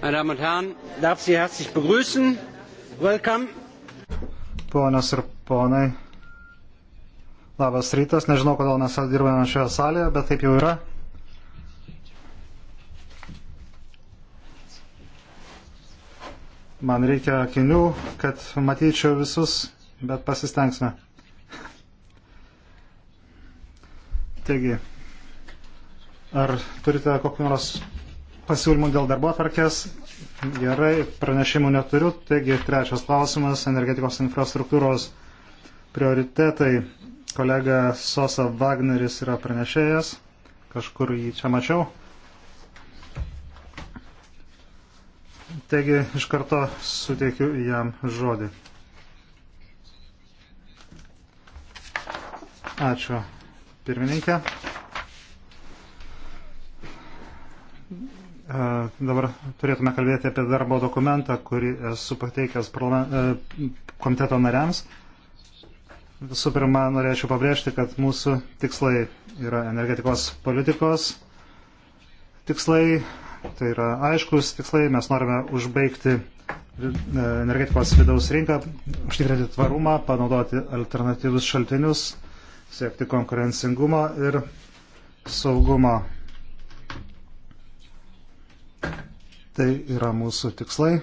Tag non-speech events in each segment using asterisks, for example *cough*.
Meine Damen und Herren, darf Sie herzlich begrüßen. Welcome. Ponas ir ponai, labas rytas. Nežinau, kodėl mes dirbame šioje salėje, bet taip jau yra. Man reikia akinių, kad matyčiau visus, bet pasistengsime. Taigi, ar turite kokių nors pasiūlymų dėl darbo atvarkės. Gerai, pranešimų neturiu. Taigi, trečias klausimas - energetikos infrastruktūros prioritetai. Kolega Sosa Wagneris yra pranešėjas. Kažkur jį čia mačiau. Taigi, iš karto suteikiu jam žodį. Ačiū, pirmininkė. dabar turėtume kalbėti apie darbo dokumentą, kurį esu pateikęs e, komiteto nariams. Visų pirma, norėčiau pabrėžti, kad mūsų tikslai yra energetikos politikos tikslai, tai yra aiškus tikslai, mes norime užbaigti e, energetikos vidaus rinką, užtikrinti tvarumą, panaudoti alternatyvius šaltinius, siekti konkurencingumo ir saugumo Tai yra mūsų tikslai,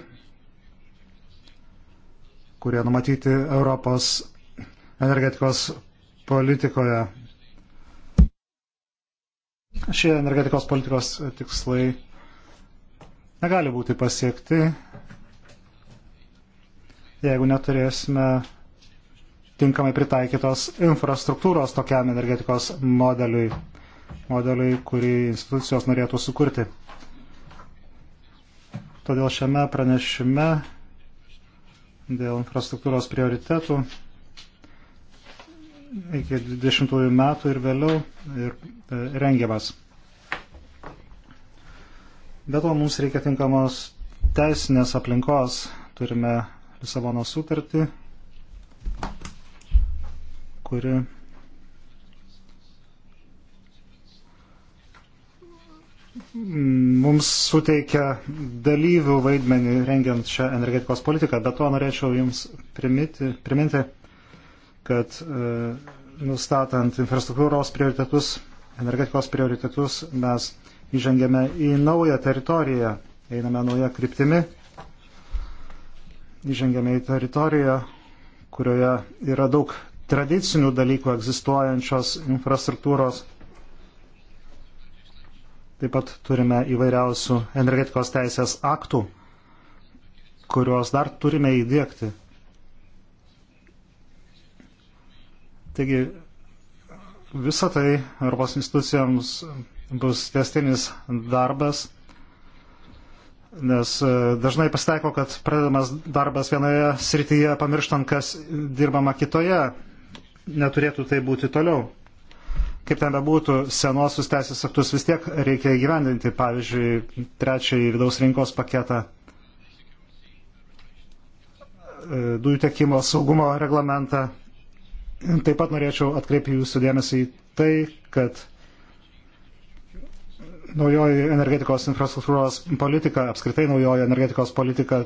kurie numatyti Europos energetikos politikoje. Šie energetikos politikos tikslai negali būti pasiekti, jeigu neturėsime tinkamai pritaikytos infrastruktūros tokiam energetikos modeliui, modeliui kurį institucijos norėtų sukurti. Todėl šiame pranešime dėl infrastruktūros prioritetų iki 20 metų ir vėliau ir e, rengiamas. Be to mums reikia tinkamos teisinės aplinkos. Turime Lisabono sutartį, kuri mums suteikia dalyvių vaidmenį rengiant šią energetikos politiką, bet to norėčiau Jums primiti, priminti, kad e, nustatant infrastruktūros prioritetus, energetikos prioritetus, mes įžengėme į naują teritoriją, einame naują kryptimi, įžengėme į teritoriją, kurioje yra daug tradicinių dalykų egzistuojančios infrastruktūros Taip pat turime įvairiausių energetikos teisės aktų, kuriuos dar turime įdėkti. Taigi visą tai Europos institucijoms bus testinis darbas, nes e, dažnai pasitaiko, kad pradedamas darbas vienoje srityje, pamirštant, kas dirbama kitoje, neturėtų tai būti toliau. Kaip ten bebūtų, senuosius teisės aktus vis tiek reikia gyvendinti, pavyzdžiui, trečiąjį vidaus rinkos paketą, e, dujų tiekimo saugumo reglamentą. Taip pat norėčiau atkreipti jūsų dėmesį į tai, kad naujoji energetikos infrastruktūros politika, apskritai naujoji energetikos politika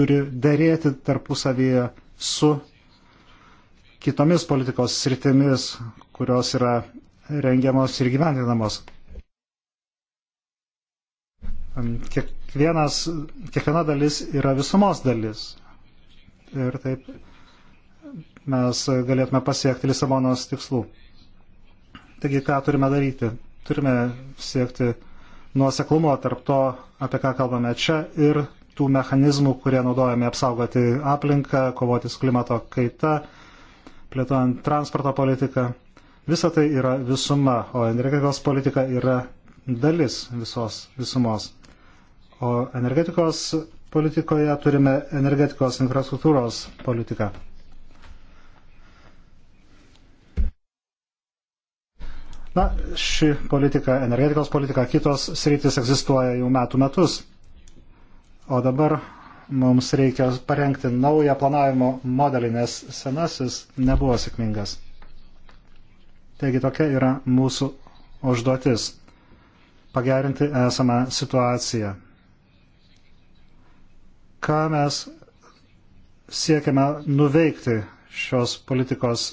turi dėrėti tarpusavyje su kitomis politikos sritimis, kurios yra rengiamos ir gyvendinamos. Kiekvienas, kiekviena dalis yra visumos dalis. Ir taip mes galėtume pasiekti Lisabonos tikslų. Taigi, ką turime daryti? Turime siekti nuoseklumo tarp to, apie ką kalbame čia, ir tų mechanizmų, kurie naudojame apsaugoti aplinką, kovoti su klimato kaita, plėtojant transporto politiką. Visa tai yra visuma, o energetikos politika yra dalis visos visumos. O energetikos politikoje turime energetikos infrastruktūros politiką. Na, ši politika, energetikos politika, kitos sritis egzistuoja jau metų metus. O dabar mums reikia parengti naują planavimo modelį, nes senasis nebuvo sėkmingas. Taigi tokia yra mūsų užduotis - pagerinti esamą situaciją. Ką mes siekiame nuveikti šios politikos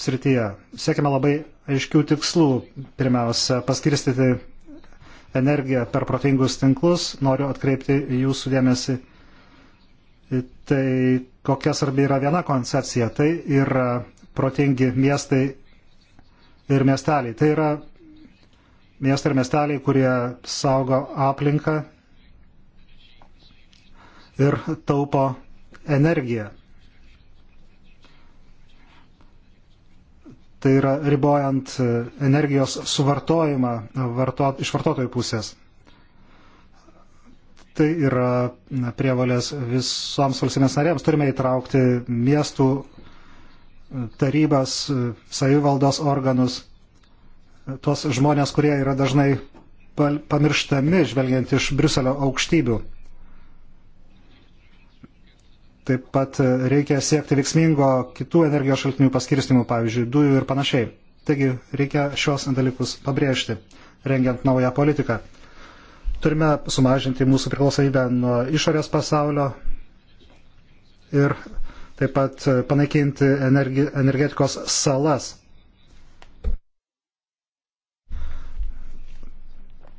srityje? Siekiame labai aiškių tikslų. Pirmiausia, paskirstyti energiją per protingus tinklus. Noriu atkreipti jūsų dėmesį į tai, kokia svarbi yra viena koncepcija. Tai yra protingi miestai ir miesteliai. Tai yra miestai ir miesteliai, kurie saugo aplinką ir taupo energiją. Tai yra ribojant energijos suvartojimą vartot, iš vartotojų pusės. Tai yra prievalės visoms valstybės narėms. Turime įtraukti miestų tarybas, savivaldos organus, tuos žmonės, kurie yra dažnai pamirštami, žvelgiant iš Briuselio aukštybių. Taip pat reikia siekti veiksmingo kitų energijos šaltinių paskirstimų, pavyzdžiui, dujų ir panašiai. Taigi reikia šios dalykus pabrėžti, rengiant naują politiką. Turime sumažinti mūsų priklausomybę nuo išorės pasaulio ir taip pat e, panaikinti energi, energetikos salas.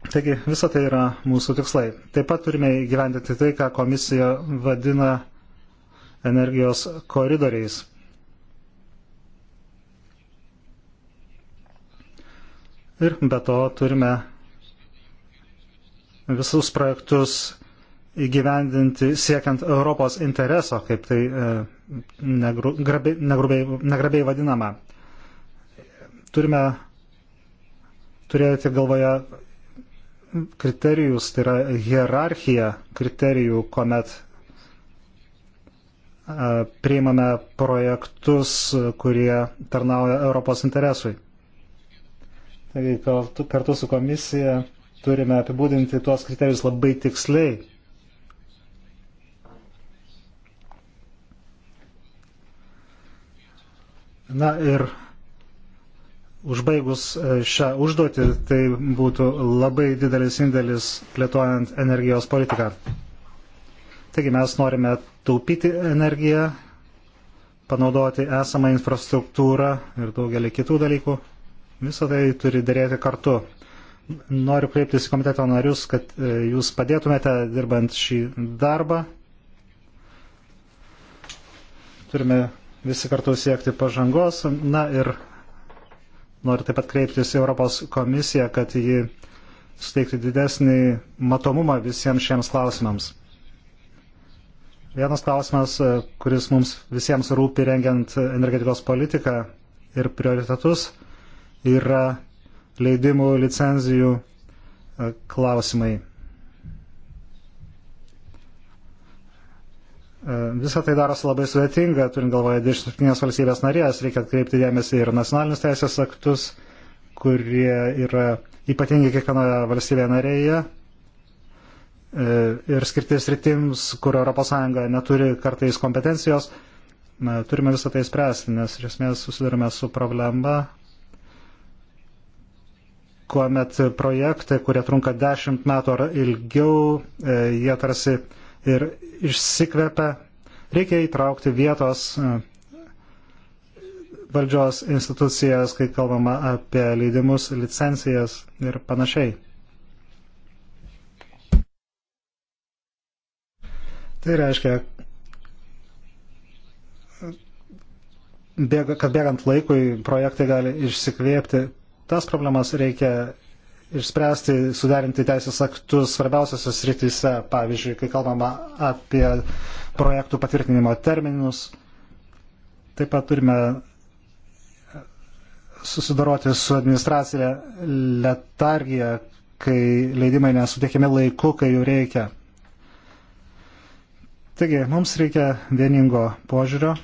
Taigi visa tai yra mūsų tikslai. Taip pat turime įgyvendinti tai, ką komisija vadina energijos koridoriais. Ir be to turime visus projektus įgyvendinti siekiant Europos intereso, kaip tai e, negru, grabi, negrubiai, negrabiai vadinama. Turime turėti galvoje kriterijus, tai yra hierarchija kriterijų, kuomet e, priimame projektus, kurie tarnauja Europos interesui. Taigi kartu su komisija turime apibūdinti tuos kriterijus labai tiksliai Na ir užbaigus e, šią užduotį, tai būtų labai didelis indėlis plėtojant energijos politiką. Taigi mes norime taupyti energiją, panaudoti esamą infrastruktūrą ir daugelį kitų dalykų. Visą tai turi dėrėti kartu. Noriu kreiptis į komiteto narius, kad e, jūs padėtumėte dirbant šį darbą. Turime visi kartu siekti pažangos. Na ir noriu taip pat kreiptis į Europos komisiją, kad ji suteikti didesnį matomumą visiems šiems klausimams. Vienas klausimas, kuris mums visiems rūpi rengiant energetikos politiką ir prioritetus, yra leidimų, licenzijų e, klausimai. E, visą tai darosi labai sudėtinga, turint galvoje 27 valstybės narės, reikia atkreipti dėmesį ir nacionalinius teisės aktus, kurie yra ypatingi kiekvienoje valstybėje narėje e, ir skirtis rytims, kur ES neturi kartais kompetencijos. Turime visą tai spręsti, nes iš esmės susidurime su problema, kuomet projektai, kurie trunka dešimt metų ar ilgiau, e, jie tarsi ir išsikvepia Reikia įtraukti vietos e, valdžios institucijas, kai kalbama apie leidimus, licencijas ir panašiai. Tai reiškia, kad bėgant laikui projektai gali išsikvėpti. Tas problemas reikia išspręsti, suderinti teisės aktus svarbiausiose srityse, pavyzdžiui, kai kalbama apie projektų patvirtinimo terminus. Taip pat turime susidoroti su administracinė letargija, kai leidimai nesuteikiami laiku, kai jų reikia. Taigi, mums reikia vieningo požiūrio,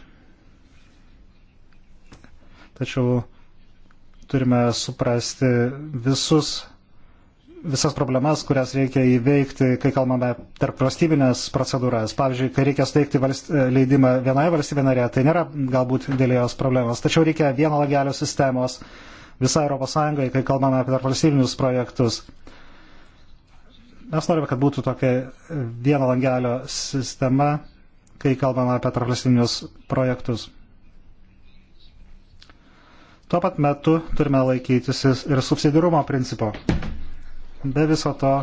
tačiau turime suprasti visus visas problemas, kurias reikia įveikti, kai kalbame tarp valstybinės procedūras. Pavyzdžiui, kai reikia suteikti valst... leidimą vienai valstybė narė, tai nėra galbūt dėlėjos problemos. Tačiau reikia vieno lagelio sistemos visai ES, kai kalbame apie tarp valstybinius projektus. Mes norime, kad būtų tokia vieno langelio sistema, kai kalbame apie tarp valstybinius projektus. Tuo pat metu turime laikytis ir subsidirumo principo be viso to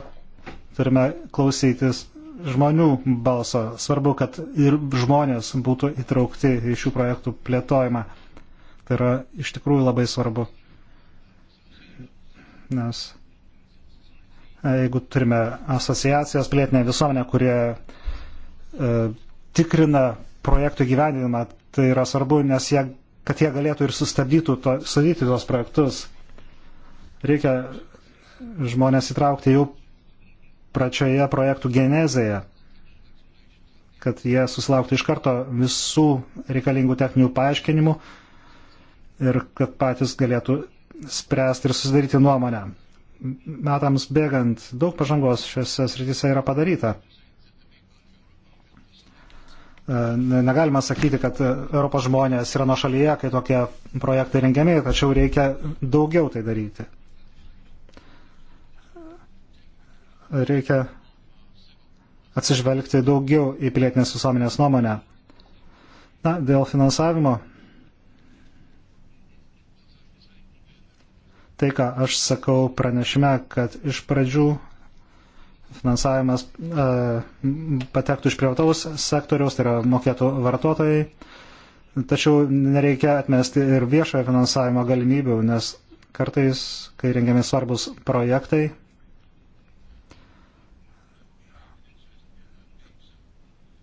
turime klausytis žmonių balso. Svarbu, kad ir žmonės būtų įtraukti į šių projektų plėtojimą. Tai yra iš tikrųjų labai svarbu. Nes e, jeigu turime asociacijas, plėtinę visuomenę, kurie e, tikrina projektų gyvenimą, tai yra svarbu, nes jie, kad jie galėtų ir sustabdytų, to, sudyti tuos projektus. Reikia žmonės įtraukti jau pračioje projektų genezėje, kad jie susilauktų iš karto visų reikalingų techninių paaiškinimų ir kad patys galėtų spręsti ir susidaryti nuomonę. Metams bėgant daug pažangos šiuose srityse yra padaryta. E, negalima sakyti, kad Europos žmonės yra nuo šalyje, kai tokie projektai rengiami, tačiau reikia daugiau tai daryti. reikia atsižvelgti daugiau į pilietinės visuomenės nuomonę. Na, dėl finansavimo. Tai, ką aš sakau pranešime, kad iš pradžių finansavimas e, patektų iš privataus sektoriaus, tai yra mokėtų vartotojai. Tačiau nereikia atmesti ir viešojo finansavimo galimybių, nes kartais, kai rengiami svarbus projektai,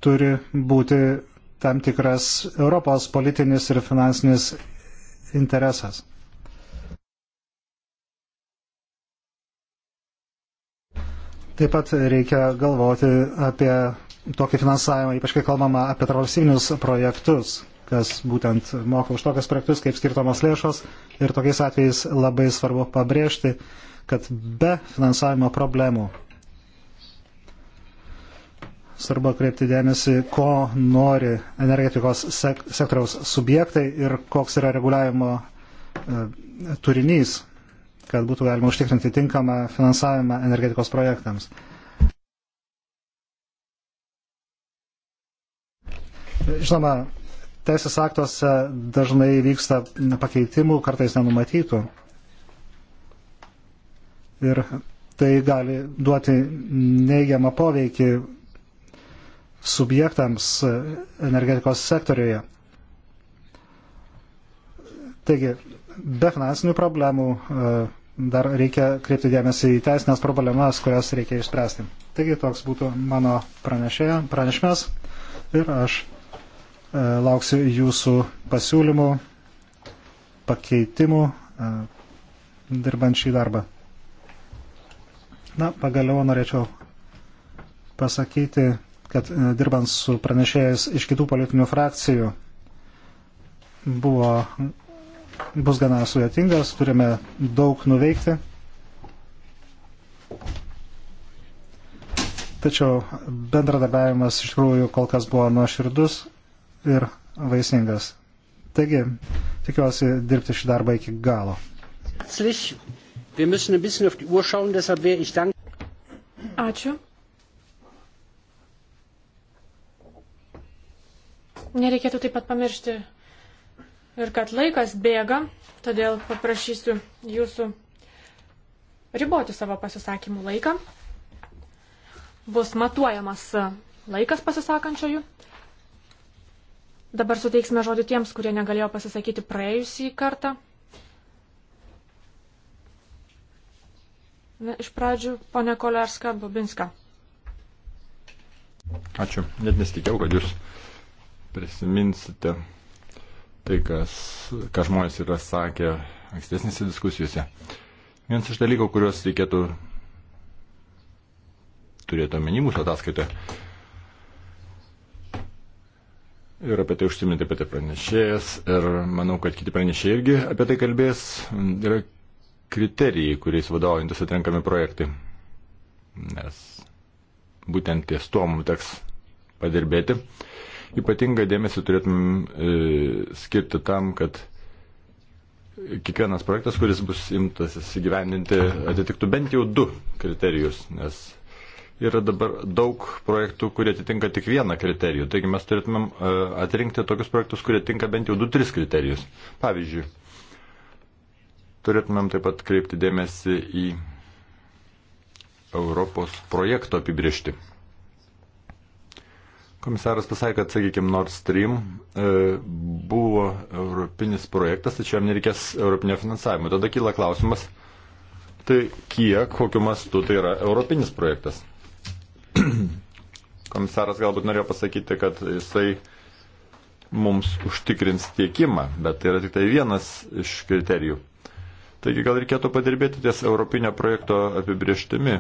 turi būti tam tikras Europos politinis ir finansinis interesas. Taip pat reikia galvoti apie tokį finansavimą, ypač kai kalbama apie tarvalstybinius projektus, kas būtent moka už tokias projektus, kaip skirtomas lėšos. Ir tokiais atvejais labai svarbu pabrėžti, kad be finansavimo problemų svarbu kreipti dėmesį, ko nori energetikos sek sektoriaus subjektai ir koks yra reguliavimo e, turinys, kad būtų galima užtikrinti tinkamą finansavimą energetikos projektams. Žinoma, teisės aktuose dažnai vyksta pakeitimų, kartais nenumatytų. Ir tai gali duoti neigiamą poveikį subjektams e, energetikos sektorijoje. Taigi, be finansinių problemų e, dar reikia kreipti dėmesį į teisinės problemas, kurias reikia išspręsti. Taigi, toks būtų mano pranešimas ir aš e, lauksiu jūsų pasiūlymų, pakeitimų, dirbant šį darbą. Na, pagaliau norėčiau pasakyti, kad e, dirbant su pranešėjais iš kitų politinių frakcijų buvo, bus gana sudėtingas, turime daug nuveikti. Tačiau bendradarbiavimas iš tikrųjų kol kas buvo nuoširdus ir vaisingas. Taigi, tikiuosi dirbti šį darbą iki galo. Ačiū. Nereikėtų taip pat pamiršti ir kad laikas bėga, todėl paprašysiu jūsų riboti savo pasisakymų laiką. Bus matuojamas laikas pasisakančiojų. Dabar suteiksime žodį tiems, kurie negalėjo pasisakyti praėjusį kartą. Na, iš pradžių, ponė Kolerska, Babinska. Ačiū. Net nesitikėjau, kad jūs prisiminsite tai, kas, ką žmonės yra sakę ankstesnėse diskusijose. Vienas iš dalykų, kuriuos reikėtų turėti omeny mūsų ataskaitoje. Ir apie tai užsiminti apie tai pranešėjas. Ir manau, kad kiti pranešėjai irgi apie tai kalbės. Yra kriterijai, kuriais vadovaujantis atrenkami projektai. Nes būtent ties tuo mums teks padirbėti. Ypatingą dėmesį turėtumėm e, skirti tam, kad kiekvienas projektas, kuris bus imtas įgyvendinti, atitiktų bent jau du kriterijus, nes yra dabar daug projektų, kurie atitinka tik vieną kriterijų. Taigi mes turėtumėm e, atrinkti tokius projektus, kurie tinka bent jau du, tris kriterijus. Pavyzdžiui, turėtumėm taip pat kreipti dėmesį į Europos projekto apibriežti. Komisaras pasakė, kad, sakykime, Nord Stream e, buvo europinis projektas, tačiau jam nereikės europinio finansavimo. Tada kyla klausimas, tai kiek, kokiu mastu tai yra europinis projektas. *clears throat* Komisaras galbūt norėjo pasakyti, kad jisai mums užtikrins tiekimą, bet tai yra tik tai vienas iš kriterijų. Taigi gal reikėtų padirbėti ties europinio projekto apibrieštimi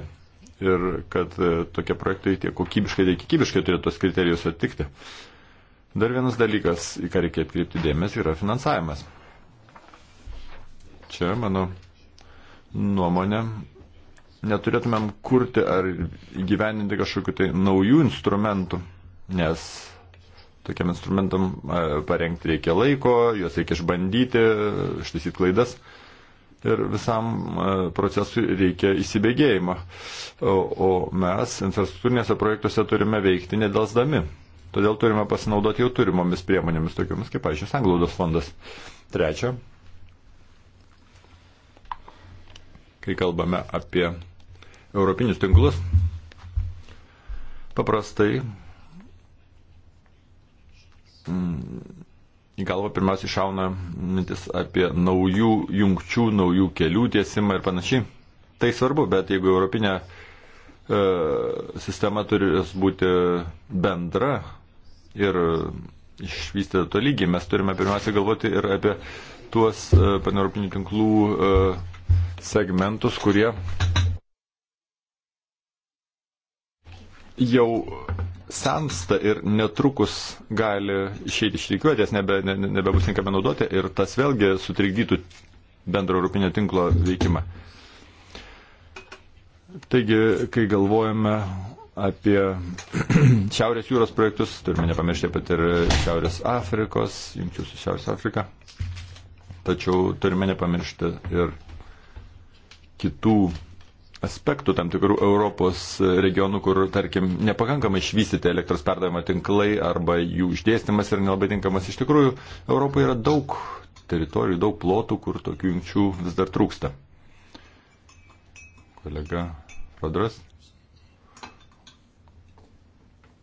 ir kad e, tokie projektai tiek kokybiškai, tiek kiekybiškai turėtų tos kriterijus atitikti. Dar vienas dalykas, į ką reikia atkreipti dėmesį, yra finansavimas. Čia, mano nuomonė, neturėtumėm kurti ar įgyveninti kažkokiu tai naujų instrumentų, nes tokiam instrumentam e, parengti reikia laiko, juos reikia išbandyti, ištaisyti klaidas ir visam e, procesui reikia įsibėgėjimo. O, o mes infrastruktūrinėse projektuose turime veikti nedelsdami. Todėl turime pasinaudoti jau turimomis priemonėmis, tokiomis kaip, pavyzdžiui, Sanglaudos fondas. Trečia, kai kalbame apie europinius tinklus, paprastai mm, į galvą pirmiausiai šauna mintis apie naujų jungčių, naujų kelių tiesimą ir panašiai. Tai svarbu, bet jeigu europinė e, sistema turi būti bendra ir išvystyta to lygiai, mes turime pirmiausia galvoti ir apie tuos e, paneuropinių tinklų e, segmentus, kurie jau sensta ir netrukus gali išeiti iš rikiuotės, nebe, ne, nebebus tinkami naudoti ir tas vėlgi sutrikdytų bendro europinio tinklo veikimą. Taigi, kai galvojame apie *clears throat* Šiaurės jūros projektus, turime nepamiršti pat ir Šiaurės Afrikos, jungčių su Šiaurės Afrika, tačiau turime nepamiršti ir kitų aspektų tam tikrų Europos regionų, kur, tarkim, nepakankamai išvystyti elektros perdavimo tinklai arba jų išdėstymas yra nelabai tinkamas. Iš tikrųjų, Europoje yra daug teritorijų, daug plotų, kur tokių jungčių vis dar trūksta. Kolega Rodras.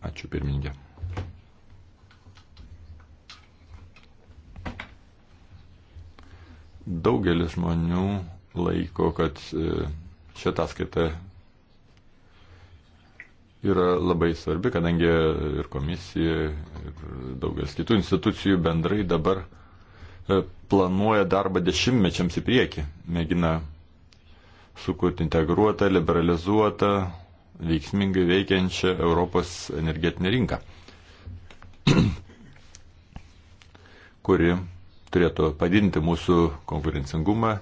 Ačiū pirmininkė. Daugelis žmonių laiko, kad e, Ši ataskaita yra labai svarbi, kadangi ir komisija, ir daugelis kitų institucijų bendrai dabar e, planuoja darbą dešimtmečiams į priekį, mėgina sukurti integruotą, liberalizuotą, veiksmingai veikiančią Europos energetinę rinką, *clears throat* kuri turėtų padinti mūsų konkurencingumą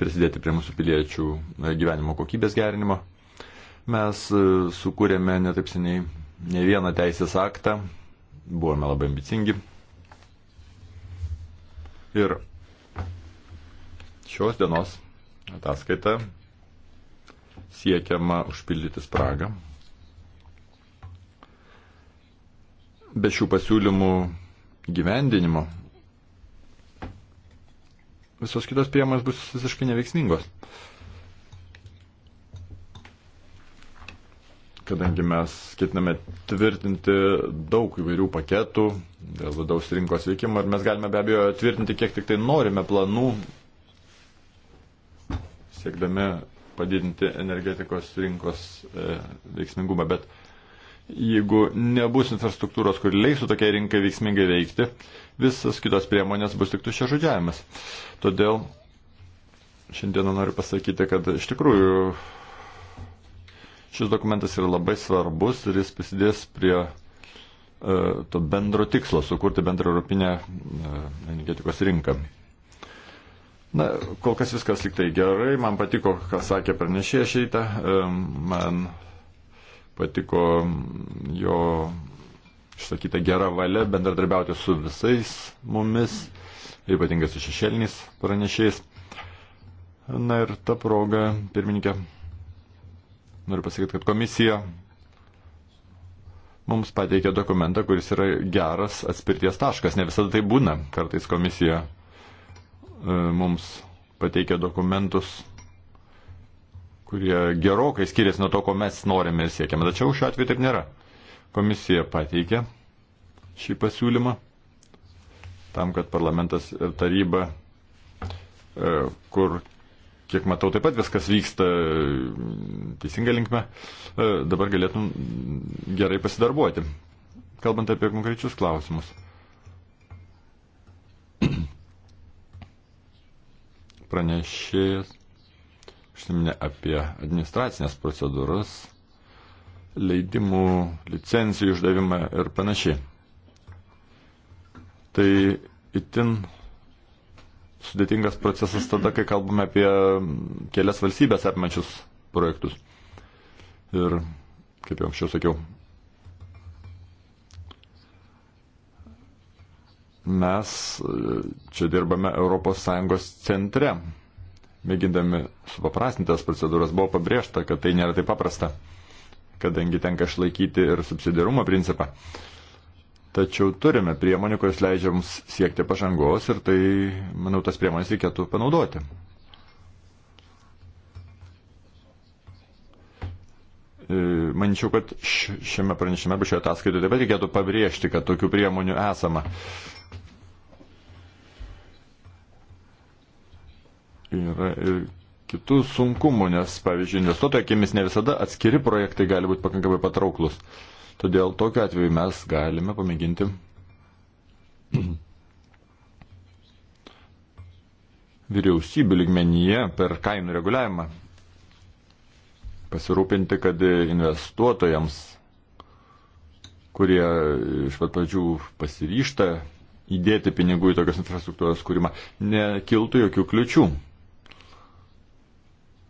prisidėti prie mūsų piliečių e, gyvenimo kokybės gerinimo. Mes e, sukūrėme netaip seniai ne vieną teisės aktą, buvome labai ambicingi. Ir šios dienos ataskaita siekiama užpildyti spragą. Be šių pasiūlymų gyvendinimo visos kitos priemonės bus visiškai neveiksmingos. Kadangi mes ketiname tvirtinti daug įvairių paketų dėl vidaus rinkos veikimo ir mes galime be abejo tvirtinti kiek tik tai norime planų, siekdami padidinti energetikos rinkos e, veiksmingumą. Bet jeigu nebus infrastruktūros, kuri leisų tokiai rinkai veiksmingai veikti, visas kitos priemonės bus tik tuščia žodžiavimas. Todėl šiandieną noriu pasakyti, kad iš tikrųjų šis dokumentas yra labai svarbus ir jis prisidės prie uh, to bendro tikslo sukurti bendrą europinę uh, energetikos rinką. Na, kol kas viskas liktai gerai, man patiko, ką sakė pranešėja šitą, um, e, man patiko jo išsakyta gera valia bendradarbiauti su visais mumis, ypatingai su šešėliniais pranešiais. Na ir ta proga, pirmininkė, noriu pasakyti, kad komisija mums pateikė dokumentą, kuris yra geras atspirties taškas. Ne visada tai būna. Kartais komisija e, mums pateikia dokumentus kurie gerokai skiriasi nuo to, ko mes norime ir siekiame. Tačiau šiuo atveju taip nėra. Komisija pateikė šį pasiūlymą tam, kad parlamentas ir taryba, e, kur, kiek matau, taip pat viskas vyksta mm, teisinga linkme, e, dabar galėtum gerai pasidarbuoti. Kalbant apie konkrečius klausimus. Pranešėjas užsiminė apie administracinės procedūras, leidimų, licencijų išdavimą ir panašiai. Tai itin sudėtingas procesas tada, kai kalbame apie kelias valstybės apimančius projektus. Ir, kaip jau anksčiau sakiau, mes e, čia dirbame ES centre mėgindami supaprastintas procedūras, buvo pabrėžta, kad tai nėra taip paprasta, kadangi tenka išlaikyti ir subsidiarumo principą. Tačiau turime priemonių, kurios leidžia mums siekti pažangos ir tai, manau, tas priemonės reikėtų panaudoti. E, manyčiau, kad šiame pranešime arba šioje ataskaitoje taip pat reikėtų pabrėžti, kad tokių priemonių esama. yra ir kitų sunkumų, nes, pavyzdžiui, investuotojų akimis ne visada atskiri projektai gali būti pakankamai patrauklus. Todėl tokiu atveju mes galime pamėginti *clears throat* vyriausybių ligmenyje per kainų reguliavimą pasirūpinti, kad investuotojams, kurie iš pat pradžių pasiryšta įdėti pinigų į tokias infrastruktūros kūrimą, nekiltų jokių kliučių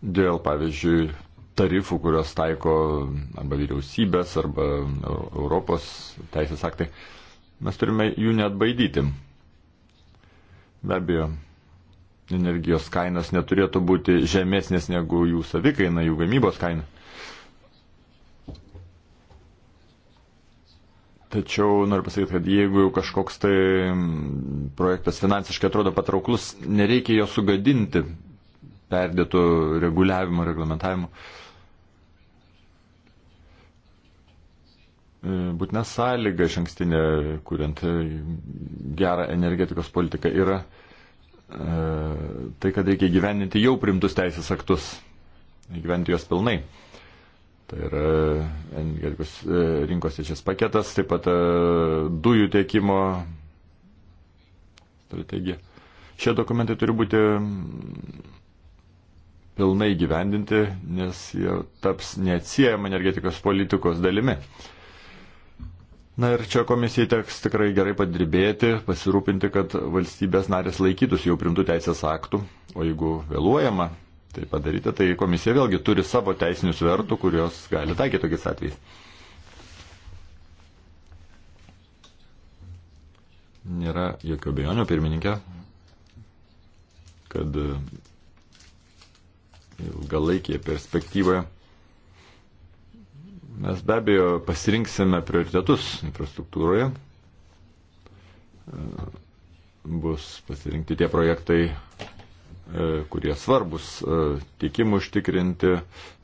dėl, pavyzdžiui, tarifų, kurios taiko arba vyriausybės, arba Europos teisės aktai. Mes turime jų net baidyti. Be abejo, energijos kainos neturėtų būti žemesnės negu jų savikaina, jų gamybos kaina. Tačiau noriu pasakyti, kad jeigu jau kažkoks tai projektas finansiškai atrodo patrauklus, nereikia jo sugadinti perdėto reguliavimo, reglamentavimo. E, būtina sąlyga iš ankstinė, kuriant e, gerą energetikos politiką, yra e, tai, kad reikia gyveninti jau primtus teisės aktus, gyventi juos pilnai. Tai yra energetikos rinkos teisės paketas, taip pat dujų tiekimo strategija. Šie dokumentai turi būti pilnai gyvendinti, nes jie taps neatsiejama energetikos politikos dalimi. Na ir čia komisijai teks tikrai gerai padirbėti, pasirūpinti, kad valstybės narės laikytųsi jau primtų teisės aktų, o jeigu vėluojama tai padaryti, tai komisija vėlgi turi savo teisinius vertų, kurios gali taikyti tokiais atvejais. Nėra jokio bejonio pirmininkė, kad ilgalaikėje perspektyvoje. Mes be abejo pasirinksime prioritetus infrastruktūroje. Bus pasirinkti tie projektai, e, kurie svarbus e, tiekimų užtikrinti,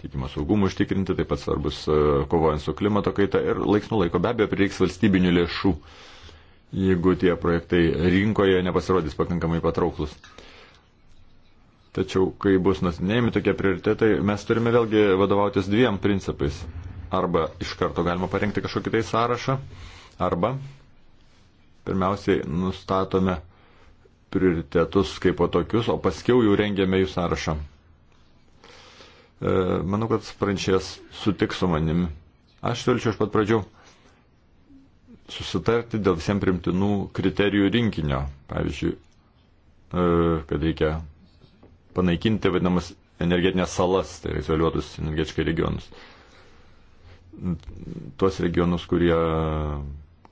tiekimo saugumų užtikrinti, taip pat svarbus e, kovojant su klimato kaita ir laiks nuo laiko be abejo prireiks valstybinių lėšų, jeigu tie projektai rinkoje nepasirodys pakankamai patrauklus. Tačiau, kai bus nusinėjami tokie prioritetai, mes turime vėlgi vadovautis dviem principais. Arba iš karto galima parengti kažkokį tai sąrašą, arba pirmiausiai nustatome prioritetus kaip po tokius, o paskiau jau rengėme jų sąrašą. E, manau, kad pranšės sutiks su manim. Aš siūlyčiau iš pat pradžių susitarti dėl visiems primtinų kriterijų rinkinio. Pavyzdžiui, e, kad reikia panaikinti vadinamas energetinės salas, tai yra izoliuotus energetiškai regionus. Tuos regionus, kurie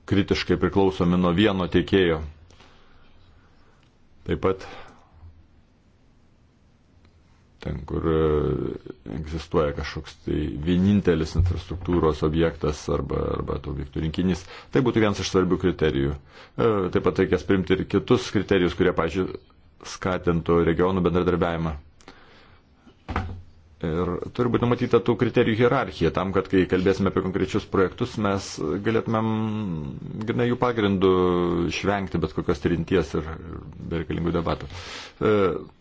kritiškai priklausomi nuo vieno tiekėjo. Taip pat ten, kur e, egzistuoja kažkoks tai vienintelis infrastruktūros objektas arba, arba to objektų rinkinys. Tai būtų vienas iš svarbių kriterijų. E, taip pat reikės primti ir kitus kriterijus, kurie, pažiūrėjau, skatintų regionų bendradarbiavimą. Ir turi būti matyta tų kriterijų hierarchija tam, kad kai kalbėsime apie konkrečius projektus, mes galėtumėm gana jų pagrindų išvengti bet kokios trinties ir bereikalingų debatų. E,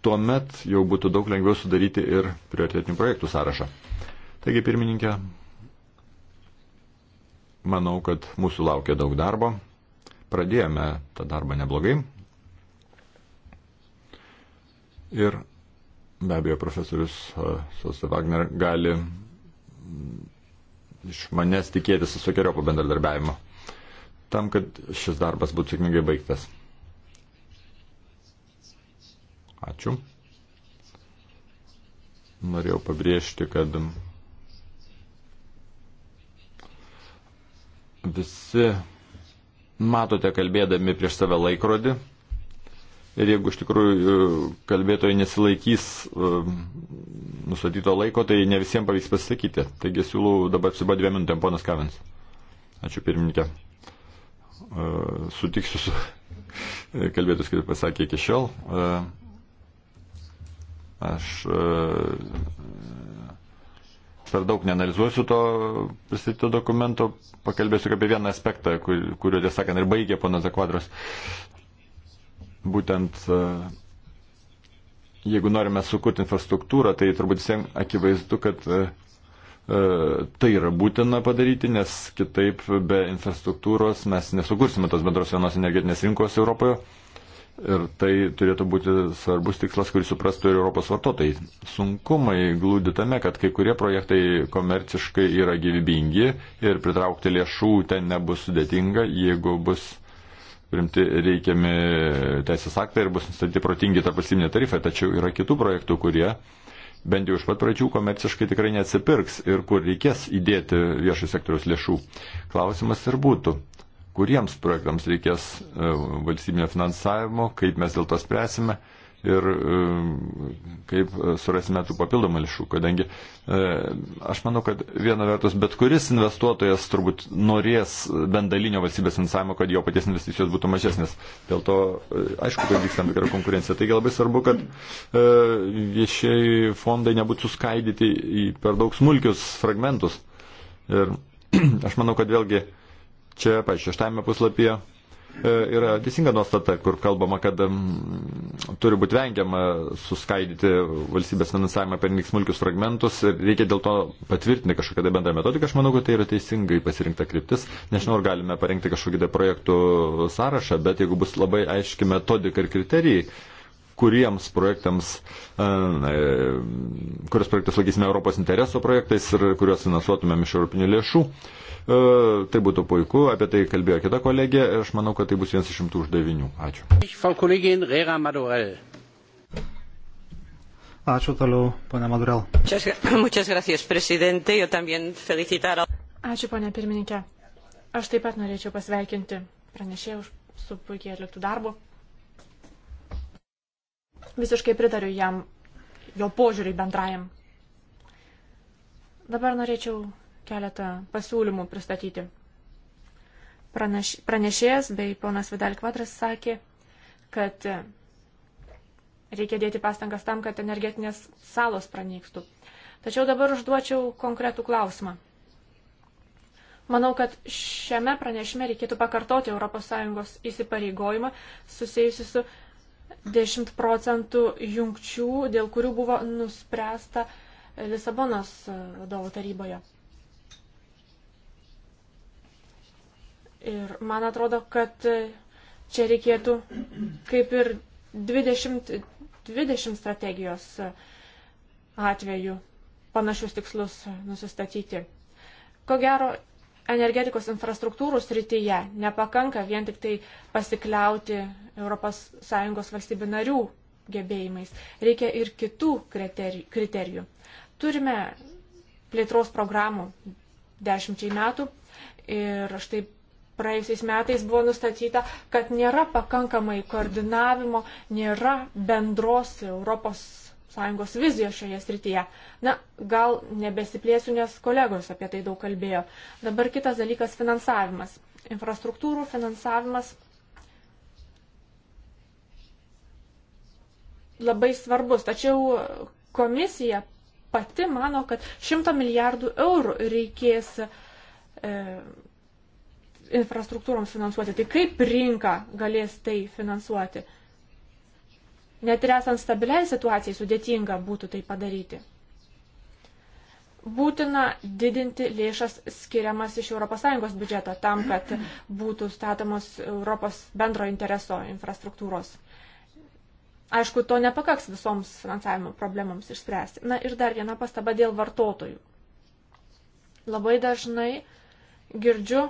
tuomet jau būtų daug lengviau sudaryti ir prioritetinių projektų sąrašą. Taigi, pirmininkė, manau, kad mūsų laukia daug darbo. Pradėjome tą darbą neblogai. Ir be abejo, profesorius e, Sosa Wagner gali iš manęs tikėtis visokiojo bendradarbiavimo tam, kad šis darbas būtų sėkmingai baigtas. Ačiū. Norėjau pabrėžti, kad visi matote kalbėdami prieš save laikrodį. Ir jeigu iš tikrųjų e, kalbėtojai nesilaikys e, nustatyto laiko, tai ne visiems pavyks pasakyti. Taigi siūlau dabar apsiba dviem minutėm, ponas Kavins. Ačiū pirmininkė. E, sutiksiu su *laughs* kalbėtus, kaip pasakė iki šiol. Aš per daug neanalizuosiu to pristatyto dokumento, pakalbėsiu apie vieną aspektą, kur, kurio, tiesą sakant, ir baigė ponas Zakvadras būtent e, jeigu norime sukurti infrastruktūrą, tai turbūt visiems akivaizdu, kad e, e, tai yra būtina padaryti, nes kitaip be infrastruktūros mes nesukursime tos bendros vienos energetinės rinkos Europoje. Ir tai turėtų būti svarbus tikslas, kurį suprastų ir Europos vartotojai. Sunkumai glūdi tame, kad kai kurie projektai komerciškai yra gyvybingi ir pritraukti lėšų ten nebus sudėtinga, jeigu bus primti reikiami teisės aktai ir bus nustatyti protingi tarpvalstybiniai tarifai, tačiau yra kitų projektų, kurie bent jau iš pat pradžių komerciškai tikrai neatsipirks ir kur reikės įdėti viešo sektoriaus lėšų. Klausimas ir būtų, kuriems projektams reikės e, valstybinio finansavimo, kaip mes dėl to spręsime ir kaip surasime tų papildomų lėšų, kadangi e, aš manau, kad viena vertus bet kuris investuotojas turbūt norės bendalinio valstybės finansavimo, kad jo paties investicijos būtų mažesnės. Dėl to e, aišku, kad vyksta tam tikra konkurencija. Taigi labai svarbu, kad e, viešieji fondai nebūtų suskaidyti į per daug smulkius fragmentus. Ir *clears throat* aš manau, kad vėlgi čia, pažiūrėjau, šeštame puslapyje E, yra teisinga nuostata, kur kalbama, kad turi būti vengiama suskaidyti valstybės finansavimą per smulkius fragmentus ir reikia dėl to patvirtinti kažkokią tai bendrą metodiką. Aš manau, kad tai yra teisingai pasirinkta kryptis. Nežinau, ar galime parengti kažkokį tai projektų sąrašą, bet jeigu bus labai aiški metodika ir kriterijai, kuriems projektams, e, e, kurios projektus laikysime Europos intereso projektais ir kuriuos finansuotumėm iš europinių lėšų. E, tai būtų puiku, apie tai kalbėjo kita kolegė ir aš manau, kad tai bus vienas iš šimtų uždavinių. Ačiū. Ačiū toliau, ponia Madurel. *laughs* Ačiū, ponia pirmininkė. Aš taip pat norėčiau pasveikinti pranešėjų už su puikiai atliktų darbų. Visiškai pritariu jam, jo požiūriui bendrajam. Dabar norėčiau keletą pasiūlymų pristatyti. Praneš, pranešėjas bei ponas Vidal Kvadras sakė, kad reikia dėti pastangas tam, kad energetinės salos pranykstų. Tačiau dabar užduočiau konkretų klausimą. Manau, kad šiame pranešime reikėtų pakartoti ES įsipareigojimą susijusi su 10 procentų jungčių, dėl kurių buvo nuspręsta Lisabonos e, vadovų taryboje. Ir man atrodo, kad e, čia reikėtų kaip ir 20, 20 strategijos e, atveju panašius tikslus nusistatyti. Ko gero, energetikos infrastruktūrų srityje nepakanka vien tik tai pasikliauti ES valstybių narių gebėjimais. Reikia ir kitų kriterijų. Turime plėtros programų dešimčiai metų ir štai praėjusiais metais buvo nustatyta, kad nėra pakankamai koordinavimo, nėra bendros ES sąjungos vizijos šioje srityje. Na, gal nebesiplėsiu, nes kolegos apie tai daug kalbėjo. Dabar kitas dalykas - finansavimas. Infrastruktūrų finansavimas labai svarbus, tačiau komisija pati mano, kad 100 milijardų eurų reikės e, infrastruktūroms finansuoti. Tai kaip rinka galės tai finansuoti? E, Net ir esant stabiliai situacijai sudėtinga būtų tai padaryti. Būtina didinti lėšas skiriamas iš ES biudžeto tam, kad būtų statomos Europos bendro intereso infrastruktūros. Aišku, to nepakaks visoms finansavimo problemams išspręsti. Na ir dar viena pastaba dėl vartotojų. Labai dažnai girdžiu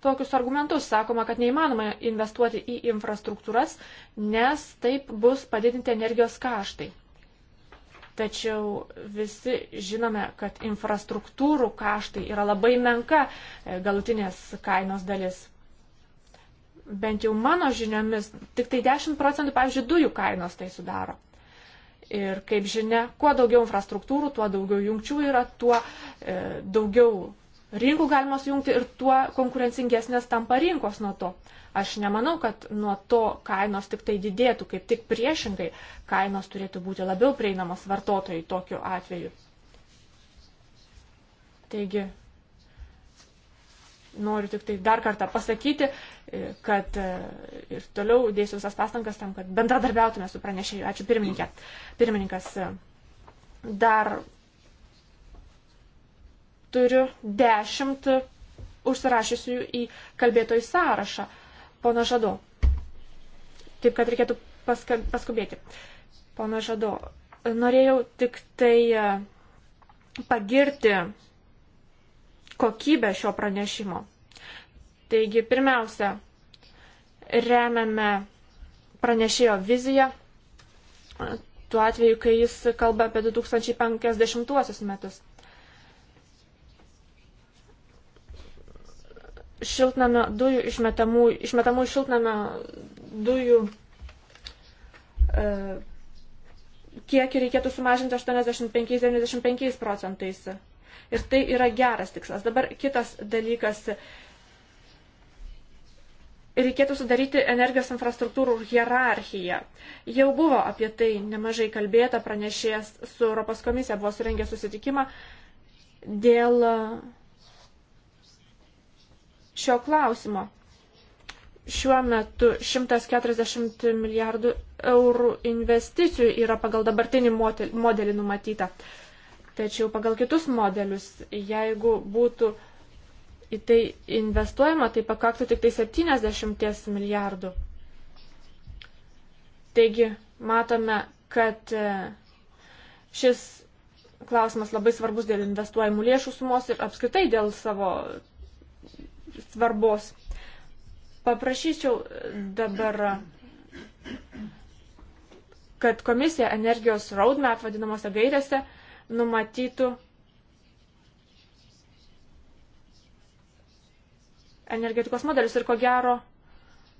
tokius argumentus. Sakoma, kad neįmanoma investuoti į infrastruktūras, nes taip bus padidinti energijos kaštai. Tačiau visi žinome, kad infrastruktūrų kaštai yra labai menka e, galutinės kainos dalis. Bent jau mano žiniomis, tik tai 10 procentų, pavyzdžiui, dujų kainos tai sudaro. Ir kaip žinia, kuo daugiau infrastruktūrų, tuo daugiau jungčių yra, tuo e, daugiau rinkų galima sujungti ir tuo konkurencingesnės tampa rinkos nuo to. Aš nemanau, kad nuo to kainos tik tai didėtų, kaip tik priešingai kainos turėtų būti labiau prieinamos vartotojai tokiu atveju. Taigi, noriu tik tai dar kartą pasakyti, kad e, ir toliau dėsiu visas pastangas tam, kad bendradarbiautume su pranešėju. Ačiū pirmininkė. Pirmininkas e, dar turiu dešimt užsirašysiu į kalbėtojų sąrašą. Pona Žado. Taip, kad reikėtų paska, paskubėti. Pona Žado. Norėjau tik tai e, pagirti kokybę šio pranešimo. Taigi, pirmiausia, remiame pranešėjo viziją e, tuo atveju, kai jis kalba apie 2050 metus. šiltnamio dujų išmetamų, išmetamų šiltnamio dujų e, kiekį reikėtų sumažinti 85-95 procentais. Ir tai yra geras tikslas. Dabar kitas dalykas. Reikėtų sudaryti energijos infrastruktūrų hierarchiją. Jau buvo apie tai nemažai kalbėta, pranešėjas su Europos komisija buvo surengę susitikimą dėl šio klausimo. Šiuo metu 140 milijardų eurų investicijų yra pagal dabartinį modelį numatyta. Tačiau pagal kitus modelius, jeigu būtų į tai investuojama, tai pakaktų tik tai 70 milijardų. Taigi matome, kad e, šis klausimas labai svarbus dėl investuojamų lėšų sumos ir apskritai dėl savo svarbos. Paprašyčiau dabar, kad komisija energijos roadmap vadinamose gairėse numatytų energetikos modelius. Ir ko gero,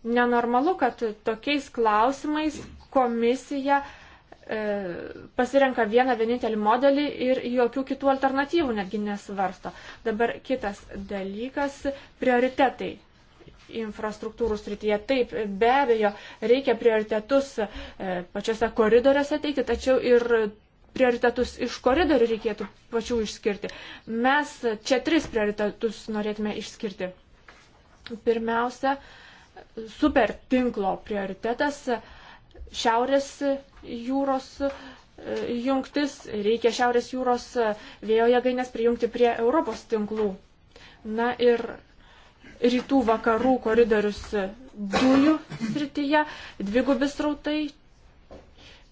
nenormalu, kad tokiais klausimais komisija E, pasirenka vieną vienintelį modelį ir jokių kitų alternatyvų netgi nesvarsto. Dabar kitas dalykas - prioritetai infrastruktūrų srityje. Taip, be abejo, reikia prioritetus e, pačiose koridoriuose teikti, tačiau ir prioritetus iš koridorių reikėtų pačių išskirti. Mes čia tris prioritetus norėtume išskirti. Pirmiausia, super tinklo prioritetas šiaurės jūros e, jungtis, reikia Šiaurės jūros e, vėjo jėgainės prijungti prie Europos tinklų. Na ir rytų vakarų koridorius e, dujų srityje, dvigubis rautai.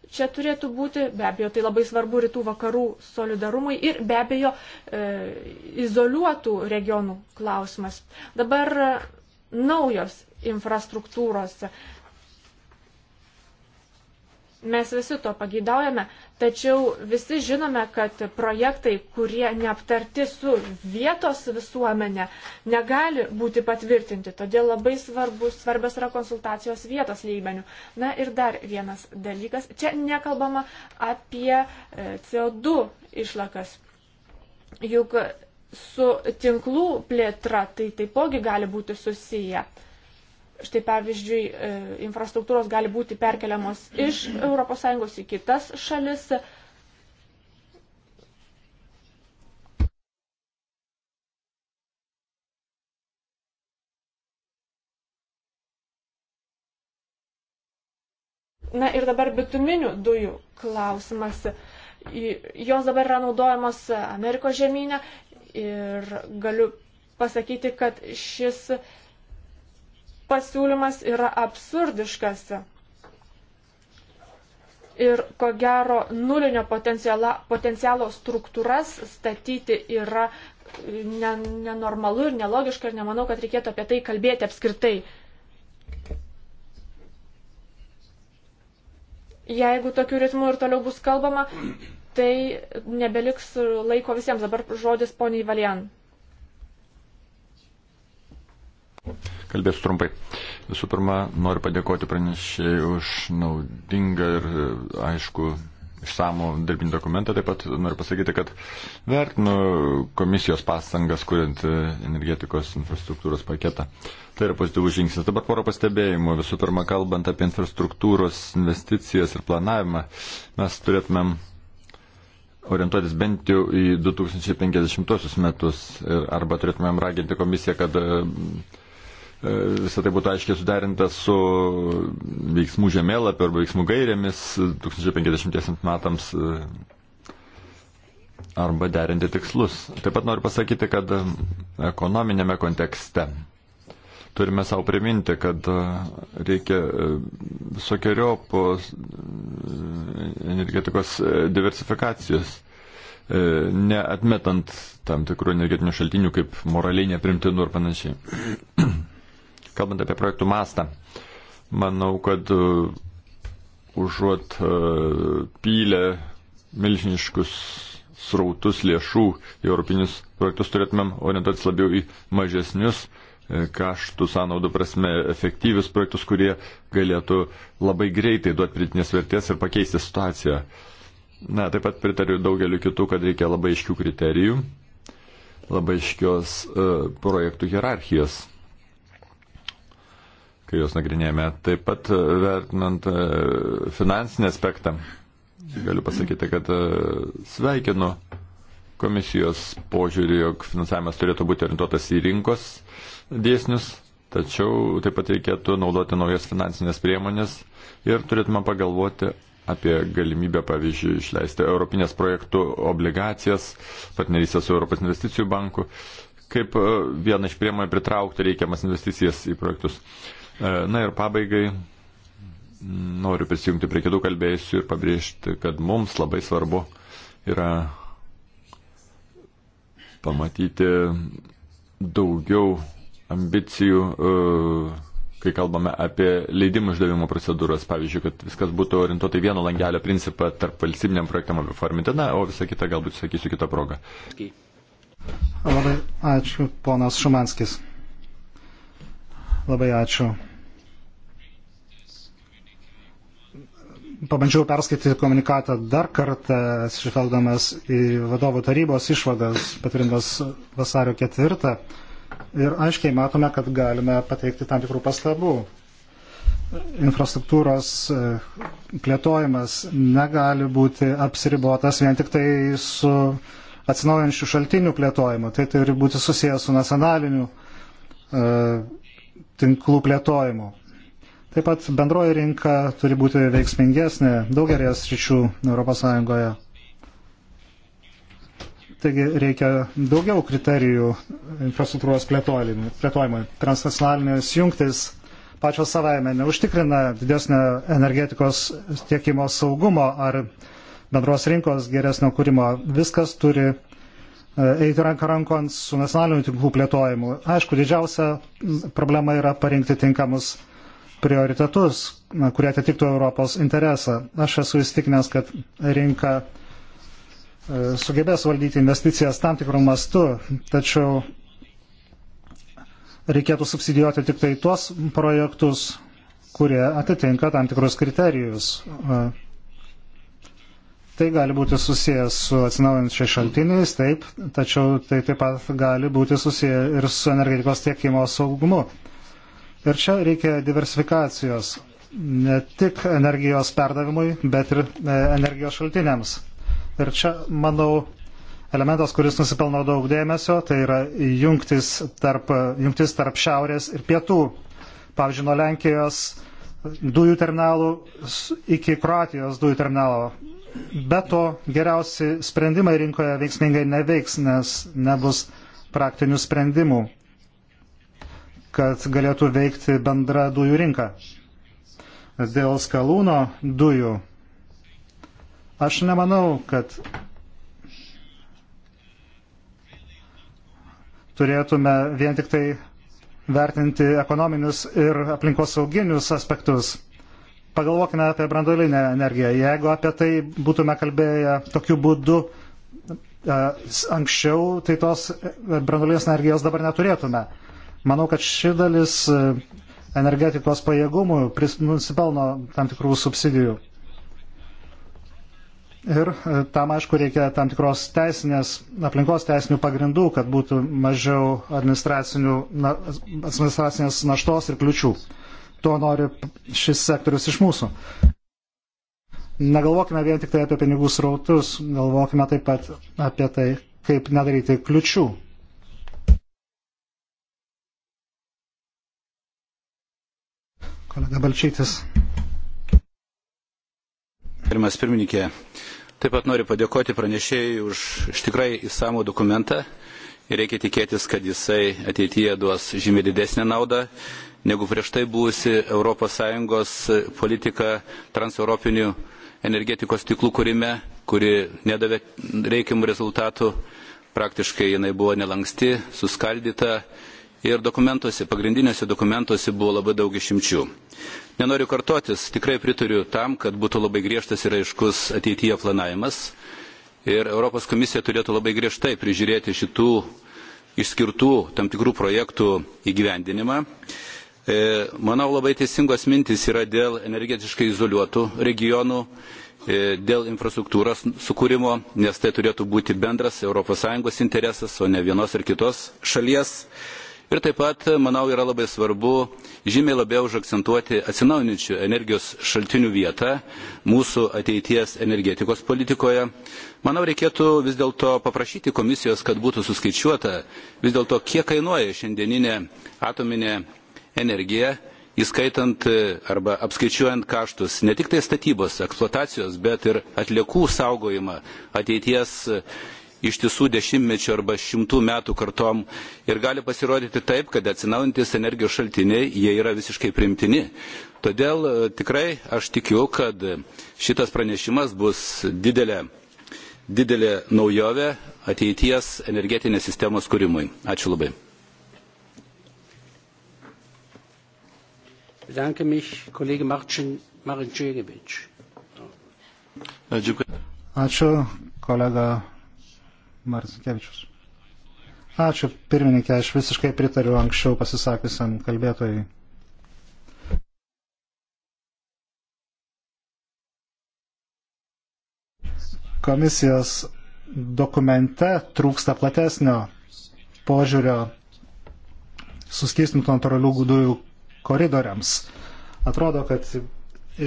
Čia turėtų būti, be abejo, tai labai svarbu rytų vakarų solidarumui ir be abejo e, izoliuotų regionų klausimas. Dabar naujos infrastruktūros. E, Mes visi to pageidaujame, tačiau visi žinome, kad projektai, kurie neaptarti su vietos visuomenė, negali būti patvirtinti. Todėl labai svarbus, svarbios yra konsultacijos vietos lygmenių. Na ir dar vienas dalykas. Čia nekalbama apie e, CO2 išlakas. Juk su tinklų plėtra tai taipogi gali būti susiję. Štai pavyzdžiui, e, infrastruktūros gali būti perkeliamos iš ES į kitas šalis. Na ir dabar bituminių dujų klausimas. Jos dabar yra naudojamos Amerikos žemynė ir galiu pasakyti, kad šis pasiūlymas yra absurdiškas. Ir ko gero nulinio potencialo struktūras statyti yra e, nenormalu ir nelogiška ir nemanau, kad reikėtų apie tai kalbėti apskritai. Jeigu tokiu ritmu ir toliau bus kalbama, tai nebeliks laiko visiems. Dabar žodis poniai Valian. Kalbėsiu trumpai. Visų pirma, noriu padėkoti pranešėjai už naudingą ir e, aišku išsamų darbinį dokumentą. Taip pat noriu pasakyti, kad vertinu komisijos pastangas, kuriant e, energetikos infrastruktūros paketą. Tai yra pozityvus žingsnis. Dabar poro pastebėjimų. Visų pirma, kalbant apie infrastruktūros investicijas ir planavimą, mes turėtumėm orientuotis bent jau į 2050 metus arba turėtumėm raginti komisiją, kad e, E, visą tai būtų aiškiai suderinta su veiksmų žemėlapiu arba veiksmų gairėmis 2050 metams e, arba derinti tikslus. Taip pat noriu pasakyti, kad e, ekonominėme kontekste turime savo priminti, kad reikia visokiojopos energetikos diversifikacijos neatmetant tam tikrų energetinių šaltinių kaip moraliai neprimtinų ir panašiai. *clears throat* Kalbant apie projektų mastą, manau, kad e, užuot e, pylę milžiniškus srautus lėšų į europinius projektus turėtumėm orientuotis labiau į mažesnius e, kaštų sąnaudų prasme efektyvius projektus, kurie galėtų labai greitai duoti pridėtinės vertės ir pakeisti situaciją. Na, taip pat pritariu daugeliu kitų, kad reikia labai iškių kriterijų, labai iškios uh, projektų hierarchijos kai juos nagrinėjame. Taip pat e, vertinant e, finansinį aspektą, galiu pasakyti, kad e, sveikinu komisijos požiūrį, jog finansavimas turėtų būti orientuotas į rinkos dėsnius, tačiau taip pat reikėtų naudoti naujas finansinės priemonės ir turėtume pagalvoti apie galimybę, pavyzdžiui, išleisti Europinės projektų obligacijas, partnerystę su Europos investicijų banku, kaip vieną iš priemonių pritraukti reikiamas investicijas į projektus. Uh, E, na ir pabaigai noriu prisijungti prie kitų kalbėjusių ir pabrėžti, kad mums labai svarbu yra pamatyti daugiau ambicijų, e, kai kalbame apie leidimų išdavimo procedūras. Pavyzdžiui, kad viskas būtų orientuota į vieno langelio principą tarp valstybiniam projektam apie Farmitiną, o visą kitą galbūt sakysiu kitą progą. Labai ačiū, ponas Šumanskis. Labai ačiū. pabandžiau perskaityti komunikatą dar kartą, atsižvelgdamas į vadovų tarybos išvadas patvirtintas vasario ketvirtą. Ir aiškiai matome, kad galime pateikti tam tikrų pastabų. Infrastruktūros e, plėtojimas negali būti apsiribotas vien tik tai su atsinaujančių šaltinių plėtojimu. Tai turi būti susijęs su nacionaliniu e, tinklų plėtojimu. Taip pat bendroji rinka turi būti veiksmingesnė daugelės ryčių ES. Taigi reikia daugiau kriterijų infrastruktūros plėtojimui. Transnacionalinės jungtis pačios savaime neužtikrina didesnio energetikos tiekimo saugumo ar bendros rinkos geresnio kūrimo. Viskas turi e, eiti ranką rankon su nacionaliniu tinklų plėtojimu. Aišku, didžiausia problema yra parinkti tinkamus prioritetus, kurie atitiktų Europos interesą. Aš esu įstikinęs, kad rinka e, sugebės valdyti investicijas tam tikrų mastų, tačiau reikėtų subsidijuoti tik tai tuos projektus, kurie atitinka tam tikrus kriterijus. E, tai gali būti susijęs su atsinaujančiais šaltiniais, taip, tačiau tai taip pat gali būti susiję ir su energetikos tiekimo saugumu. Ir čia reikia diversifikacijos ne tik energijos perdavimui, bet ir e, energijos šaltiniams. Ir čia, manau, elementas, kuris nusipelno daug dėmesio, tai yra jungtis tarp, jungtis tarp šiaurės ir pietų. Pavyzdžiui, nuo Lenkijos dujų terminalų iki Kroatijos dujų terminalo. Be to, geriausi sprendimai rinkoje veiksmingai neveiks, nes nebus praktinių sprendimų kad galėtų veikti bendra dujų rinka. Dėl skalūno dujų aš nemanau, kad turėtume vien tik tai vertinti ekonominius ir aplinkosauginius aspektus. Pagalvokime apie brandolinę energiją. Jeigu apie tai būtume kalbėję tokiu būdu e, anksčiau, tai tos brandolinės energijos dabar neturėtume. Manau, kad ši dalis e, energetikos pajėgumų nusipelno tam tikrų subsidijų. Ir e, tam, aišku, reikia tam tikros teisinės, aplinkos teisinių pagrindų, kad būtų mažiau na, administracinės naštos ir kliučių. To nori šis sektorius iš mūsų. Negalvokime vien tik tai apie pinigų srautus, galvokime taip pat apie tai, kaip nedaryti kliučių Kolega Balčytis. Pirmas pirmininkė, taip pat noriu padėkoti pranešėjai už iš tikrai įsamų dokumentą ir reikia tikėtis, kad jisai ateityje duos žymiai didesnę naudą negu prieš tai buvusi ES politika transeuropinių energetikos tiklų kūrime, kuri nedavė reikiamų rezultatų. Praktiškai jinai buvo nelanksti, suskaldyta ir dokumentuose, pagrindinėse dokumentuose buvo labai daug išimčių. Nenoriu kartotis, tikrai pritariu tam, kad būtų labai griežtas ir aiškus ateityje planavimas ir Europos komisija turėtų labai griežtai prižiūrėti šitų išskirtų tam tikrų projektų įgyvendinimą. E, manau, labai teisingos mintis yra dėl energetiškai izoliuotų regionų e, dėl infrastruktūros sukūrimo, nes tai turėtų būti bendras ES interesas, o ne vienos ar kitos šalies. Ir taip pat, manau, yra labai svarbu žymiai labiau užakcentuoti atsinaujinančių energijos šaltinių vietą mūsų ateities energetikos politikoje. Manau, reikėtų vis dėlto paprašyti komisijos, kad būtų suskaičiuota vis dėlto, kiek kainuoja šiandieninė atominė energija įskaitant arba apskaičiuojant kaštus ne tik tai statybos, eksploatacijos, bet ir atliekų saugojimą ateities ištisų dešimtmečių arba šimtų metų kartom ir gali pasirodyti taip, kad atsinaujantis energijos šaltiniai jie yra visiškai primtini. Todėl e, tikrai aš tikiu, kad šitas pranešimas bus didelė, didelė naujovė ateities energetinės sistemos kūrimui. Ačiū labai. Bedanke mich, Kollege Marcin Marinčevič. Ačiū, kolega Marcinkevičius. Ačiū, pirmininkė, aš visiškai pritariu anksčiau pasisakysiam kalbėtojai. Komisijos dokumente trūksta platesnio požiūrio suskistintų natūralių dujų koridoriams. Atrodo, kad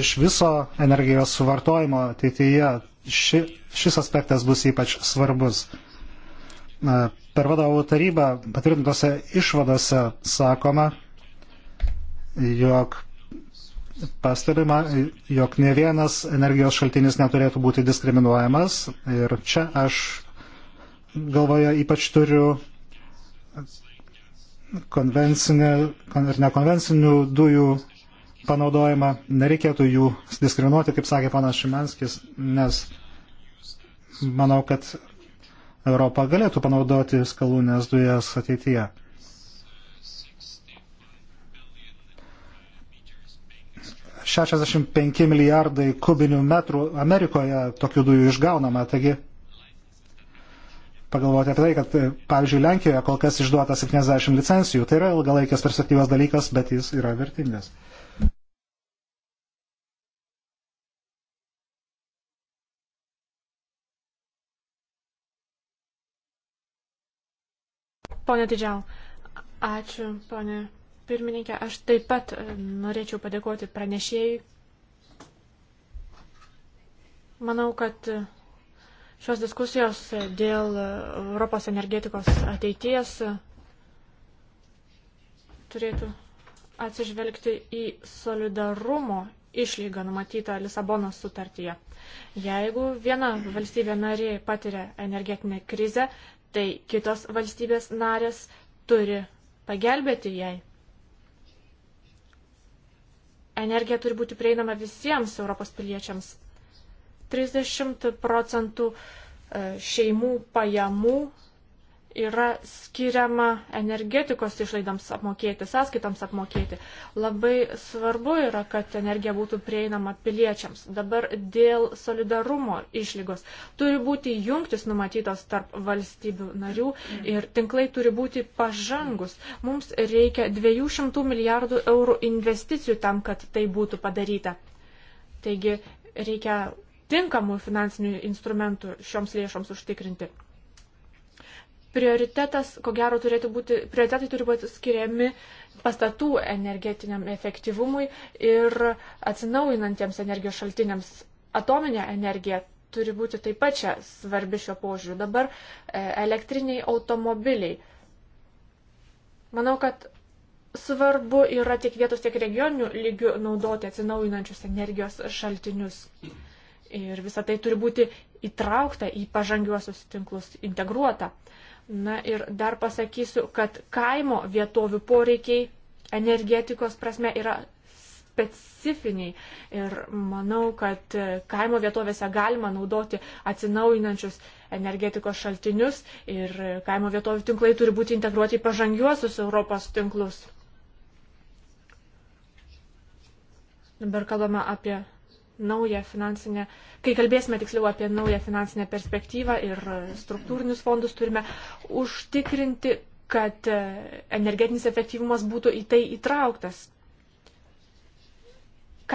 iš viso energijos suvartojimo ateityje ši, šis aspektas bus ypač svarbus per vadovų tarybą patvirtintose išvadose sakoma, jog pastebima, jog ne vienas energijos šaltinis neturėtų būti diskriminuojamas. Ir čia aš galvoje ypač turiu konvencinę ir nekonvencinių dujų panaudojimą. Nereikėtų jų diskriminuoti, kaip sakė panas Šimanskis, nes manau, kad Europa galėtų panaudoti skalūnės dujas ateityje. Šešiasdešimt penki milijardai kubinių metrų Amerikoje tokių dujų išgaunama, taigi pagalvoti apie tai, kad, pavyzdžiui, Lenkijoje kol kas išduota 70 licencijų. Tai yra ilgalaikės perspektyvos dalykas, bet jis yra vertingas. Pone Didžiau, ačiū, pone pirmininkė. Aš taip pat e, norėčiau padėkoti pranešėjai. Manau, kad e, šios diskusijos e, dėl Europos energetikos ateities turėtų atsižvelgti į solidarumo išlygą numatytą Lisabonos sutartyje. Jeigu viena valstybė narė patiria energetinę krizę, tai kitos valstybės narės turi pagelbėti jai. Energija turi būti prieinama visiems Europos piliečiams. 30 procentų e, šeimų pajamų yra skiriama energetikos išlaidams apmokėti, sąskaitams apmokėti. Labai svarbu yra, kad energija būtų prieinama piliečiams. Dabar dėl solidarumo išlygos turi būti jungtis numatytos tarp valstybių narių ir tinklai turi būti pažangus. Mums reikia 200 milijardų eurų investicijų tam, kad tai būtų padaryta. Taigi reikia tinkamų finansinių instrumentų šioms lėšoms užtikrinti prioritetas, ko gero, turėtų būti, prioritetai turi būti skiriami pastatų energetiniam efektyvumui ir atsinaujinantiems energijos šaltiniams. Atominė energija turi būti taip pat čia svarbi šio požiūriu. Dabar e, elektriniai automobiliai. Manau, kad svarbu yra tiek vietos, tiek regioninių lygių naudoti atsinaujinančius energijos šaltinius. Ir visa tai turi būti įtraukta į pažangiuosius tinklus, integruota. Uh, Na ir dar pasakysiu, kad kaimo vietovių poreikiai energetikos prasme yra specifiniai ir manau, kad kaimo vietovėse galima naudoti atsinaujinančius energetikos šaltinius ir kaimo vietovių tinklai turi būti integruoti į pažangiuosius Europos tinklus. Dabar kalbame apie naują finansinę, kai kalbėsime tiksliau apie naują finansinę perspektyvą ir struktūrinius fondus, turime užtikrinti, kad energetinis efektyvumas būtų į tai įtrauktas.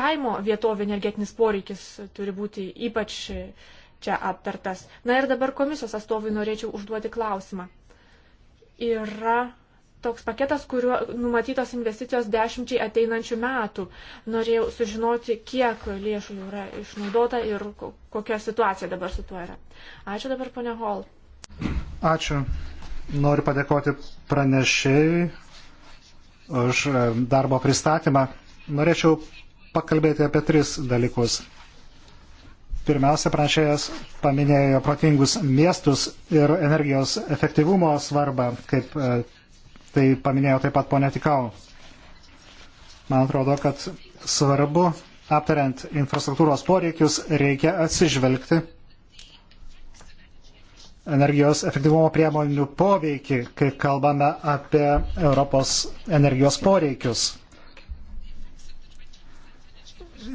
Kaimo vietovė energetinis poreikis turi būti ypač čia aptartas. Na ir dabar komisijos atstovui norėčiau užduoti klausimą. Yra toks paketas, kuriuo numatytos investicijos dešimčiai ateinančių metų. Norėjau sužinoti, kiek lėšų jau yra išnaudota ir kokia situacija dabar su tuo yra. Ačiū dabar, ponia Hall. Ačiū. Noriu padėkoti pranešėjai už e, darbo pristatymą. Norėčiau pakalbėti apie tris dalykus. Pirmiausia, pranešėjas paminėjo protingus miestus ir energijos efektyvumo svarbą kaip e, tai paminėjo taip pat ponė Tikau. Man atrodo, kad svarbu, aptariant infrastruktūros poreikius, reikia atsižvelgti energijos efektyvumo priemonių poveikį, kai kalbame apie Europos energijos poreikius.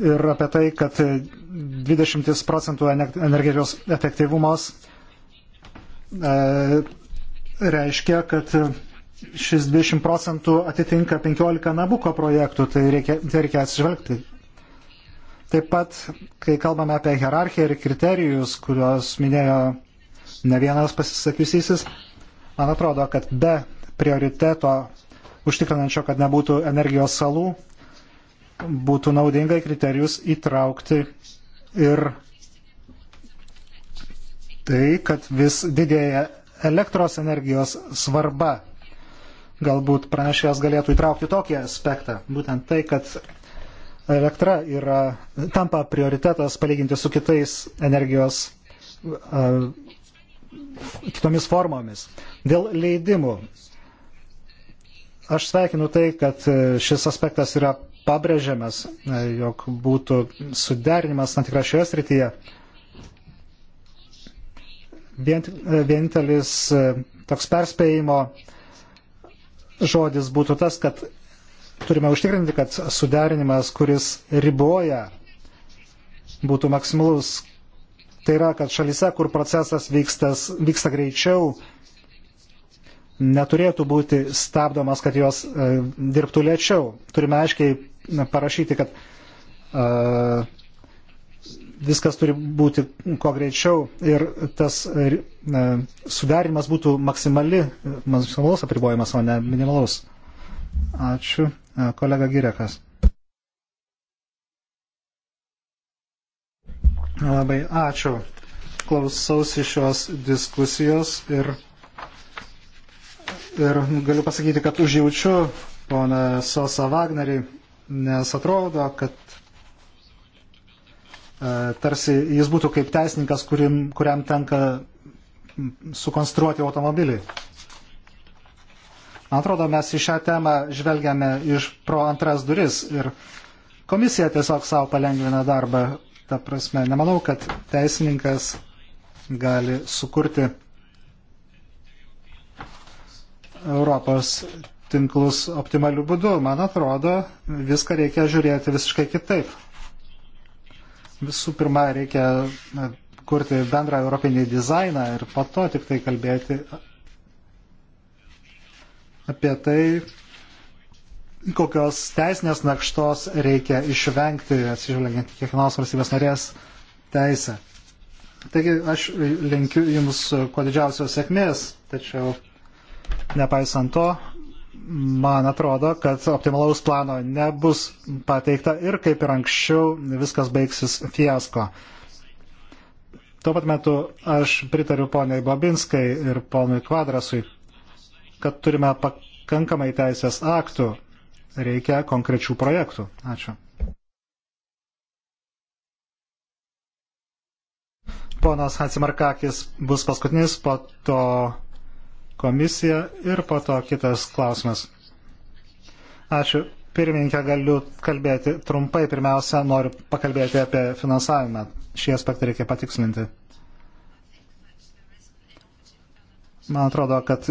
Ir apie tai, kad 20 procentų energijos efektyvumos e, reiškia, kad šis 20 procentų atitinka 15 Nabuko projektų, tai reikia, tai reikia atsižvelgti. Taip pat, kai kalbame apie hierarchiją ir kriterijus, kuriuos minėjo ne vienas pasisakysysis, man atrodo, kad be prioriteto užtikrinančio, kad nebūtų energijos salų, būtų naudinga į kriterijus įtraukti ir tai, kad vis didėja elektros energijos svarba Galbūt pranešėjas galėtų įtraukti tokį aspektą, būtent tai, kad elektra yra, tampa prioritetas palyginti su kitais energijos uh, kitomis formomis. Dėl leidimų. Aš sveikinu tai, kad šis aspektas yra pabrėžiamas, jog būtų suderinimas tam tikra šioje srityje. Vien, vienintelis toks perspėjimo uh, žodis būtų tas, kad turime užtikrinti, kad suderinimas, kuris riboja, būtų maksimalus. Tai yra, kad šalise, kur procesas vykstas, vyksta greičiau, neturėtų būti stabdomas, kad jos e, dirbtų lėčiau. Turime aiškiai parašyti, kad e, viskas turi būti kuo greičiau ir tas e, sudarimas būtų maksimali, e, maksimalus apribojimas, o ne minimalus. Ačiū. E, kolega Girekas. Labai ačiū. Klausausi šios diskusijos ir, ir galiu pasakyti, kad užjaučiu poną Sosa Wagnerį, nes atrodo, kad E, tarsi jis būtų kaip teisininkas, kurim, kuriam tenka sukonstruoti automobilį. Man atrodo, mes į šią temą žvelgiame iš pro antras duris ir komisija tiesiog savo palengvina darbą. Ta prasme, nemanau, kad teisininkas gali sukurti Europos tinklus optimaliu būdu. Man atrodo, viską reikia žiūrėti visiškai kitaip. Visų pirma, reikia kurti bendrą europinį dizainą ir po to tik tai kalbėti apie tai, kokios teisinės nakštos reikia išvengti, atsižvelgiant į kiekvienos valstybės narės teisę. Taigi aš linkiu Jums kuo didžiausios sėkmės, tačiau nepaisant to, man atrodo, kad optimalaus plano nebus pateikta ir kaip ir anksčiau viskas baigsis fiasko. Tuo pat metu aš pritariu poniai Bobinskai ir ponui Kvadrasui, kad turime pakankamai teisės aktų, reikia konkrečių projektų. Ačiū. Ponas Hatsimarkakis bus paskutinis, po to komisija ir po to kitas klausimas. Ačiū. Pirmininkė, galiu kalbėti trumpai. Pirmiausia, noriu pakalbėti apie finansavimą. Šį aspektą reikia patikslinti. Man atrodo, kad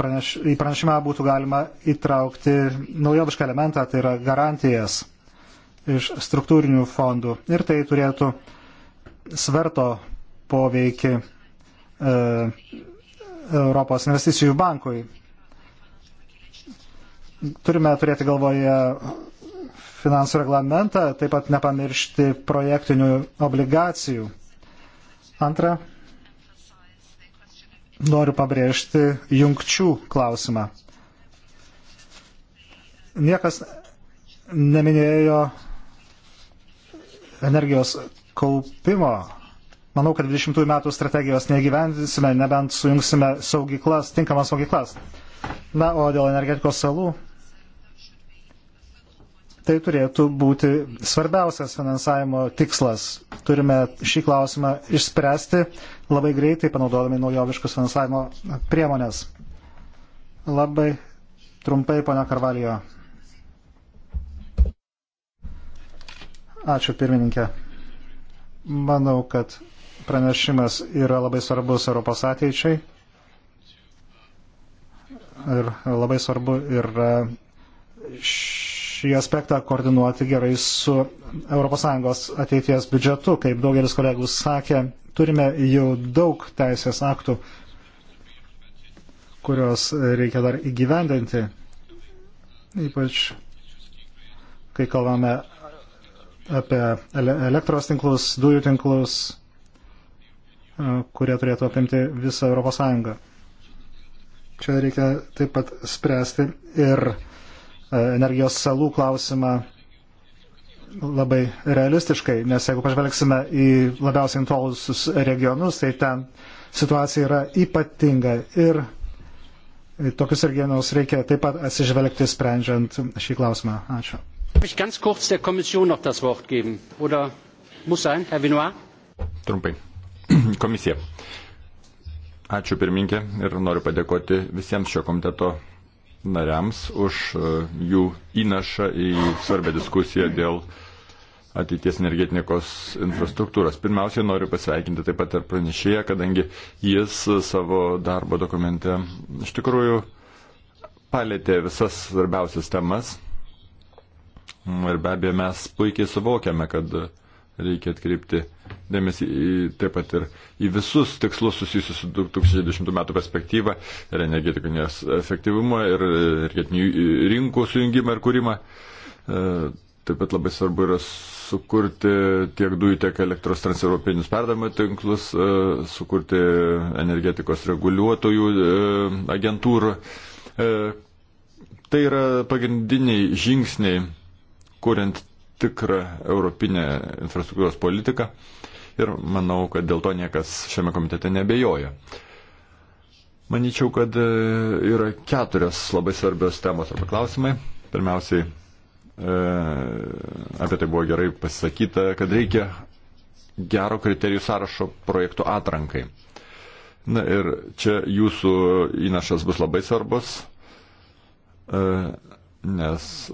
praneš, į pranešimą būtų galima įtraukti naujovišką elementą, tai yra garantijas iš struktūrinių fondų. Ir tai turėtų sverto poveikį e, Europos investicijų bankui. Turime turėti galvoje finansų reglamentą, taip pat nepamiršti projektinių obligacijų. Antra, noriu pabrėžti jungčių klausimą. Niekas neminėjo energijos kaupimo Manau, kad 20 metų strategijos negyvendinsime, nebent sujungsime saugyklas, tinkamas saugyklas. Na, o dėl energetikos salų, tai turėtų būti svarbiausias finansavimo tikslas. Turime šį klausimą išspręsti labai greitai, panaudodami naujoviškus finansavimo priemonės. Labai trumpai, pana Karvalijo. Ačiū, pirmininkė. Manau, kad pranešimas yra labai svarbus Europos ateičiai ir labai svarbu yra šį aspektą koordinuoti gerai su ES ateities biudžetu. Kaip daugelis kolegų sakė, turime jau daug teisės aktų, kurios reikia dar įgyvendinti, ypač kai kalbame apie elektros tinklus, dujų tinklus, kurie turėtų apimti visą ES. Čia reikia taip pat spręsti ir energijos salų klausimą labai realistiškai, nes jeigu pažvelgsime į labiausiai intolusius regionus, tai ten situacija yra ypatinga ir tokius regionus reikia taip pat atsižvelgti sprendžiant šį klausimą. Ačiū. Trumpai. *clears throat* komisija. Ačiū pirminkė ir noriu padėkoti visiems šio komiteto nariams už e, jų įnašą į svarbę diskusiją dėl ateities energetikos infrastruktūros. Pirmiausiai noriu pasveikinti taip pat ir pranešėją, kadangi jis savo darbo dokumente iš tikrųjų palėtė visas svarbiausias temas. Ir be abejo mes puikiai suvokiame, kad reikia atkreipti dėmesį į, taip pat ir į visus tikslus susijusius su 2010 metų perspektyva ir energetikos efektyvumą ir energetinių rinkų sujungimą ir kūrimą. E, taip pat labai svarbu yra sukurti tiek dujų, tiek elektros transeuropinius perdavimo tinklus, e, sukurti energetikos reguliuotojų e, agentūrų. Tai yra pagrindiniai žingsniai, kuriant tikrą europinę infrastruktūros politiką ir manau, kad dėl to niekas šiame komitete nebejoja. Manyčiau, kad e, yra keturios labai svarbios temos arba klausimai. Pirmiausiai, e, apie tai buvo gerai pasakyta, kad reikia gero kriterijų sąrašo projektų atrankai. Na ir čia jūsų įnašas bus labai svarbus. E, nes e,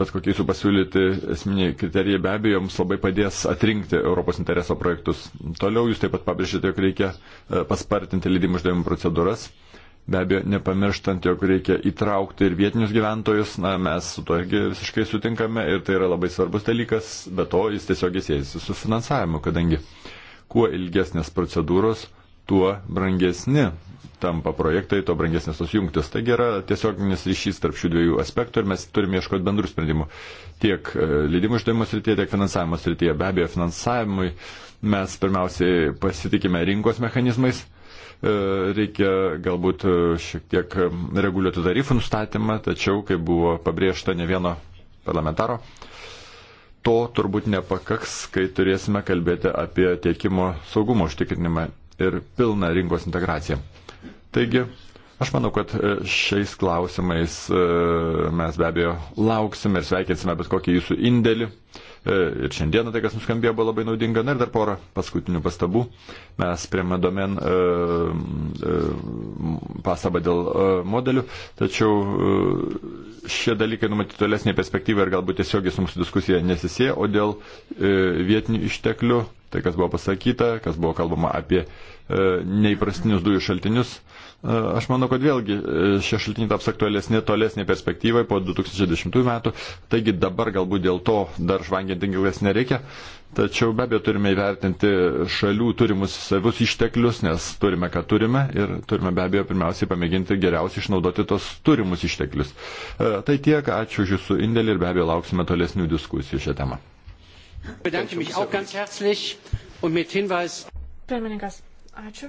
bet kokie jūsų pasiūlyti esminiai kriterijai be abejo jums labai padės atrinkti Europos intereso projektus. Toliau jūs taip pat pabrėžėte, jog reikia e, paspartinti leidimų išdavimo procedūras. Be abejo, nepamirštant, jog reikia įtraukti ir vietinius gyventojus, na, mes su to irgi visiškai sutinkame ir tai yra labai svarbus dalykas, be to jis tiesiog siejasi su finansavimu, kadangi kuo ilgesnės procedūros, tuo brangesni tampa projektai, tuo brangesnės tos jungtis. Taigi yra tiesioginis ryšys tarp šių dviejų aspektų ir mes turime ieškoti bendrų sprendimų tiek e, leidimų išdavimo srityje, tiek finansavimo srityje. Be abejo, finansavimui mes pirmiausiai pasitikime rinkos mechanizmais, e, reikia galbūt e, šiek tiek reguliuoti tarifų nustatymą, tačiau, kaip buvo pabrėžta ne vieno parlamentaro, to turbūt nepakaks, kai turėsime kalbėti apie tiekimo saugumo užtikrinimą ir pilną rinkos integraciją. Taigi, aš manau, kad e, šiais klausimais e, mes be abejo lauksime ir sveikinsime bet kokį jūsų indėlį. E, ir šiandieną tai, kas nuskambėjo, buvo labai naudinga. Na ir dar porą paskutinių pastabų. Mes prieme domen e, e, pastabą dėl e, modelių, tačiau e, šie dalykai numatyti tolesnė perspektyva ir galbūt tiesiogiai su mūsų diskusija nesisėja, o dėl e, vietinių išteklių e, tai, kas buvo pasakyta, kas buvo kalbama apie e, neįprastinius dujų šaltinius. E, aš manau, kad vėlgi e, šie šaltiniai taps aktualesni tolesnė perspektyvai po 2010 metų, taigi dabar galbūt dėl to dar žvangiant angelės nereikia, tačiau be abejo turime įvertinti šalių turimus savus išteklius, nes turime, ką turime ir turime be abejo pirmiausiai pamėginti geriausiai išnaudoti tos turimus išteklius. E, tai tiek, ačiū už Jūsų indėlį ir be abejo lauksime tolesnių diskusijų šią temą. Pirmininkas, ačiū.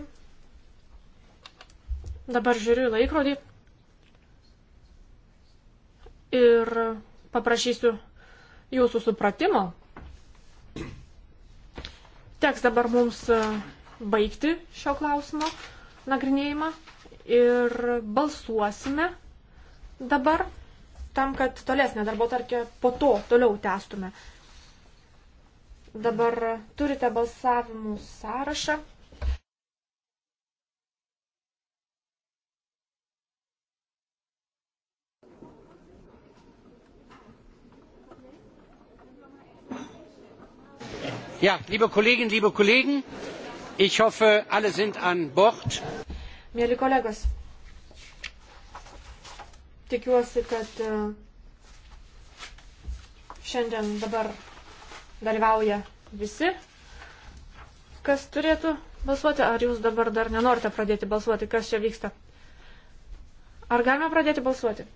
Dabar žiūriu į laikrodį ir paprašysiu jūsų supratimo. Teks dabar mums e, baigti šio klausimo nagrinėjimą ir balsuosime dabar tam, kad tolesnė darbo tarkė po to toliau testume. Dabar turite balsavimų sąrašą. Ja, liebe Kolleginnen, liebe Kollegen, ich hoffe, alle sind an Bord. Mėly kolegos, tikiuosi, kad e, šiandien dabar dalyvauja visi, kas turėtų balsuoti. Ar jūs dabar dar nenorite pradėti balsuoti, kas čia vyksta? Ar galime pradėti balsuoti?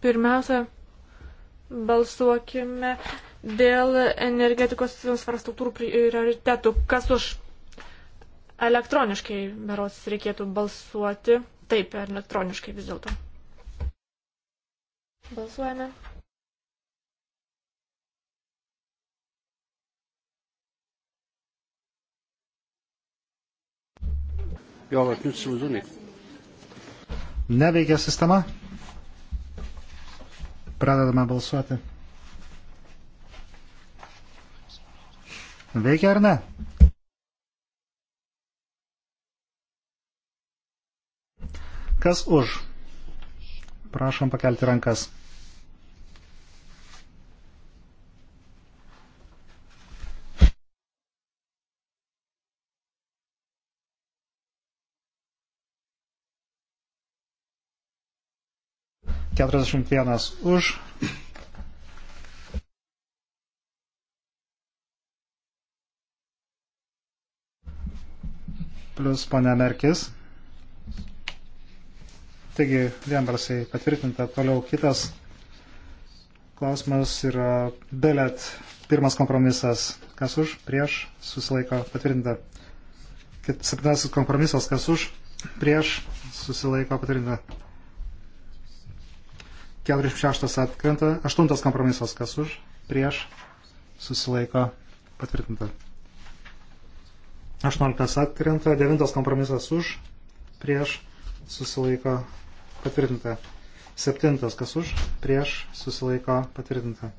Pirmiausia, balsuokime Dėl energetikos infrastruktūrų prioritetų, kas už elektroniškai, berots, reikėtų balsuoti. Taip, elektroniškai vis dėlto. Balsuojame. Jo, vat, jūs įsivaizdūnai. Neveikia sistema. Pradedame balsuoti. Veikia ar ne? Kas už? Prašom pakelti rankas. Keturiasdešimt vienas už. plus ponia Merkis. Taigi vienbalsiai patvirtinta. Toliau kitas klausimas yra belėt. Pirmas kompromisas. Kas už? Prieš. Susilaiko patvirtinta. Kit, septintasis kompromisas. Kas už? Prieš. Susilaiko patvirtinta. 46 atkrenta. Aštuntas kompromisas. Kas už? Prieš. Susilaiko patvirtinta. 18 atkrenta, 9 kompromisas už, prieš susilaiko patvirtinta. 7 kas už, prieš susilaiko patvirtinta.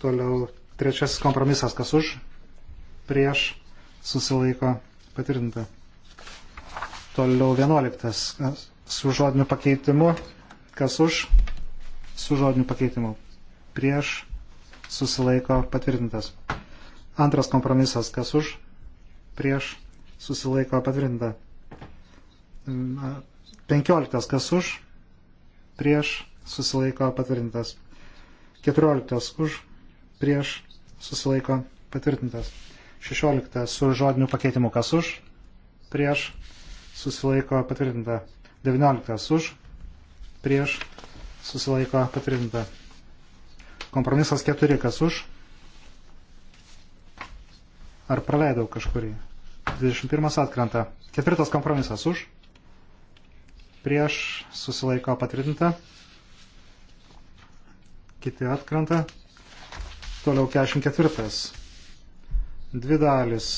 Toliau trečiasis kompromisas kas už, prieš susilaiko patvirtinta. Toliau 11 su žodiniu pakeitimu, kas už, su žodiniu pakeitimu, prieš susilaiko patvirtintas. Antras kompromisas, kas už, prieš, susilaiko patvirtinta. Penkioliktas, kas už, prieš, susilaiko patvirtintas. Keturioliktas, už, prieš, susilaiko patvirtintas. Šešioliktas, su žodiniu pakeitimu, kas už, prieš, susilaiko patvirtinta. Devynioliktas, už, prieš, susilaiko patvirtinta. Kompromisas keturi, kas už, Ar praleidau kažkurį? 21 atkrenta. Ketvirtas kompromisas už. Prieš susilaiko patvirtinta. Kiti atkrenta. Toliau 44. Dvi dalis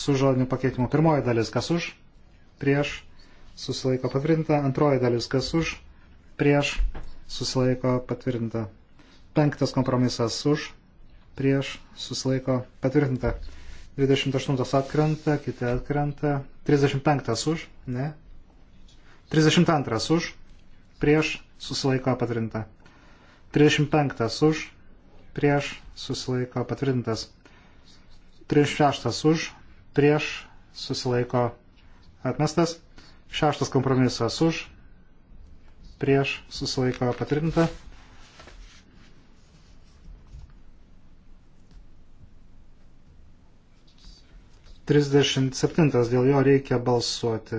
su žodiniu pakeitimu. Pirmoji dalis kas už. Prieš susilaiko patvirtinta. Antroji dalis kas už. Prieš susilaiko patvirtinta. Penktas kompromisas už. Prieš susilaiko patvirtinta. 28 atkrenta, kiti atkrenta. 35 už, ne. 32 už, prieš susilaiko patvirtinta. 35 už, prieš susilaiko patvirtintas. 36 už, prieš susilaiko atmestas. 6 kompromisas už, prieš susilaiko patvirtinta. 37, dėl jo reikia balsuoti.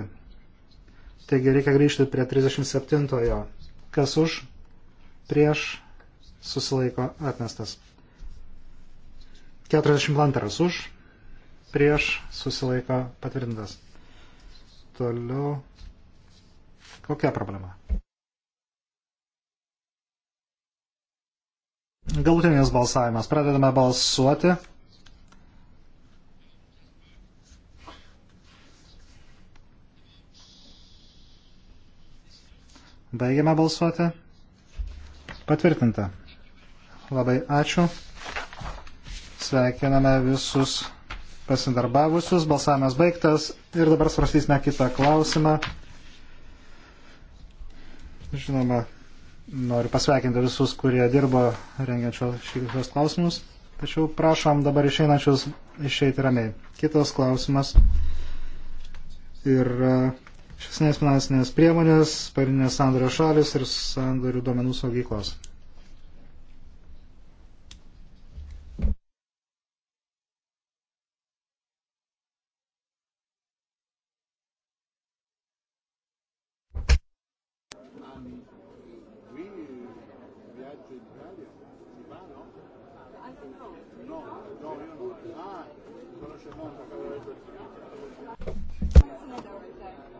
Taigi reikia grįžti prie 37-ojo. Kas už, prieš, susilaiko atmestas. 42 už, prieš, susilaiko patvirtintas. Toliau. Kokia problema? Galutinės balsavimas. Pradedame balsuoti. Baigiame balsuoti. Patvirtinta. Labai ačiū. Sveikiname visus pasidarbavusius. Balsavimas baigtas. Ir dabar svarstysime kitą klausimą. Žinoma, noriu pasveikinti visus, kurie dirbo rengiančios šios klausimus. Tačiau prašom dabar išeinančius išeiti ramiai. Kitas klausimas. Ir šisnės finansinės priemonės, pagrindinės sandorio šalis ir sandorių duomenų saugyklos.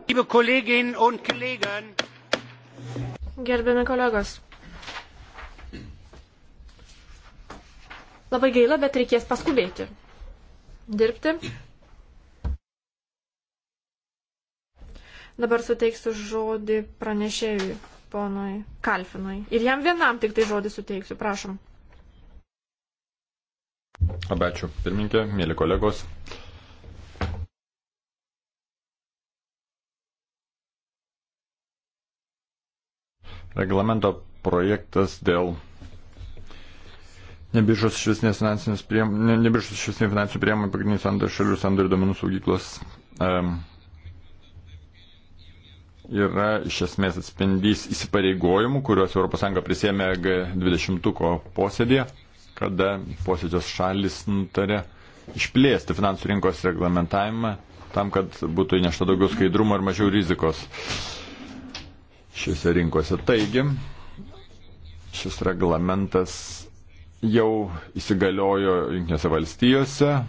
Liebe Kolleginnen und Kollegen. Gerbiami kolegos. Labai gaila, bet reikės paskubėti. Dirbti. Dabar suteiksiu žodį pranešėjui, ponui Kalfinui. Ir jam vienam tik tai žodį suteiksiu, prašom. Labai ačiū, pirmininkė, mėly kolegos. Uh, reglamento projektas dėl nebiržos išvisnės finansinių priemonių pagrindinių sandorių šalių sandorių domenų saugyklos um, yra iš esmės atspindys įsipareigojimų, kuriuos ES prisėmė G20 posėdėje, kada posėdžios šalis nutarė išplėsti finansų rinkos reglamentavimą tam, kad būtų įnešta daugiau skaidrumo ir mažiau rizikos. Uh, šiuose rinkose. Taigi, šis reglamentas jau įsigaliojo Junktinėse valstijose, e,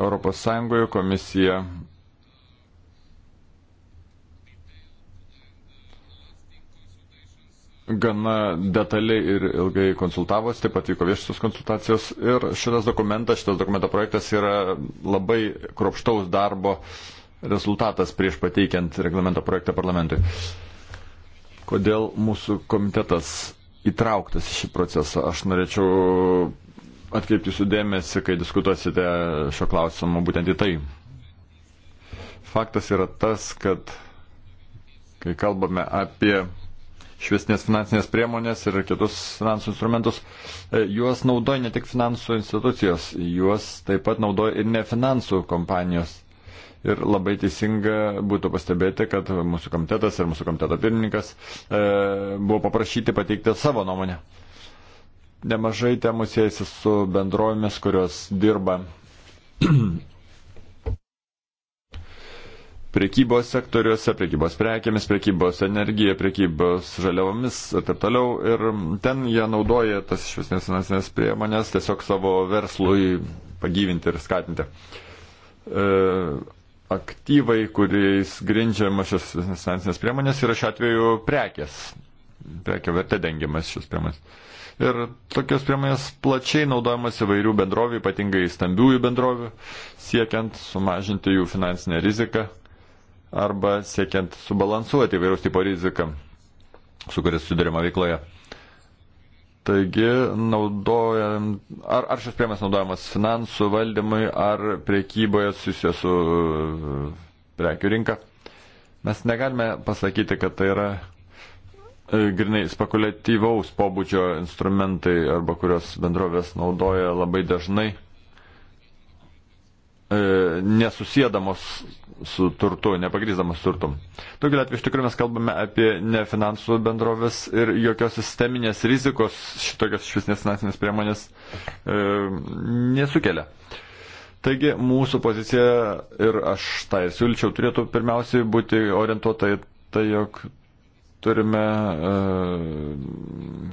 Europos Sąjungoje komisija gana detaliai ir ilgai konsultavosi, taip pat vyko viešosios konsultacijos ir šitas dokumentas, šitas dokumento projektas yra labai kropštaus darbo uh, rezultatas prieš pateikiant reglamento projektą parlamentui. Kodėl mūsų komitetas įtrauktas į šį procesą? Aš norėčiau atkreipti sudėmėsi, kai diskutuosite šio klausimo būtent į tai. Faktas yra tas, kad kai kalbame apie šviesnės finansinės priemonės ir kitus finansų instrumentus, e, juos naudoja ne tik finansų institucijos, juos taip pat naudoja ir ne finansų kompanijos. Ir labai teisinga būtų pastebėti, kad mūsų komitetas ir mūsų komiteto pirmininkas e, buvo paprašyti pateikti savo nuomonę. Nemažai temų siejasi su bendrovėmis, kurios dirba *clears throat* priekybos sektoriuose, priekybos prekėmis, priekybos energija, priekybos žaliavomis ir taip toliau. Ir ten jie naudoja tas išvesnės finansinės priemonės tiesiog savo verslui pagyvinti ir skatinti. E, aktyvai, kuriais grindžiama šios finansinės priemonės, yra šiuo atveju prekės. Prekio vertė dengiamas šios priemonės. Ir tokios priemonės plačiai naudojamas įvairių bendrovių, ypatingai stambiųjų bendrovių, siekiant sumažinti jų finansinę riziką arba siekiant subalansuoti įvairiaus tipo riziką, su kuria sudarima veikloje. Taigi, naudojam, ar, ar šios priemonės naudojamas finansų valdymui, ar priekyboje susijęs su e, prekių rinka, mes negalime pasakyti, kad tai yra e, grinai spekuliatyvaus pobūdžio instrumentai arba kurios bendrovės naudoja labai dažnai E, nesusėdamos su turtu, nepagrįzdamos turtum. Daugelį atvejų iš tikrųjų mes kalbame apie nefinansų bendrovės ir jokios sisteminės rizikos šitokios švisnės finansinės priemonės e, nesukelia. Taigi mūsų pozicija, ir aš tą ir siūlyčiau, turėtų pirmiausiai būti orientuota į tai, jog turime e,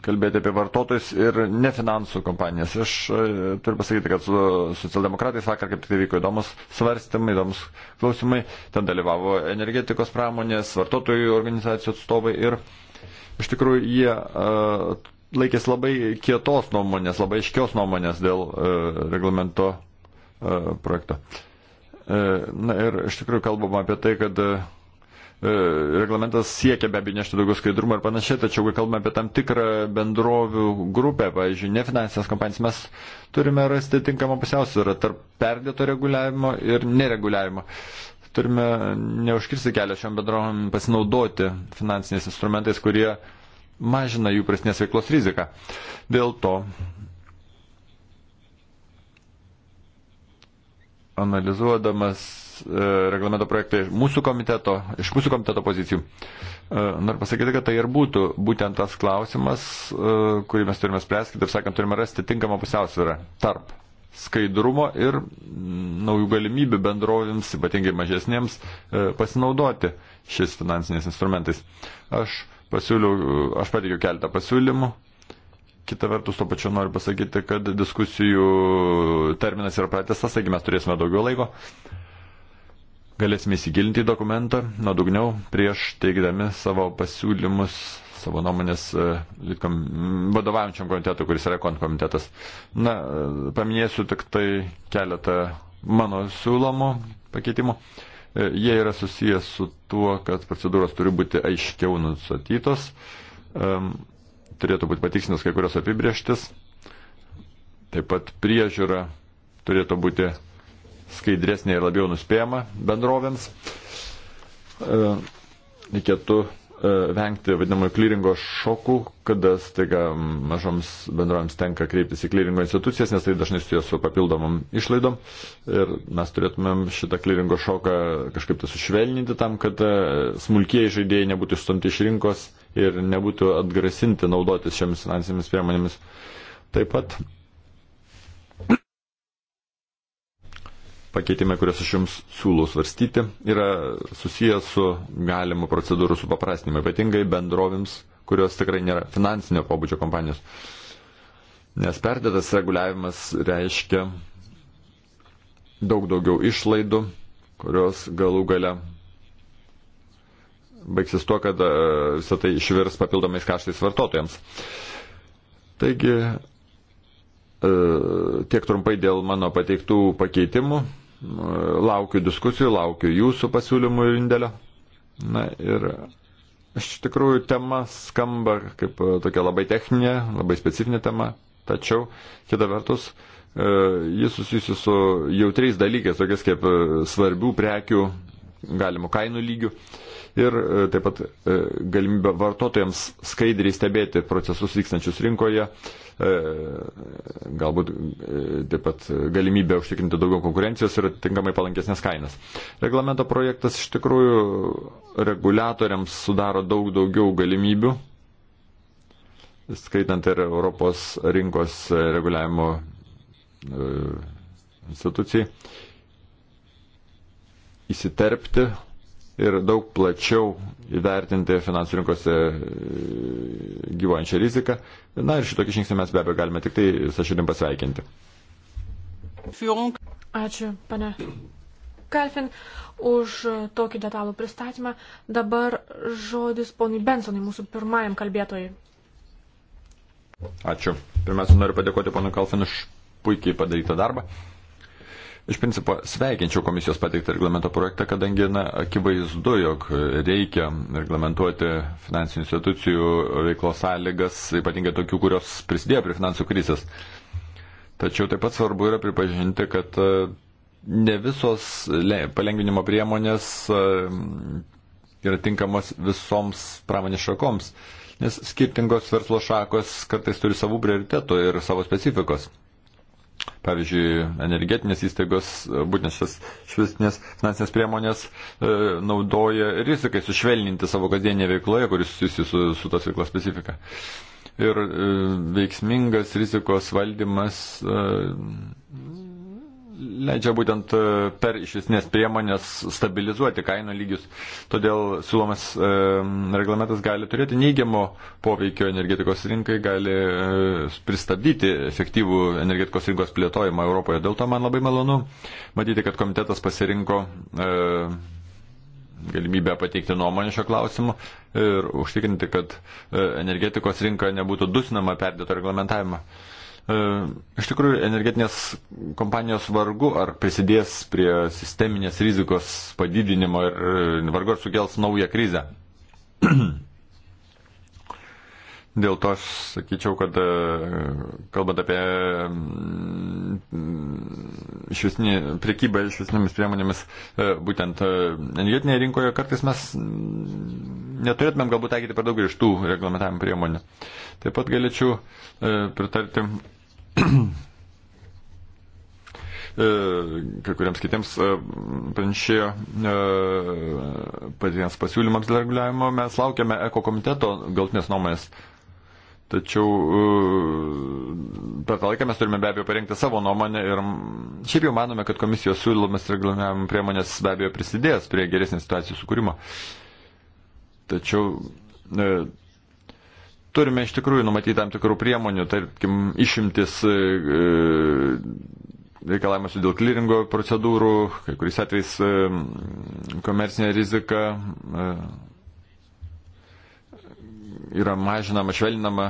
kalbėti apie vartotojus ir ne finansų kompanijas. Aš e, turiu pasakyti, kad su socialdemokratais vakar kaip tik tai vyko įdomus svarstymai, įdomus klausimai. Ten dalyvavo energetikos pramonės, vartotojų organizacijų atstovai ir iš tikrųjų jie e, laikės labai kietos nuomonės, labai aiškios nuomonės dėl reglamento projekto. Na ir iš tikrųjų kalbama apie tai, kad E, reglamentas siekia be abejo nešti daugiau skaidrumo ir panašiai, tačiau kai kalbame apie tam tikrą bendrovių grupę, pavyzdžiui, nefinansinės kompanijas, mes turime rasti tinkamą pusiausvyrą tarp perdėto reguliavimo ir nereguliavimo. Turime neužkirsti kelią šiom bendrovom pasinaudoti finansiniais instrumentais, kurie mažina jų prasnės veiklos riziką. Dėl to analizuodamas E, reglamento projektai mūsų komiteto, iš mūsų komiteto pozicijų. E, noriu pasakyti, kad tai ir būtų būtent tas klausimas, e, kurį mes turime spręsti, taip sakant, turime rasti tinkamą pusiausvyrą tarp skaidrumo ir naujų galimybių bendrovėms, ypatingai mažesniems, pasinaudoti šiais finansiniais instrumentais. Aš pasiūliau, aš pateikiau keletą pasiūlymų. Kita vertus, to pačiu noriu pasakyti, kad diskusijų terminas yra pratestas, taigi mes turėsime daugiau laiko. Uh, galėsime įsigilinti į dokumentą nuodugniau prieš teikdami savo pasiūlymus savo nuomonės e, vadovaujančiam komitetui, kuris yra konkomitetas. Na, e, paminėsiu tik tai keletą mano siūlomų pakeitimų. E, jie yra susijęs su tuo, kad procedūros turi būti aiškiau nusatytos, turėtų būti patikslinus kai kurios apibrieštis, taip pat priežiūra turėtų būti skaidresnė ir labiau nuspėjama bendrovėms. E, reikėtų e, vengti vadinamųjų klyringo šokų, kada staiga mažoms bendrovėms tenka kreiptis į klyringo institucijas, nes tai dažnai susijęs su papildomam išlaidom. Ir mes turėtumėm šitą klyringo šoką kažkaip tai sušvelninti tam, kad e, smulkiai žaidėjai nebūtų išstumti iš rinkos ir nebūtų atgrasinti naudotis šiomis finansinėmis priemonėmis. Taip pat pakeitimai, kuriuos aš jums siūlau svarstyti, yra susijęs su galimu procedūrų supaprastinimu, ypatingai bendrovėms, kurios tikrai nėra finansinio pobūdžio kompanijos. Nes perdėtas reguliavimas reiškia daug daugiau išlaidų, kurios galų gale baigsis tuo, kad e, visą tai išvirs papildomais kaštais vartotojams. Taigi E, tiek trumpai dėl mano pateiktų pakeitimų. E, laukiu diskusijų, laukiu jūsų pasiūlymų ir indėlio. Na ir iš tikrųjų tema skamba kaip e, tokia labai techninė, labai specifinė tema, tačiau kita vertus jis susijusi su jautriais dalykais, tokiais kaip svarbių prekių galimų kainų lygių. Uh, ir e, taip pat e, galimybę vartotojams skaidriai stebėti procesus vykstančius rinkoje, e, galbūt taip pat galimybę užtikrinti daugiau konkurencijos ir tinkamai palankesnės kainas. Reglamento projektas iš tikrųjų reguliatoriams sudaro daug daugiau galimybių skaitant ir Europos rinkos reguliavimo institucijai, įsiterpti ir daug plačiau įvertinti finansų rinkose e, gyvojančią riziką. Na ir šitokį žingsnį mes be abejo galime tik tai sašinim pasveikinti. Ačiū, pane Kalfin, už tokį detalų pristatymą. Dabar žodis ponui Bensonui, mūsų pirmajam kalbėtojai. Ačiū. Pirmiausia, noriu padėkoti ponui Kalfin už puikiai padarytą darbą iš principo sveikinčiau komisijos pateiktą reglamento projektą, kadangi na, akivaizdu, jog reikia reglamentuoti finansinių institucijų veiklos sąlygas, ypatingai tokių, kurios prisidėjo prie finansų krizės. Tačiau taip pat svarbu yra pripažinti, kad e, ne visos palengvinimo priemonės e, yra tinkamos visoms pramonės šakoms, nes skirtingos verslo šakos kartais turi savų prioritetų ir savo specifikos. Pavyzdžiui, energetinės įstaigos, e, būtent šias švistinės finansinės priemonės e, naudoja rizikai sušvelninti savo kasdienėje veikloje, kuris susijusi su, su tos veiklos specifika. Ir e, veiksmingas rizikos valdymas e, leidžia būtent e, per iš esmės priemonės stabilizuoti kainų lygius. Todėl siūlomas e, reglamentas gali turėti neigiamo poveikio energetikos rinkai, gali e, pristabdyti efektyvų energetikos rinkos plėtojimą Europoje. Dėl to man labai malonu matyti, kad komitetas pasirinko e, galimybę pateikti nuomonę šio klausimu ir užtikrinti, kad e, energetikos rinka nebūtų dusinama perdėto reglamentavimo. E, E, iš tikrųjų, energetinės kompanijos vargu ar prisidės prie sisteminės rizikos padidinimo ir e, vargu ar sukels naują krizę. *clears throat* Dėl to aš sakyčiau, kad e, kalbant apie mm, švisnį, priekybą švisnėmis priemonėmis, būtent energetinėje rinkoje kartais mes mm, neturėtumėm galbūt taikyti per daug griežtų reglamentavimo priemonių. Taip pat galėčiau pritarti Э, kai kuriems kitiems э, pranešėjo э, patiems pasiūlymams dėl reguliavimo, mes laukiame eko komiteto galtinės nuomonės. Tačiau e, per tą laiką mes turime be abejo parengti savo nuomonę ir šiaip jau manome, kad komisijos siūlymas reguliavimo priemonės be abejo prisidės prie geresnės situacijos sukūrimo. Tačiau e, turime iš tikrųjų numatyti tam tikrų priemonių, tarkim, išimtis e, e, reikalavimus dėl kliringo procedūrų, kai kuris atvejs e, komercinė rizika yra mažinama, švelninama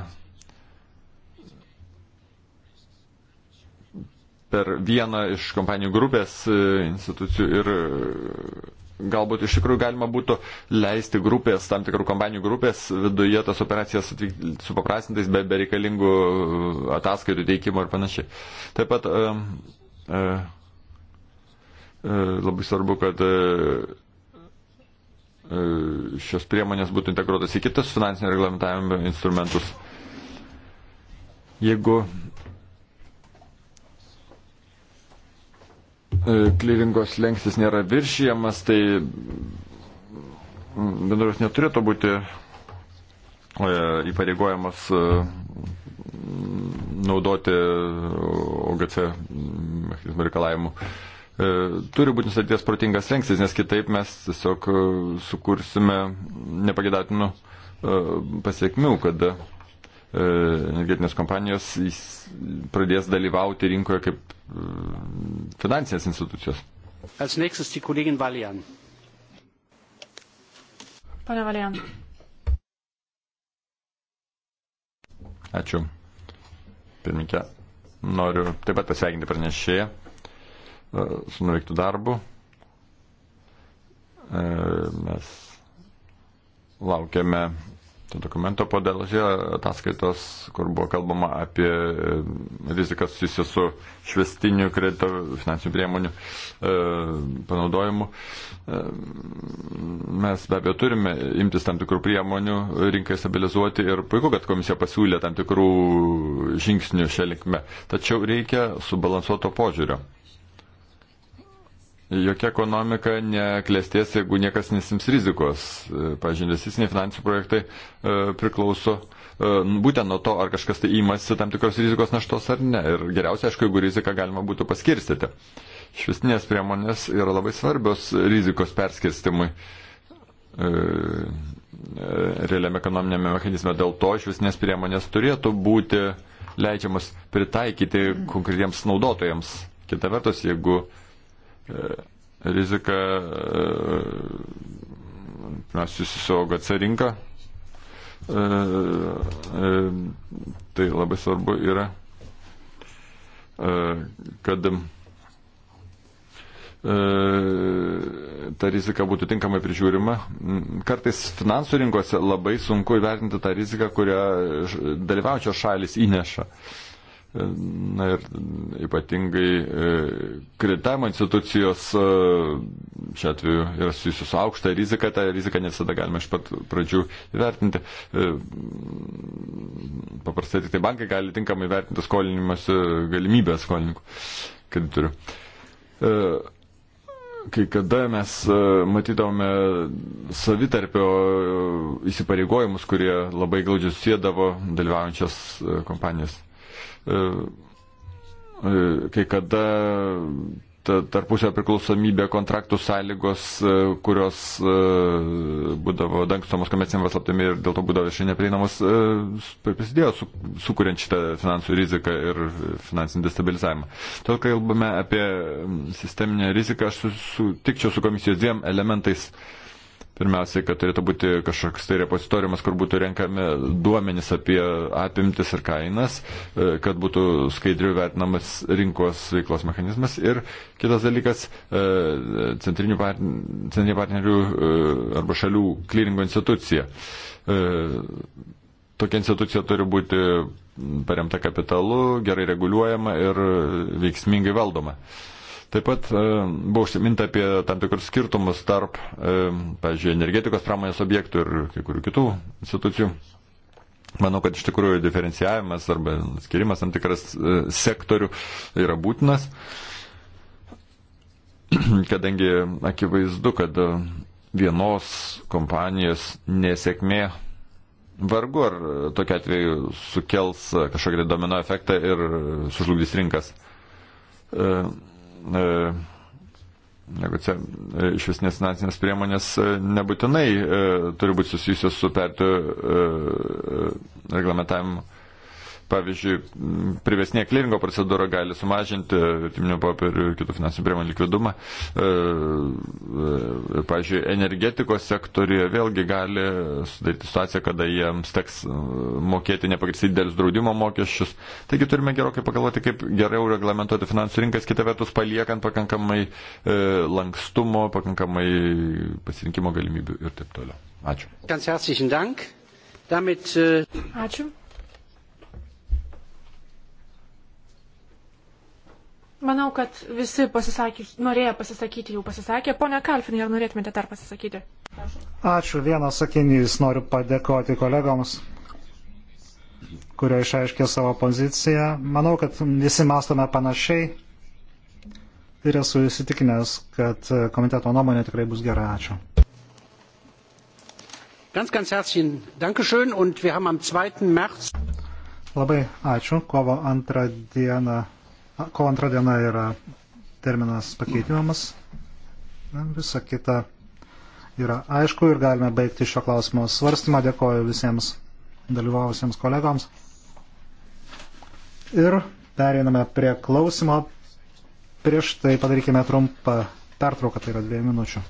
per vieną iš kompanijų grupės institucijų ir galbūt iš tikrųjų galima būtų leisti grupės, tam tikrų kompanijų grupės viduje tas operacijas su paprastintais be bereikalingų uh, ataskaitų teikimo ir panašiai. Taip pat e, e, labai svarbu, kad e, šios priemonės būtų integruotas į kitas finansinio reglamentavimo instrumentus. Jeigu E, klyringos lengstis nėra viršijamas, tai bendrovės neturėtų būti e, įpareigojamas e, naudoti OGC mechanizmų reikalavimų. Turi būti nustatytas protingas lengstis, nes kitaip mes tiesiog sukursime nepagėdatinų pasiekmių, kada E, energetinės kompanijos pradės dalyvauti rinkoje kaip e, finansinės institucijos. Als nächstes die Kollegin Valian. Pane Valian. Ačiū. Pirminkė, noriu taip pat pasveikinti pranešėją e, su nuveiktų darbu. Mes laukiame to dokumento podėlžė ataskaitos, kur buvo kalbama apie e, rizikas susijusią su švestiniu kredito finansinių priemonių e, panaudojimu. E, mes be abejo turime imtis tam tikrų priemonių rinkai stabilizuoti ir puiku, kad komisija pasiūlė tam tikrų žingsnių šią linkme. Tačiau reikia subalansuoto požiūrio. Jokia ekonomika neklėsties, jeigu niekas nesims rizikos. E, pavyzdžiui, investiciniai finansiniai projektai e, priklauso e, būtent nuo to, ar kažkas tai įmasi tam tikros rizikos naštos ar ne. Ir geriausia, aišku, jeigu riziką galima būtų paskirstyti. Švestinės priemonės yra labai svarbios rizikos perskirstimui realiam ekonominėme mechanizme. Dėl to švestinės priemonės turėtų būti leidžiamas pritaikyti konkretiems naudotojams. Kita vertus, jeigu uh, E, rizika, mes susisaugo GC rinką, e, e, tai labai svarbu yra, kad ta rizika būtų tinkamai prižiūrima. Kartais finansų rinkose labai sunku įvertinti tą riziką, kurią dalyvaujančios šalis įneša. Uh, Na ir e, ypatingai e, kreditavimo institucijos e, šiuo atveju yra susijusios su aukšta rizika, tą riziką ne visada galima iš pat pradžių įvertinti. Paprastai tik tai bankai gali tinkamai vertinti skolinimas galimybę skolininkų kreditorių kai kada mes matydavome savitarpio įsipareigojimus, kurie labai glaudžiai sėdavo dalyvaujančias kompanijas. E, e, kai kada tarpusio priklausomybė, kontraktų sąlygos, e, kurios būdavo dangstomos komerciniam paslaptimi ir dėl to būdavo viešai neprieinamos, prisidėjo su, sukuriant šitą finansų riziką ir finansinį destabilizavimą. Todėl, kai kalbame apie sisteminę riziką, aš sutikčiau su komisijos dviem elementais. Uh, Pirmiausiai, kad turėtų būti kažkoks tai repozitoriumas, kur būtų renkami duomenys apie apimtis ir kainas, e, kad būtų skaidriu vertinamas rinkos veiklos mechanizmas. Ir kitas dalykas, e, centrinių partnerių, partnerių arba šalių klyringo institucija. E, tokia institucija turi būti paremta kapitalu, gerai reguliuojama ir veiksmingai valdoma. Uh, Taip pat e, buvo užsiminta apie tam tikrus skirtumus tarp, e, pavyzdžiui, energetikos pramonės objektų ir kai kurių kitų institucijų. Manau, kad iš tikrųjų diferencijavimas arba skirimas tam tikras e, sektorių yra būtinas, *clears throat* kadangi akivaizdu, kad vienos kompanijos nesėkmė vargu ar tokia atveju sukels kažkokį domino efektą ir sužlugdys rinkas. Jeigu čia e, iš esmės finansinės priemonės e, nebūtinai e, turi būti susijusios su pertų e, e, reglamentavimu. Pavyzdžiui, privesnė kliringo procedūra gali sumažinti vertiminių popierių ir kitų finansinių priemonių likvidumą. E, e, pavyzdžiui, energetikos sektorija vėlgi gali sudaryti situaciją, kada jiems teks e, mokėti nepagristai dėlis draudimo mokesčius. Taigi turime gerokai pagalvoti, kaip geriau reglamentuoti finansų rinkas, kitą vertus paliekant pakankamai lankstumo, pakankamai pasirinkimo galimybių ir taip toliau. Ačiū. Äh, Ačiū. Manau, kad visi pasisakys, norėjo pasisakyti jau pasisakė. Pone Kalfinai, ar norėtumėte dar pasisakyti? Ačiū. Vienas sakinys noriu padėkoti kolegoms, kurie išaiškė savo poziciją. Manau, kad visi mastome panašiai ir esu įsitikinęs, kad komiteto nuomonė tikrai bus gera. Ačiū. Ganz, ganz herzlichen Dankeschön und wir haben am 2. März. Labai ačiū. Kovo antrą dieną Kovo antrą dieną yra terminas pakeitimams. Visa kita yra aišku ir galime baigti šio klausimo svarstymą. Dėkoju visiems dalyvavusiems kolegoms. Ir pereiname prie klausimo. Prieš tai padarykime trumpą pertrauką, tai yra dviejų minučių.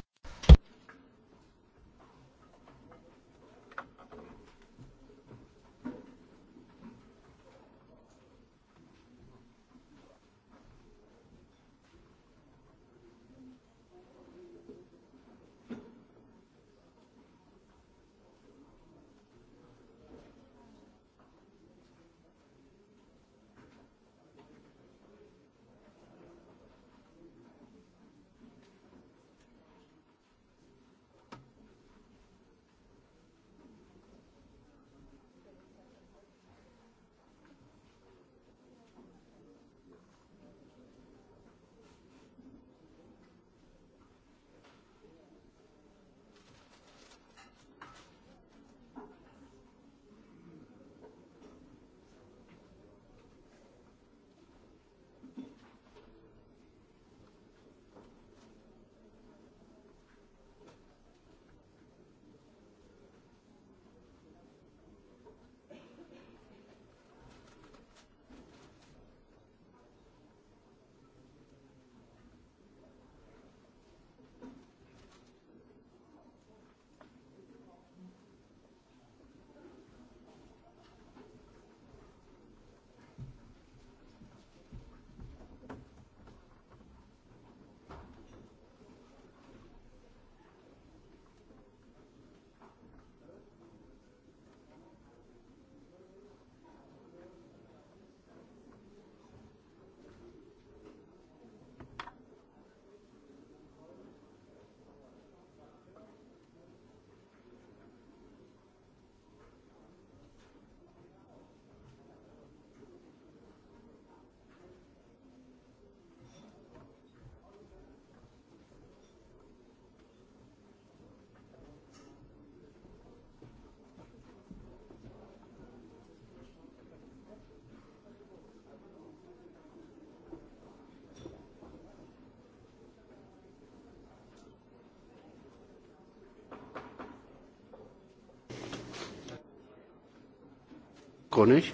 Imco, nicht?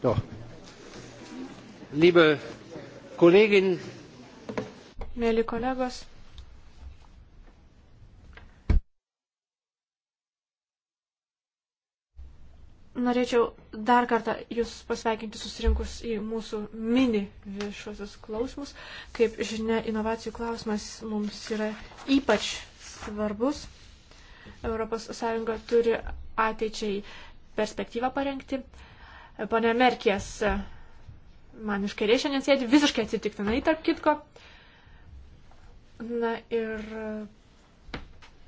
Doch. Liebe Kolleginnen. Mėly kolegos. Norėčiau dar kartą Jūs pasveikinti susirinkus į mūsų mini viešuosius klausimus. Kaip žinia, inovacijų klausimas mums yra ypač svarbus. ES turi ateičiai perspektyvą parengti. Pone Merkės man iš kairės šiandien sėdi visiškai atsitiktinai, tarp kitko. Na ir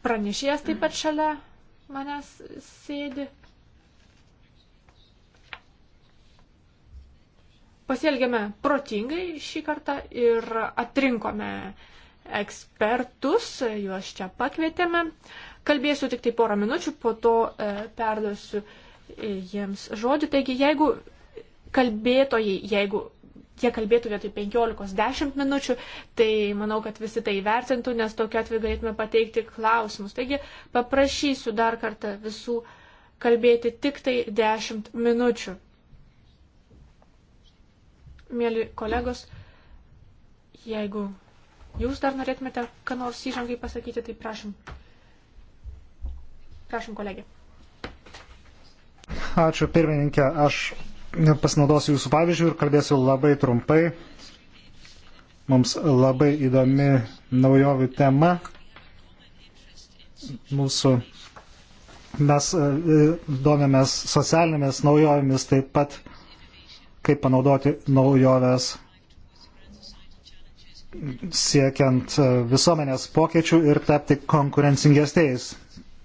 pranešėjas taip pat šalia manęs sėdi. Pasielgėme protingai šį kartą ir atrinkome ekspertus, juos čia pakvietėme. Kalbėsiu tik tai porą minučių, po to e, perduosiu e, jiems žodį. Taigi, jeigu kalbėtojai, jeigu jie kalbėtų vietoj 15-10 minučių, tai manau, kad visi tai vertintų, nes tokiu atveju galėtume pateikti klausimus. Taigi, paprašysiu dar kartą visų kalbėti tik tai 10 minučių. Mėly kolegos, jeigu jūs dar norėtumėte, ką nors įžangai pasakyti, tai prašom. Prašom, kolegė. Ačiū pirmininkė, aš pasinaudosiu jūsų pavyzdžių ir kalbėsiu labai trumpai. Mums labai įdomi naujovių tema. Mūsų mes e, domėmės socialinėmis naujovėmis taip pat, kaip panaudoti naujoves siekiant e, visuomenės pokyčių ir tapti konkurencingesniais.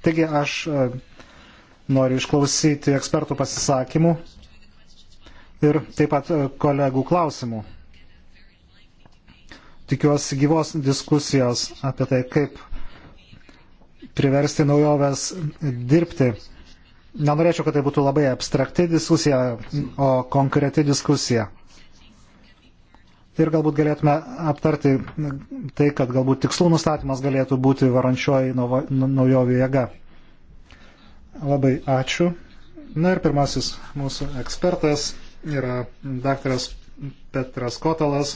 Taigi aš e, Noriu išklausyti ekspertų pasisakymų ir taip pat e, kolegų klausimų. Tikiuosi gyvos diskusijos apie tai, kaip priversti naujoves dirbti. Nenorėčiau, kad tai būtų labai abstrakti diskusija, o konkreti diskusija. Ir galbūt galėtume aptarti tai, kad galbūt tikslų nustatymas galėtų būti varančioji naujovių jėga. Labai ačiū. Na ir pirmasis mūsų ekspertas yra daktaras Petras Kotalas,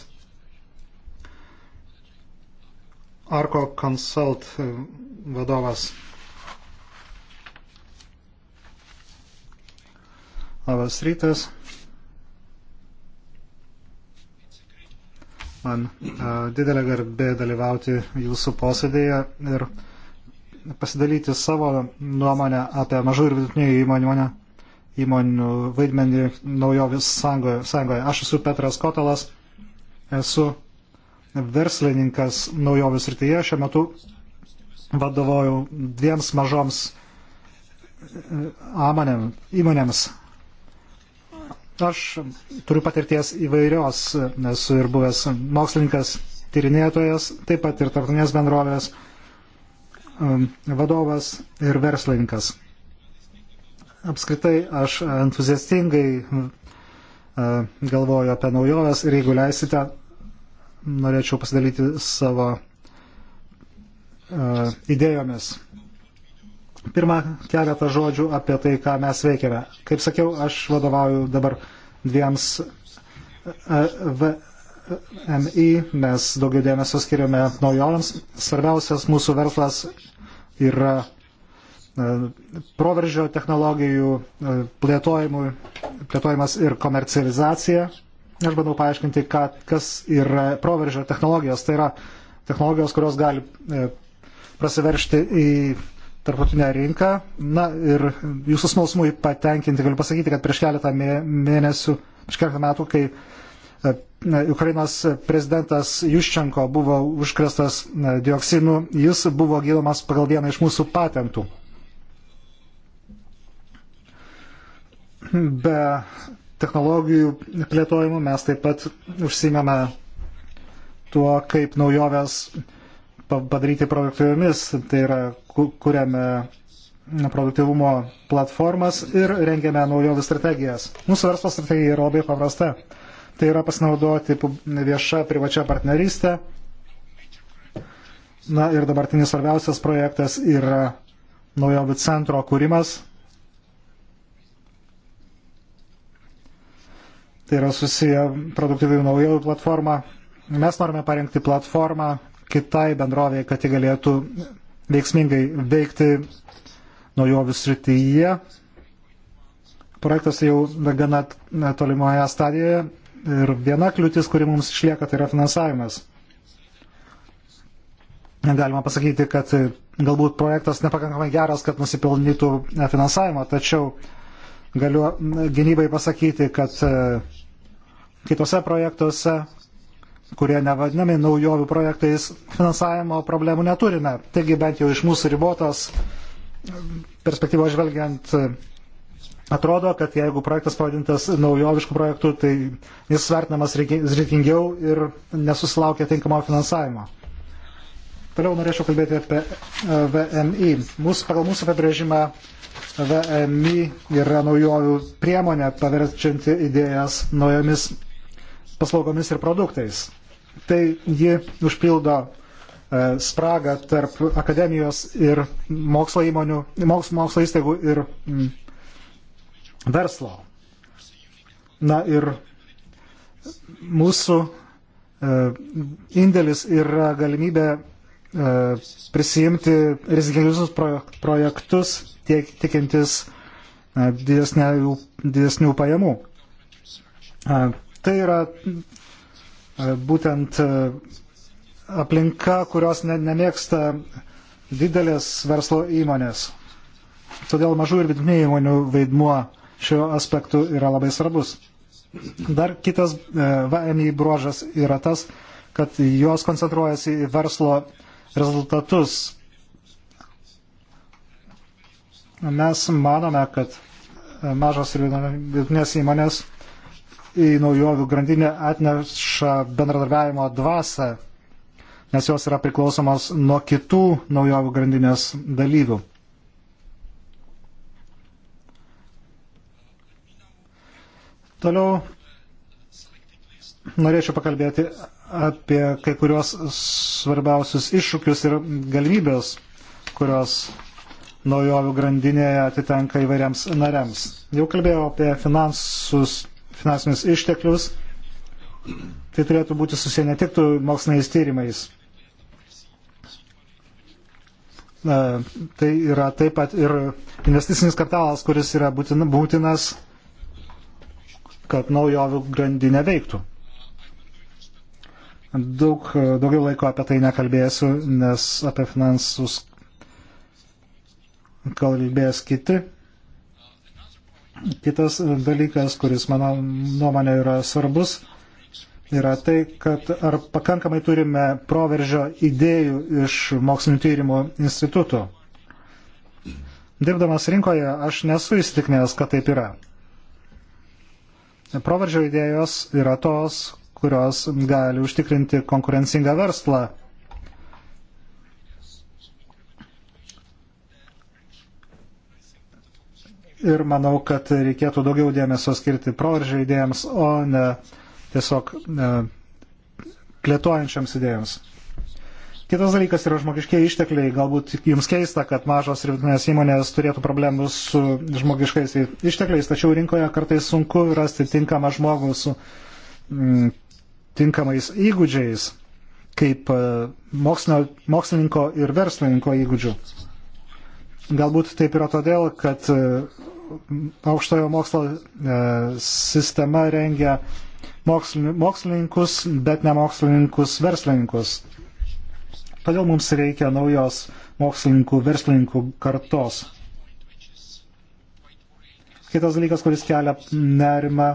Arko Consult e, vadovas. Labas rytas. Man a, e, didelė garbė dalyvauti jūsų posėdėje ir pasidalyti savo nuomonę apie mažų ir vidutinių įmonių, įmonių vaidmenį naujovis sąjungoje. sąjungoje. Aš esu Petras Kotalas, esu verslininkas naujovis rytyje, šiuo metu vadovauju dviems mažoms e, amonėm, įmonėms. Aš turiu patirties įvairios, esu ir buvęs mokslininkas, tyrinėtojas, taip pat ir tarptautinės bendrovės Um, vadovas ir verslininkas. Apskritai aš entuziastingai uh, galvoju apie naujoves ir jeigu leisite, norėčiau pasidalyti savo uh, idėjomis. Pirmą keletą žodžių apie tai, ką mes veikiame. Kaip sakiau, aš vadovauju dabar dviems uh, MI mes daugiau dėmesio skiriame naujovėms. Svarbiausias mūsų verslas yra e, proveržio technologijų e, plėtojimas ir komercializacija. Aš bandau paaiškinti, ką, kas yra proveržio technologijos. Tai yra technologijos, kurios gali e, prasiveršti į tarptautinę rinką. Na ir jūsų smalsumui patenkinti galiu pasakyti, kad prieš keletą mėnesių, prieš keletą metų, kai Ukrainos prezidentas Juščenko buvo užkrestas dioksinų, jis buvo gydomas pagal vieną iš mūsų patentų. Be technologijų plėtojimų mes taip pat užsimėme tuo, kaip naujoves padaryti produktyviomis, tai yra kuriame produktyvumo platformas ir rengiame naujovių strategijas. Mūsų verslo strategija yra labai paprasta tai yra pasinaudoti vieša privačia partnerystė. Na ir dabartinis svarbiausias projektas yra naujovių centro kūrimas. Tai yra susiję produktyvių naujovių platforma. Mes norime parengti platformą kitai bendrovėje, kad ji galėtų veiksmingai veikti naujovių srityje. Projektas jau gana tolimoje stadijoje Ir viena kliūtis, kuri mums išlieka, tai yra finansavimas. Galima pasakyti, kad galbūt projektas nepakankamai geras, kad nusipelnytų finansavimo, tačiau galiu gynybai pasakyti, kad e, kitose projektuose, kurie nevadinami naujovių projektais, finansavimo problemų neturime. Taigi bent jau iš mūsų ribotos perspektyvos žvelgiant Atrodo, kad jeigu projektas pavadintas naujoviškų projektų, tai jis vertinamas reikingiau ir nesusilaukia tinkamo finansavimo. Toliau norėčiau kalbėti apie e, VMI. Mūsų, pagal mūsų apibrėžimą VMI yra naujovių priemonė paverčianti idėjas naujomis paslaugomis ir produktais. Tai ji užpildo e, spragą tarp akademijos ir mokslo įmonių, mokslo, mokslo įstaigų ir mm, verslo. Na ir mūsų e, indėlis yra galimybė e, prisijimti rizikingiausius projektus tiek, tikintis e, didesnių, didesnių pajamų. Tai yra būtent aplinka, kurios nemėgsta didelės verslo įmonės. Todėl mažų ir vidutinių įmonių vaidmuo šiuo aspektu yra labai svarbus. Dar kitas e, VMI bruožas yra tas, kad jos koncentruojasi į verslo rezultatus. Mes manome, kad e, mažos ir vidutinės įmonės į naujovių grandinę atneša bendradarbiavimo dvasę, nes jos yra priklausomos nuo kitų naujovių grandinės dalyvių. Toliau norėčiau pakalbėti apie kai kuriuos svarbiausius iššūkius ir galimybės, kurios naujovių grandinėje atitenka įvairiams nariams. Jau kalbėjau apie finansus, finansinius išteklius. Tai turėtų būti susiję ne tik moksliniais tyrimais. E, tai yra taip pat ir investicinis kapitalas, kuris yra būtinas kad naujovių grandinė veiktų. Daug, daugiau laiko apie tai nekalbėsiu, nes apie finansus kalbės kiti. Kitas dalykas, kuris mano nuomonė yra svarbus, yra tai, kad ar pakankamai turime proveržio idėjų iš mokslinio tyrimo institutų. Dirbdamas rinkoje aš nesu įsitikinęs, kad taip yra. Proveržio idėjos yra tos, kurios gali užtikrinti konkurencingą verslą. Ir manau, kad reikėtų daugiau dėmesio skirti proveržio idėjams, o ne tiesiog ne, plėtojančiams idėjams. Kitas dalykas yra žmogiškiai ištekliai. Galbūt jums keista, kad mažos ir vidutinės įmonės turėtų problemų su žmogiškais ištekliais, tačiau rinkoje kartais sunku rasti tinkamą žmogų su mm, tinkamais įgūdžiais, kaip e, mokslinio, mokslininko ir verslininko įgūdžių. Galbūt taip yra todėl, kad e, aukštojo mokslo e, sistema rengia mokslininkus, bet ne mokslininkus verslininkus Todėl mums reikia naujos mokslininkų, verslininkų kartos. Kitas dalykas, kuris kelia nerimą,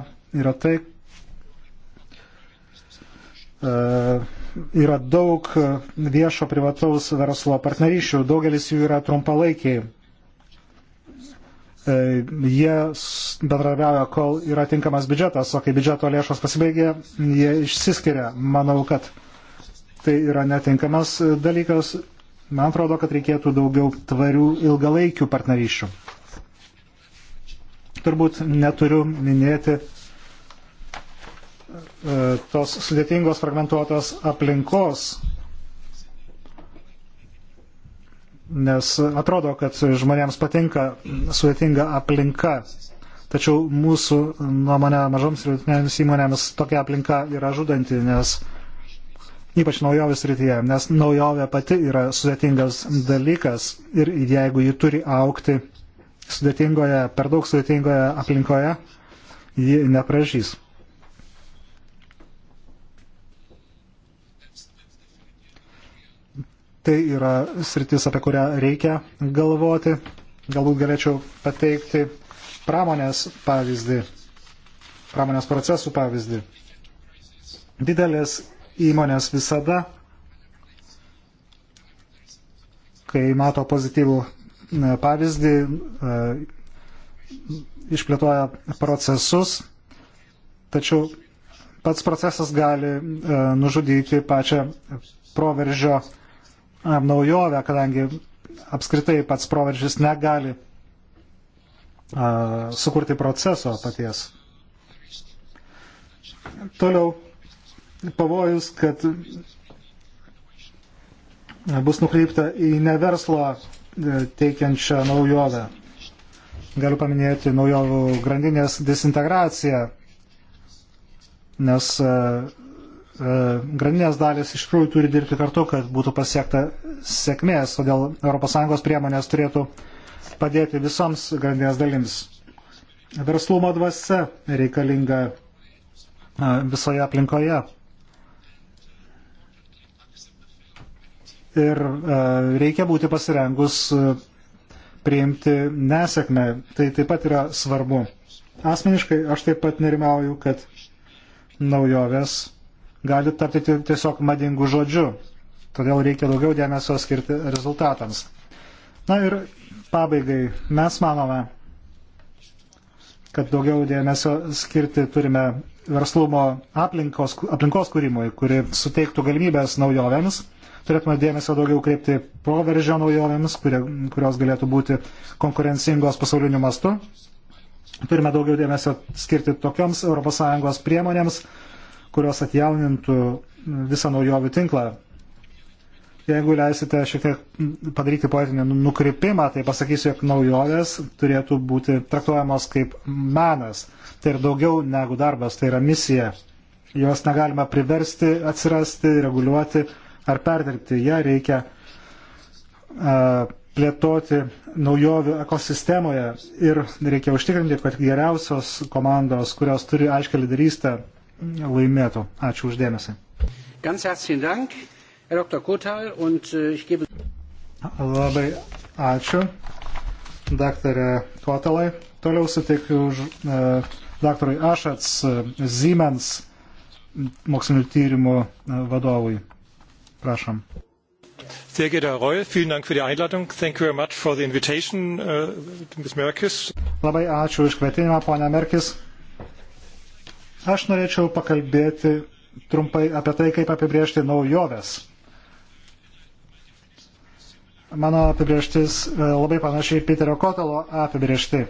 yra tai, e, yra daug viešo privataus verslo partnerysčių, daugelis jų yra trumpalaikiai. E, jie bendradarbiavo, kol yra tinkamas biudžetas, o kai biudžeto lėšos pasibaigia, jie išsiskiria. Manau, kad tai yra netinkamas dalykas. Man atrodo, kad reikėtų daugiau tvarių ilgalaikių partnerysčių. Turbūt neturiu minėti e, tos sudėtingos fragmentuotos aplinkos, nes atrodo, kad žmonėms patinka sudėtinga aplinka, tačiau mūsų nuomonė mažoms ir vidutinėms įmonėms tokia aplinka yra žudanti, nes uh, ypač naujovės rytyje, nes naujovė pati yra sudėtingas dalykas ir jeigu ji turi aukti sudėtingoje, per daug sudėtingoje aplinkoje, ji nepražys. Tai yra sritis, apie kurią reikia galvoti. Galbūt galėčiau pateikti pramonės pavyzdį, pramonės procesų pavyzdį. Didelės įmonės visada, kai mato pozityvų e, pavyzdį, e, išplėtoja procesus, tačiau pats procesas gali e, nužudyti pačią proveržio naujovę, kadangi apskritai pats proveržis negali sukurti proceso paties. Toliau pavojus, kad bus nukreipta į neverslą e, teikiančią naujovę. Galiu paminėti naujovų grandinės disintegraciją, nes e, e, grandinės dalis iš tikrųjų turi dirbti kartu, kad būtų pasiekta sėkmės, todėl ES priemonės turėtų padėti visoms grandinės dalims. Verslumo dvasia reikalinga visoje aplinkoje. ir e, reikia būti pasirengus e, priimti nesėkmę. Tai taip pat yra svarbu. Asmeniškai aš taip pat nerimauju, kad naujovės gali tapti tiesiog madingų žodžių. Todėl reikia daugiau dėmesio skirti rezultatams. Na ir pabaigai mes manome, kad daugiau dėmesio skirti turime verslumo aplinkos, aplinkos kūrimui, kuri suteiktų galimybės naujovėms Turėtume dėmesio daugiau kreipti proveržio naujovėms, kurie, kurios galėtų būti konkurencingos pasauliniu mastu. Turime daugiau dėmesio skirti tokioms ES priemonėms, kurios atjaunintų visą naujovių tinklą. Jeigu leisite šiek tiek padaryti poetinį nukrypimą, tai pasakysiu, jog naujovės turėtų būti traktuojamos kaip menas. Tai ir daugiau negu darbas, tai yra misija. Jos negalima priversti atsirasti, reguliuoti, ar perdirbti, ją reikia plėtoti naujovių ekosistemoje ir reikia užtikrinti, kad geriausios komandos, kurios turi aiškę lyderystę, laimėtų. Ačiū uždėmesi. Äh, Labai ačiū, daktarė Kotelai. Toliau suteikiu uh, daktarui Ašats uh, Siemens mokslinių tyrimų uh, vadovui. Prašom. Sehr geehrter Herr Reul, vielen Dank für die Einladung. Thank you very much for the invitation, uh, Ms. Merkis. Labai ačiū už kvietimą, ponia Merkis. Aš norėčiau pakalbėti trumpai apie tai, kaip apibriežti naujoves. Mano apibrieštis e, labai panašiai Piterio Kotalo apibriešti.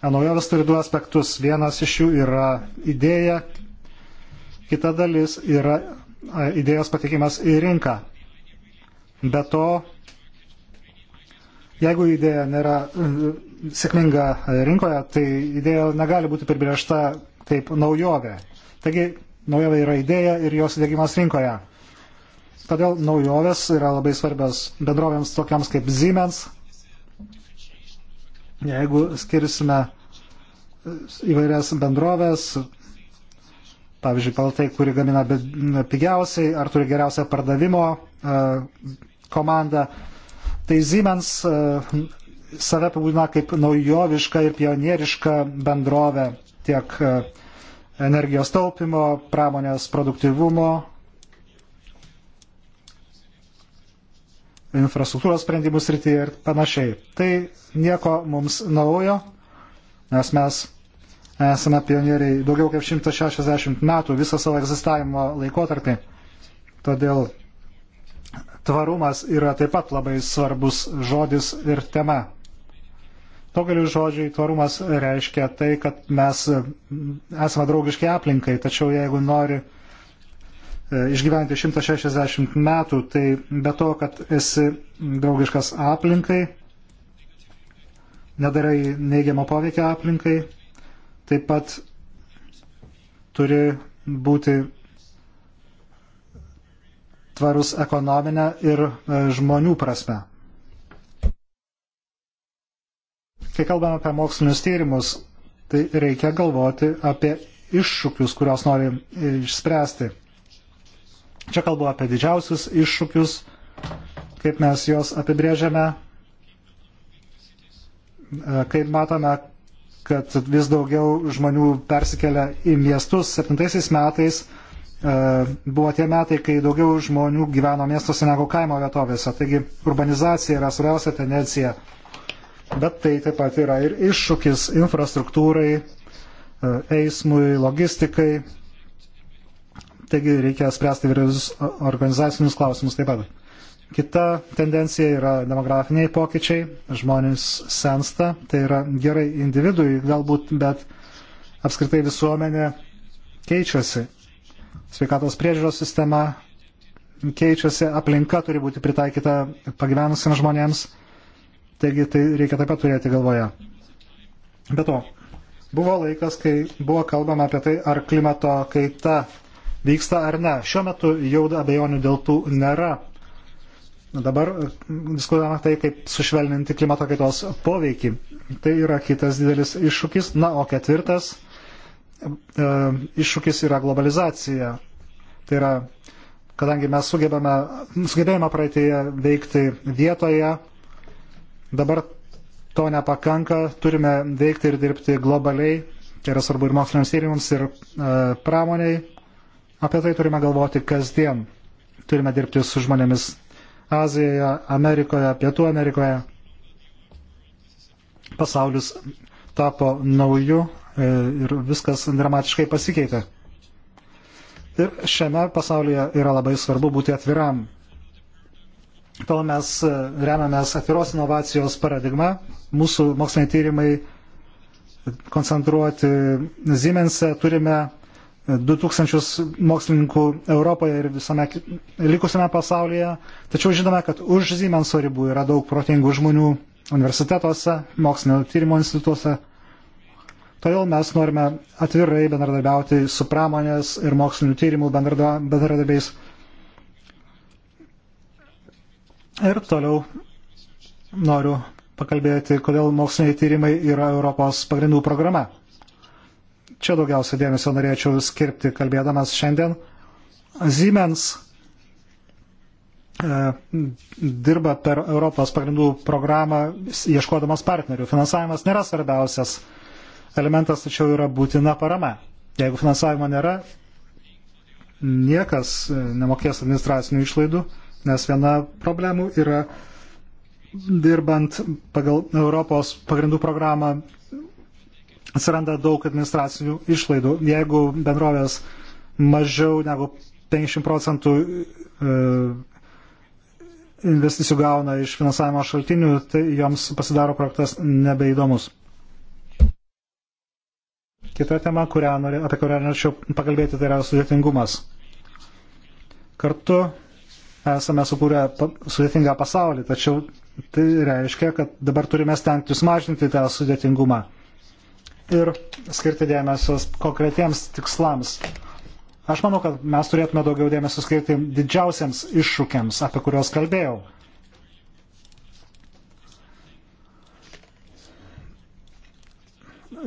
E, Naujovės turi du aspektus. Vienas iš jų yra idėja, kita dalis yra idėjos patikimas į rinką. Be to, jeigu idėja nėra e, sėkminga e, rinkoje, tai idėja negali būti pribrėžta kaip naujovė. Taigi, naujovė yra idėja ir jos įdėgymas rinkoje. Todėl naujovės yra labai svarbios bendrovėms tokiams kaip Siemens. Jeigu skirsime e, įvairias bendrovės, pavyzdžiui, paltai, kuri gamina pigiausiai ar turi geriausią pardavimo e, komandą. Tai Siemens e, save apibūdina kaip naujovišką ir pionierišką bendrovę tiek e, energijos taupimo, pramonės produktivumo, infrastruktūros sprendimų srityje ir panašiai. Tai nieko mums naujo, nes mes esame pionieriai daugiau kaip 160 metų visą savo egzistavimo laikotarpį. Todėl tvarumas yra taip pat labai svarbus žodis ir tema. Daugeliu žodžių tvarumas reiškia tai, kad mes e, esame draugiški aplinkai, tačiau jeigu nori e, išgyventi 160 metų, tai be to, kad esi draugiškas aplinkai, nedarai neigiamo poveikio aplinkai, taip pat turi būti tvarus ekonominę ir e, žmonių prasme. Kai kalbame apie mokslinius tyrimus, tai reikia galvoti apie iššūkius, kuriuos nori išspręsti. Čia kalbu apie didžiausius iššūkius, kaip mes juos apibrėžiame, e, kaip matome, kad vis daugiau žmonių persikelia į miestus. Septintaisiais metais e, buvo tie metai, kai daugiau žmonių gyveno miestuose negu kaimo vietovėse. Taigi urbanizacija yra svarbiausia tendencija. Bet tai taip pat yra ir iššūkis infrastruktūrai, e, eismui, logistikai. Taigi reikia spręsti įvairius organizacinius klausimus taip pat. Kita tendencija yra demografiniai pokyčiai, žmonės sensta, tai yra gerai individui galbūt, bet apskritai visuomenė keičiasi. Sveikatos priežiūros sistema keičiasi, aplinka turi būti pritaikyta pagyvenusiems žmonėms, taigi tai reikia taip pat turėti galvoje. Be to, buvo laikas, kai buvo kalbama apie tai, ar klimato kaita vyksta ar ne. Šiuo metu jau abejonių dėl tų nėra. Dabar e, diskutuojame tai, kaip sušvelninti klimato kaitos poveikį. Tai yra kitas didelis iššūkis. Na, o ketvirtas e, iššūkis yra globalizacija. Tai yra, kadangi mes sugebame, sugebėjome praeitėje veikti vietoje, dabar to nepakanka, turime veikti ir dirbti globaliai. Tai yra svarbu ir moksliniams tyrimams, ir e, pramoniai. Apie tai turime galvoti kasdien. Turime dirbti su žmonėmis Azijoje, Amerikoje, Pietų Amerikoje. Pasaulis tapo nauju e, ir viskas dramatiškai pasikeitė. Ir šiame pasaulyje yra labai svarbu būti atviram. Tol mes e, remiamės atviros inovacijos paradigma. Mūsų moksliniai tyrimai koncentruoti Ziemense turime 2000 mokslininkų Europoje ir visame likusiame pasaulyje. Tačiau žinome, kad už Siemenso ribų yra daug protingų žmonių universitetuose, mokslinio tyrimo institutuose. Todėl mes norime atvirai bendradarbiauti su pramonės ir mokslinio tyrimų bendradarbiais. Ir toliau noriu pakalbėti, kodėl moksliniai tyrimai yra Europos pagrindų programa čia daugiausia dėmesio norėčiau skirti kalbėdamas šiandien. Siemens e, dirba per Europos pagrindų programą ieškodamas partnerių. Finansavimas nėra svarbiausias elementas, tačiau yra būtina parama. Jeigu finansavimo nėra, niekas e, nemokės administracinių išlaidų, nes viena problemų yra dirbant pagal Europos pagrindų programą atsiranda daug administracinių išlaidų. Jeigu bendrovės mažiau negu 50 procentų e, investicijų gauna iš finansavimo šaltinių, tai joms pasidaro projektas nebeįdomus. Kita tema, kurią norė, apie kurią norėčiau pakalbėti, tai yra sudėtingumas. Kartu esame sukūrę sudėtingą pasaulį, tačiau tai reiškia, kad dabar turime stengtis mažinti tą sudėtingumą ir skirti dėmesio konkretiems tikslams. Aš manau, kad mes turėtume daugiau dėmesio skirti didžiausiams iššūkiams, apie kuriuos kalbėjau.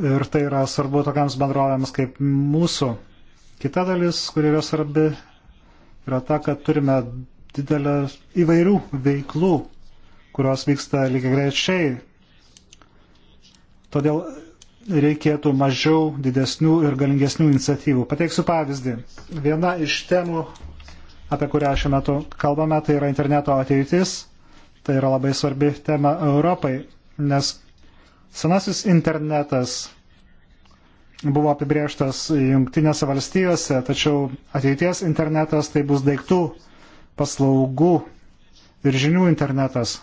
Ir tai yra svarbu tokiams bendrovėms kaip mūsų. Kita dalis, kuri yra svarbi, yra ta, kad turime didelę įvairių veiklų, kurios vyksta lygiai greičiai. Todėl reikėtų mažiau didesnių ir galingesnių iniciatyvų. Pateiksiu pavyzdį. Viena iš temų, apie kurią šiuo metu kalbame, tai yra interneto ateitis. Tai yra labai svarbi tema Europai, nes senasis internetas buvo apibrieštas Junktinėse valstijose, tačiau ateities internetas tai bus daiktų, paslaugų ir žinių internetas.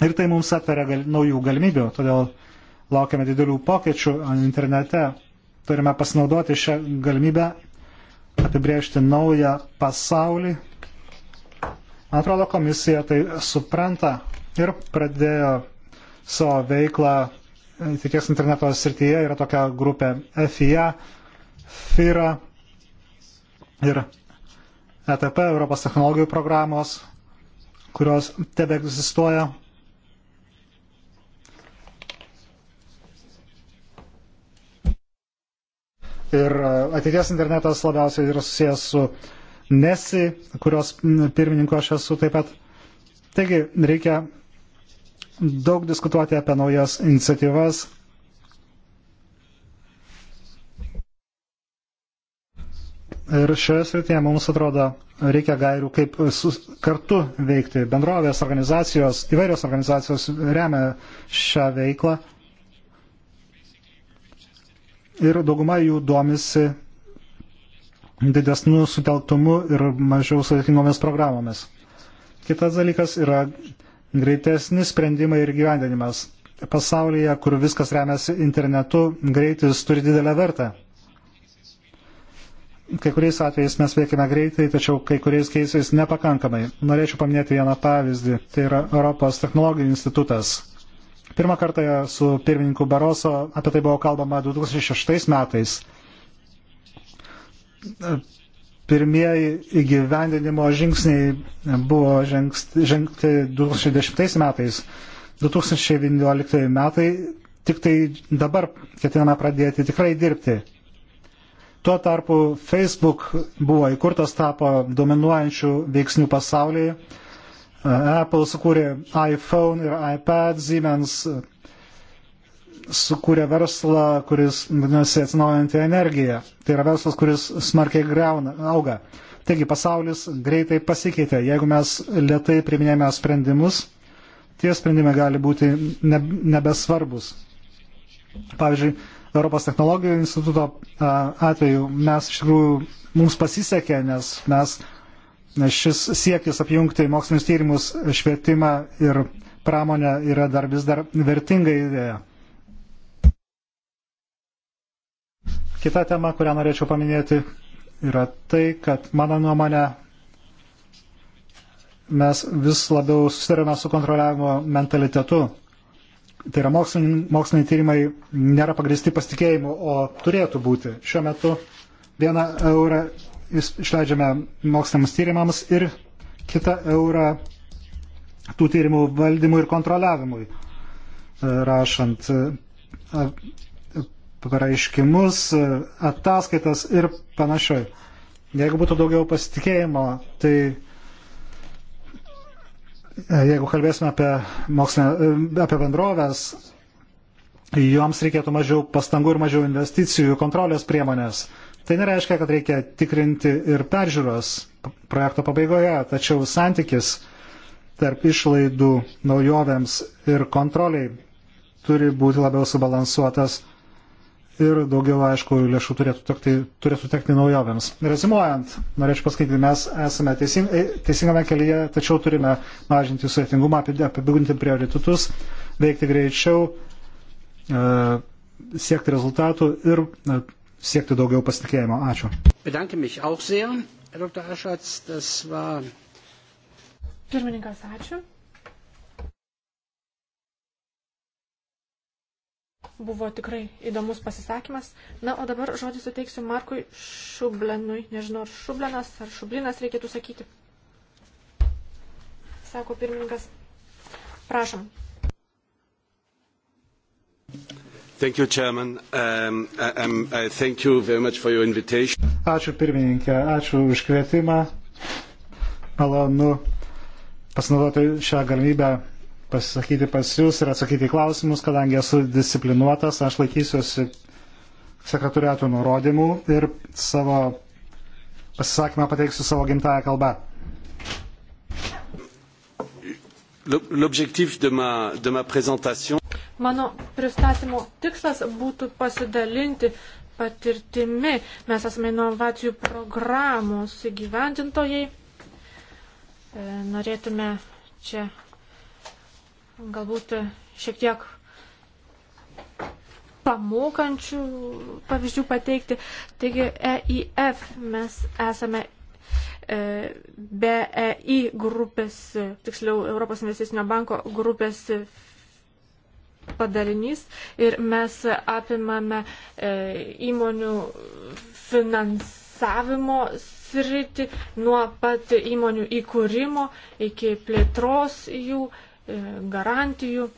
Ir tai mums atveria gal, naujų galimybių, todėl laukiame didelių pokyčių internete. Turime pasinaudoti šią galimybę apibriežti naują pasaulį. Man atrodo, komisija tai supranta ir pradėjo savo veiklą ties interneto srityje. Yra tokia grupė FIA, FIRA ir ETP, Europos technologijų programos, kurios tebe egzistuoja Ir e, ateities internetas labiausiai yra susijęs su Nesi, kurios pirmininko aš esu taip pat. Taigi reikia daug diskutuoti apie naujas iniciatyvas. Ir šioje srityje mums atrodo reikia gairių, kaip sus, kartu veikti. Bendrovės organizacijos, įvairios organizacijos remia šią veiklą ir dauguma jų domisi didesnių sutelktumų ir mažiau sudėtingomis programomis. Kitas dalykas yra greitesni sprendimai ir gyvendinimas. Pasaulyje, kur viskas remiasi internetu, greitis turi didelę vertę. Kai kuriais atvejais mes veikime greitai, tačiau kai kuriais keisais nepakankamai. Norėčiau paminėti vieną pavyzdį. Tai yra Europos technologijų institutas Pirmą kartą su pirmininku Baroso apie tai buvo kalbama 2006 metais. Pirmieji įgyvendinimo žingsniai buvo žengti 2010 metais. 2011 metai tik tai dabar ketiname pradėti tikrai dirbti. Tuo tarpu Facebook buvo įkurtas, tapo dominuojančių veiksnių pasaulyje Uh, Apple sukūrė iPhone ir iPad, Siemens uh, sukūrė verslą, kuris vadinasi atsinaujantį energiją. Tai yra verslas, kuris smarkiai greuna, auga. Taigi pasaulis greitai pasikeitė. Jeigu mes lietai priminėme sprendimus, tie sprendimai gali būti nebesvarbus. Pavyzdžiui, Europos technologijų instituto uh, atveju mes iš tikrųjų mums pasisekė, nes mes šis siekis apjungti mokslinius tyrimus, švietimą ir pramonę yra dar vis dar vertinga idėja. Kita tema, kurią norėčiau paminėti, yra tai, kad mano nuomonė mes vis labiau susidurime su kontroliavimo mentalitetu. Tai yra moksliniai, moksliniai tyrimai nėra pagristi pasitikėjimu, o turėtų būti. Šiuo metu vieną eurą išleidžiame moksliniams tyrimams ir kitą eurą tų tyrimų valdymui ir kontroliavimui, e, rašant e, pareiškimus, e, ataskaitas ir panašiai. Jeigu būtų daugiau pasitikėjimo, tai jeigu kalbėsime apie, mokslinę, apie bendrovės, joms reikėtų mažiau pastangų ir mažiau investicijų kontrolės priemonės. Tai nereiškia, kad reikia tikrinti ir peržiūros projekto pabaigoje, tačiau santykis tarp išlaidų naujovėms ir kontroliai turi būti labiau subalansuotas ir daugiau, aišku, lėšų turėtų tekti, turėtų tekti naujovėms. Rezimuojant, norėčiau pasakyti, mes esame teising, e, teisingame kelyje, tačiau turime mažinti sudėtingumą, apibūdinti prioritetus, veikti greičiau, e, siekti rezultatų ir e, siekti daugiau pasitikėjimo. Ačiū. Sehr, Aschatz, war... Pirmininkas, ačiū. Buvo tikrai įdomus pasisakymas. Na, o dabar žodį suteiksiu Markui Šublenui. Nežinau, ar Šublenas, ar Šublinas reikėtų sakyti. Sako pirmininkas. Prašom. Thank you, Chairman. Um, um, uh, thank you very much for your invitation. Ačiū pirmininkė, ačiū už kvietimą. Malonu pasinaudoti šią galimybę pasisakyti pas Jūs ir atsakyti į klausimus, kadangi esu disciplinuotas, aš laikysiuosi sekretoriato nurodymų ir savo pasisakymą pateiksiu savo gimtają kalbą. L'objectif de ma, de ma présentation. Mano pristatymo tikslas būtų pasidalinti patirtimi. Mes esame inovacijų programos įgyvendintojai. E, norėtume čia galbūt šiek tiek pamokančių pavyzdžių pateikti. Taigi EIF mes esame E, BEI e grupės, tiksliau Europos investicinio banko grupės padalinys ir mes apimame e, įmonių finansavimo sritį nuo pat įmonių įkūrimo iki plėtros jų garantijų.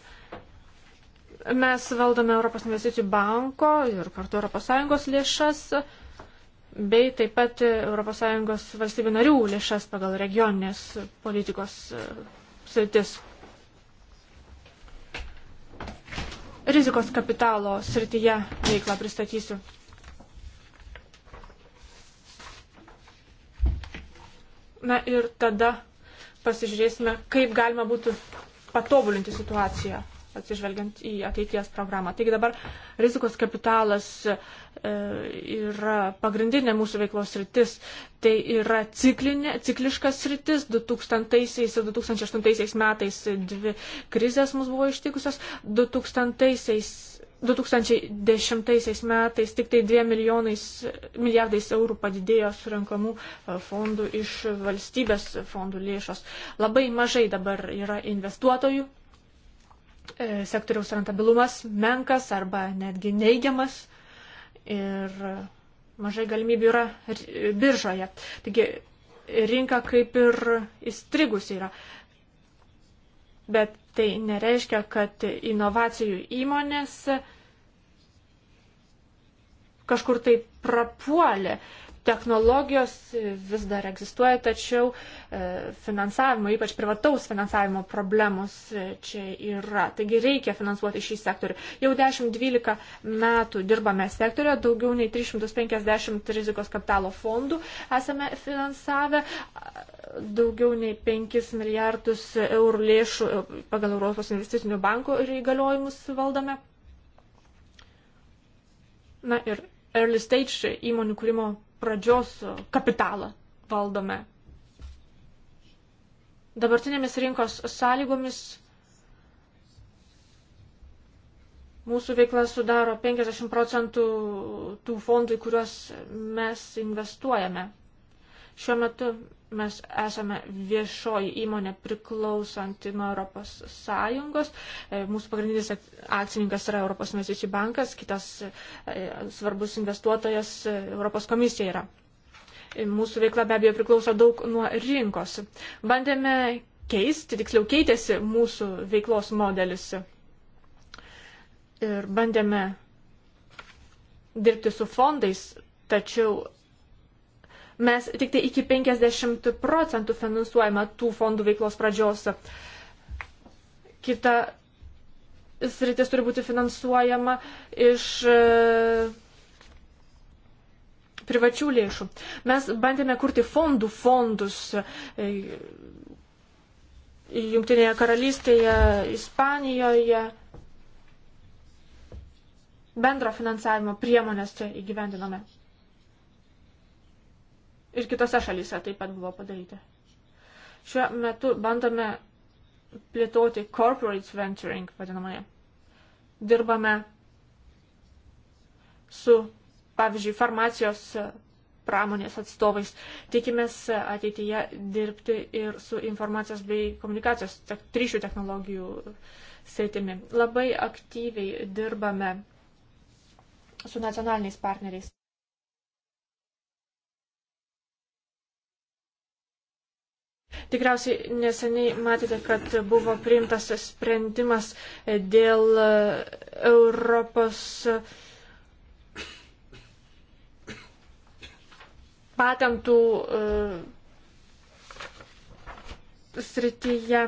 Mes valdome Europos investicijų banko ir kartu ES lėšas bei taip pat ES valstybių narių lėšas pagal regioninės politikos e, sritis. Rizikos kapitalo srityje veiklą pristatysiu. Na ir tada pasižiūrėsime, kaip galima būtų patobulinti situaciją atsižvelgiant į ateities programą. Taigi dabar rizikos kapitalas e, yra pagrindinė mūsų veiklos rytis. Tai yra ciklinė, cikliškas rytis. 2000-2008 metais dvi krizės mus buvo ištikusios. 2000 2010 metais tik tai 2 milijonais, milijardais eurų padidėjo surinkamų e, fondų iš valstybės fondų lėšos. Labai mažai dabar yra investuotojų E, sektoriaus rentabilumas menkas arba netgi neigiamas ir mažai galimybių yra biržoje. Taigi rinka kaip ir įstrigusi yra. Bet tai nereiškia, kad inovacijų įmonės kažkur tai prapuolė. E, technologijos vis dar egzistuoja, tačiau e, finansavimo, ypač privataus finansavimo problemos e, čia yra. Taigi reikia finansuoti šį sektorių. Jau 10-12 metų dirbame sektorio, daugiau nei 350 rizikos kapitalo fondų esame finansavę, daugiau nei 5 milijardus eurų lėšų e, pagal Europos investicinių bankų įgaliojimus valdome. Na ir early stage įmonių kūrimo pradžios kapitalą valdome. Dabartinėmis rinkos sąlygomis mūsų veikla sudaro 50 procentų tų fondų, į kuriuos mes investuojame. Šiuo metu mes esame viešoji įmonė priklausanti nuo Europos Sąjungos. E, mūsų pagrindinis akcininkas yra Europos investicijų bankas, kitas e, svarbus investuotojas e, Europos komisija yra. Mūsų veikla be abejo priklauso daug nuo rinkos. Bandėme keisti, tiksliau keitėsi mūsų veiklos modelis. Ir bandėme dirbti su fondais, tačiau mes tik tai iki 50 procentų finansuojame tų fondų veiklos pradžios. Kita sritis turi būti finansuojama iš e, privačių lėšų. Mes bandėme kurti fondų fondus e, Junktinėje karalystėje, Ispanijoje. Bendro finansavimo priemonės čia įgyvendinome ir kitose šalyse taip pat buvo padaryti. Šiuo metu bandome plėtoti corporate venturing vadinamąją. Dirbame su, pavyzdžiui, farmacijos pramonės atstovais. Tikimės ateityje dirbti ir su informacijos bei komunikacijos te ryšių technologijų sėtimi. Labai aktyviai dirbame su nacionaliniais partneriais. Tikriausiai neseniai matėte, kad buvo priimtas sprendimas dėl e, Europos patentų e, srityje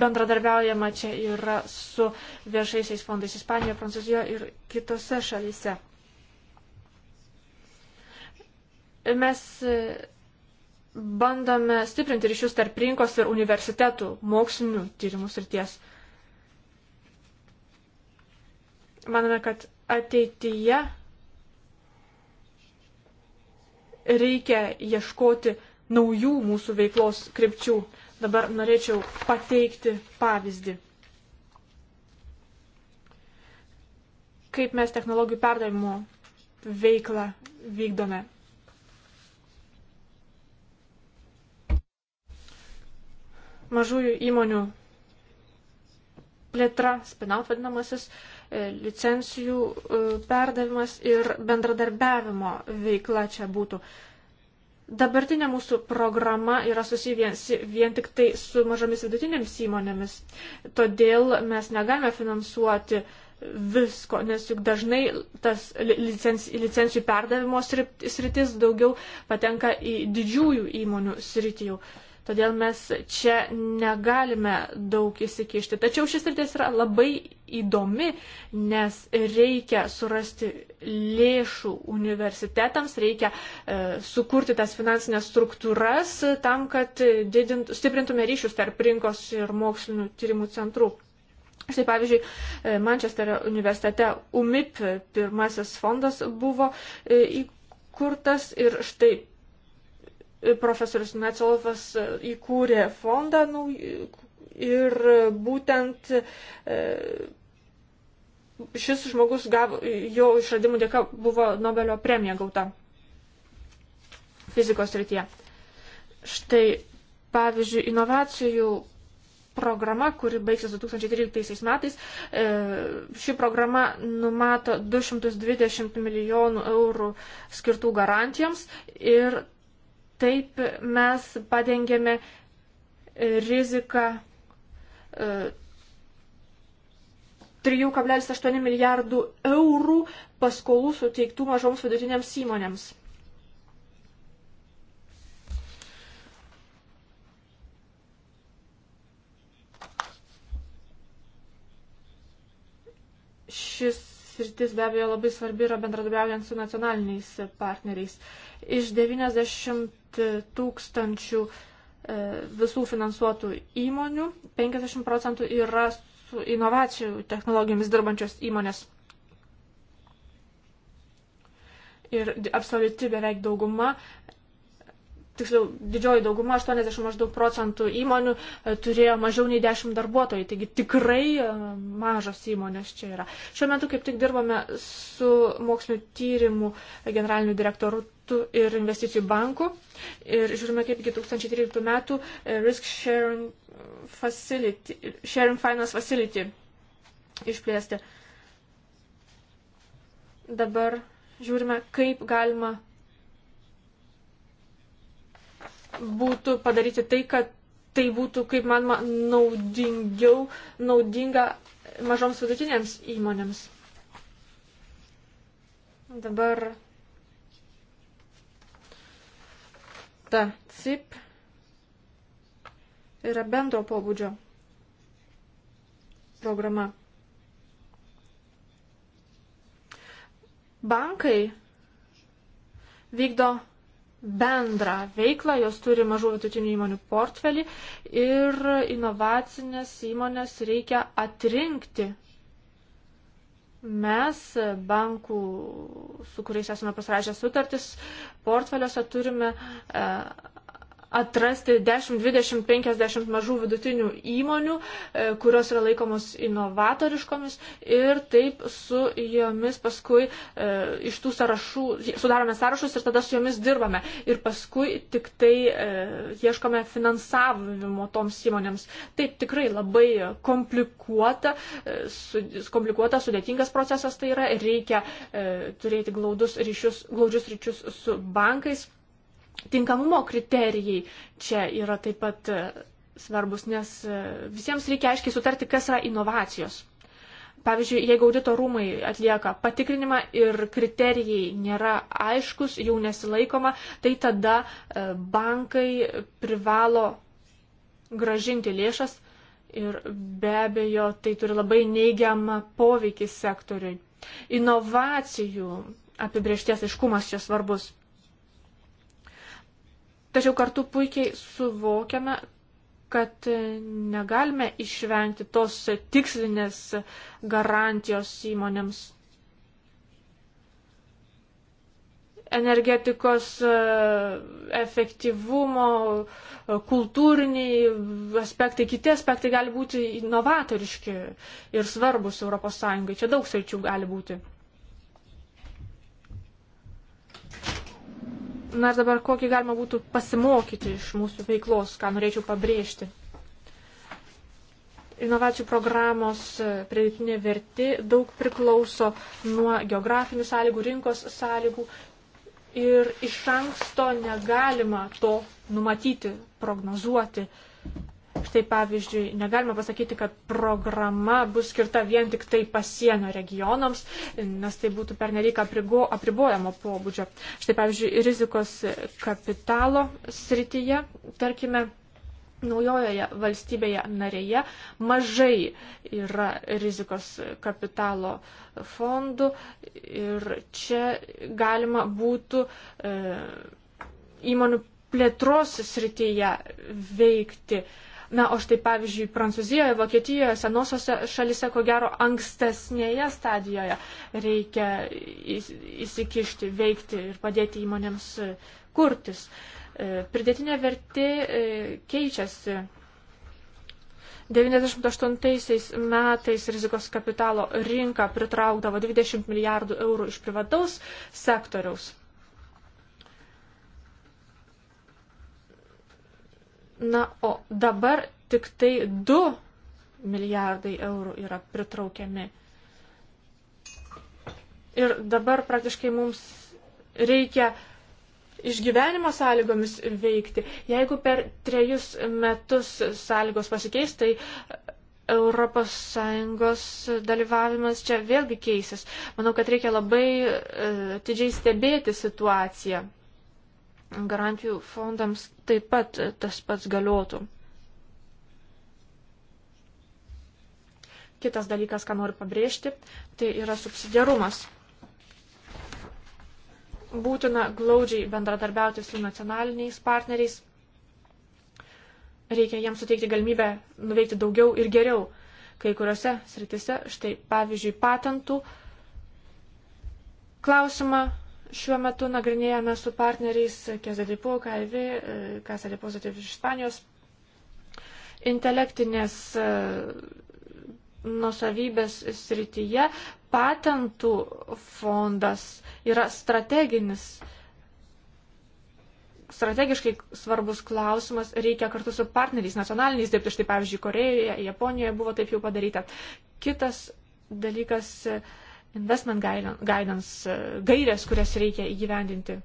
bendradarbiaujama čia yra su viešaisiais fondais Ispanijoje, Prancūzijoje ir kitose šalyse. Mes e, bandome stiprinti ryšius tarp rinkos ir universitetų mokslinių tyrimų srities. Manome, kad ateityje reikia ieškoti naujų mūsų veiklos krypčių. Dabar norėčiau pateikti pavyzdį. Kaip mes technologijų perdavimo veiklą vykdome. mažųjų įmonių plėtra, spinaut vadinamasis, e, licencijų e, perdavimas ir bendradarbiavimo veikla čia būtų. Dabartinė mūsų programa yra susijusi vien tik tai su mažomis vidutinėmis įmonėmis, todėl mes negalime finansuoti visko, nes juk dažnai tas licencijų, licencijų perdavimo sritis daugiau patenka į didžiųjų įmonių sritijų. jau Todėl mes čia negalime daug įsikišti. Tačiau šis rytis yra labai įdomi, nes reikia surasti lėšų universitetams, reikia e, sukurti tas finansinės struktūras tam, kad didint, stiprintume ryšius tarp rinkos ir mokslinių tyrimų centrų. Štai pavyzdžiui, e, Mančesterio universitete UMIP pirmasis fondas buvo e, įkurtas ir štai profesorius Mecolovas e, įkūrė fondą ir būtent e, šis žmogus gavo, jo išradimų dėka buvo Nobelio premija gauta fizikos rytyje. Štai, pavyzdžiui, inovacijų programa, kuri baigsis 2013 metais. E, ši programa numato 220 milijonų eurų skirtų garantijoms ir Taip mes padengėme riziką 3,8 e, milijardų eurų paskolų suteiktų mažoms vidutinėms įmonėms. Šis sritis be abejo labai svarbi yra bendradarbiaujant su nacionaliniais partneriais. Uh, Iš 90 tūkstančių e, visų finansuotų įmonių 50 procentų yra su inovacijų technologijomis dirbančios įmonės. Ir absoliuti beveik dauguma, tiksliau didžioji dauguma, 80 maždaug procentų įmonių e, turėjo mažiau nei 10 darbuotojų, taigi tikrai e, mažos įmonės čia yra. Šiuo metu kaip tik dirbame su mokslinio tyrimų generaliniu direktoru metų ir investicijų bankų. Ir žiūrime, kaip iki 2013 metų e, Risk Sharing, facility, sharing Finance Facility išplėsti. Dabar žiūrime, kaip galima būtų padaryti tai, kad tai būtų, kaip manoma, naudingiau, naudinga mažoms vidutinėms įmonėms. Dabar ta CIP yra bendro pobūdžio programa. Bankai vykdo bendrą veiklą, jos turi mažų vidutinių įmonių portfelį ir inovacinės įmonės reikia atrinkti mes bankų, su kuriais esame pasirašę sutartis, portfeliuose turime e, atrasti 10, 20, 50 mažų vidutinių įmonių, e, kurios yra laikomos inovatoriškomis ir taip su jomis paskui e, iš tų sąrašų, sudarome sąrašus ir tada su jomis dirbame. Ir paskui tik tai e, ieškome finansavimo toms įmonėms. Taip tikrai labai komplikuota, e, su, komplikuota sudėtingas procesas tai yra ir reikia e, turėti glaudus ryšius, glaudžius ryšius su bankais tinkamumo kriterijai čia yra taip pat e, svarbus, nes e, visiems reikia aiškiai sutarti, kas yra inovacijos. Pavyzdžiui, jeigu audito rūmai atlieka patikrinimą ir kriterijai nėra aiškus, jau nesilaikoma, tai tada e, bankai privalo gražinti lėšas ir be abejo tai turi labai neigiamą poveikį sektoriui. Inovacijų apibriešties aiškumas čia svarbus. Tačiau kartu puikiai suvokiame, kad negalime išvengti tos tikslinės garantijos įmonėms. Energetikos e, efektyvumo, e, kultūriniai aspektai, kiti aspektai gali būti inovatoriški ir svarbus ES. Čia daug sričių gali būti. Na ir dabar kokį galima būtų pasimokyti iš mūsų veiklos, ką norėčiau pabrėžti. Inovacijų programos e, pridėtinė verti daug priklauso nuo geografinių sąlygų, rinkos sąlygų ir iš anksto negalima to numatyti, prognozuoti. Štai pavyzdžiui, negalima pasakyti, kad programa bus skirta vien tik tai pasienio regionams, nes tai būtų pernelyg apribojamo pobūdžio. Štai pavyzdžiui, rizikos kapitalo srityje, tarkime, naujojoje valstybėje narėje mažai yra rizikos kapitalo fondų ir čia galima būtų e, įmonių plėtros srityje veikti. E, Na, o štai pavyzdžiui, Prancūzijoje, Vokietijoje, senosiose šalise, ko gero, ankstesnėje stadijoje reikia įsikišti, veikti ir padėti įmonėms e, kurtis. E, pridėtinė vertė e, keičiasi. 1998 metais rizikos kapitalo rinka pritraukdavo 20 milijardų eurų iš privataus sektoriaus. Na, o dabar tik tai 2 milijardai eurų yra pritraukiami. Ir dabar praktiškai mums reikia išgyvenimo sąlygomis veikti. Jeigu per trejus metus sąlygos pasikeis, tai ES dalyvavimas čia vėlgi keisis. Manau, kad reikia labai e, atidžiai stebėti situaciją garantijų fondams taip pat tas pats galiotų. Kitas dalykas, ką noriu pabrėžti, tai yra subsidiarumas. Būtina glaudžiai bendradarbiauti su nacionaliniais partneriais. Reikia jiems suteikti galimybę nuveikti daugiau ir geriau. Kai kuriuose sritise, štai pavyzdžiui, patentų klausimą Šiuo metu nagrinėjame su partneriais Kesadipu, Kalvi, Kasadipu Zativ iš Ispanijos, intelektinės e, nusavybės srityje patentų fondas yra strateginis strategiškai svarbus klausimas, reikia kartu su partneriais nacionaliniais dirbti. Štai pavyzdžiui, Korejoje, Japonijoje buvo taip jau padaryta. Kitas dalykas investment guidance, e, gairės, kurias reikia įgyvendinti.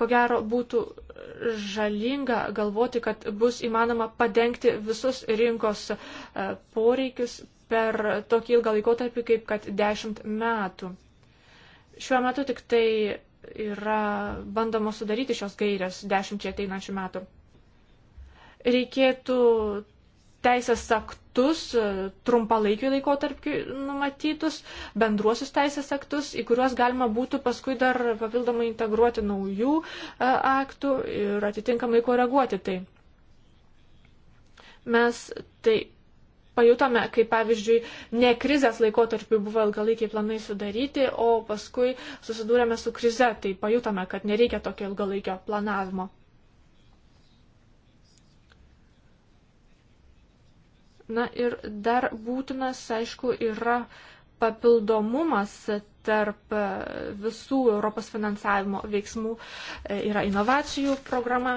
Ko gero būtų žalinga galvoti, kad bus įmanoma padengti visus rinkos e, poreikius per tokį ilgą laikotarpį, kaip kad 10 metų. Šiuo metu tik tai yra bandoma sudaryti šios gairės 10 ateinančių metų reikėtų teisės aktus, e, trumpalaikių laikotarpių numatytus, bendruosius teisės aktus, į kuriuos galima būtų paskui dar papildomai integruoti naujų e, aktų ir atitinkamai koreguoti tai. Mes tai pajutome, kaip pavyzdžiui, ne krizės laikotarpiu buvo ilgalaikiai planai sudaryti, o paskui susidūrėme su krize, tai pajutome, kad nereikia tokio ilgalaikio planavimo. Na ir dar būtinas, aišku, yra papildomumas tarp e, visų Europos finansavimo veiksmų. E, yra inovacijų programa,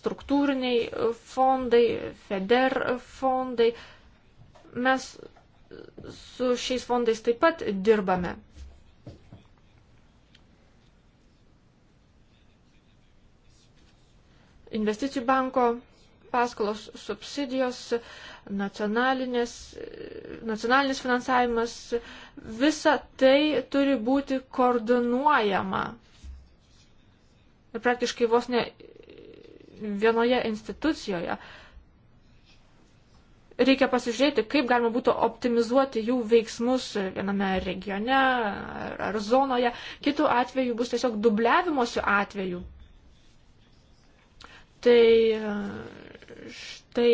struktūriniai fondai, FEDER fondai. Mes su šiais fondais taip pat dirbame. Investicijų banko paskolos subsidijos, nacionalinis finansavimas, visa tai turi būti koordinuojama. Ir praktiškai vos ne vienoje institucijoje. Reikia pasižiūrėti, kaip galima būtų optimizuoti jų veiksmus viename regione ar, ar zonoje. Kitų atveju bus tiesiog dubliavimosi atveju. Tai štai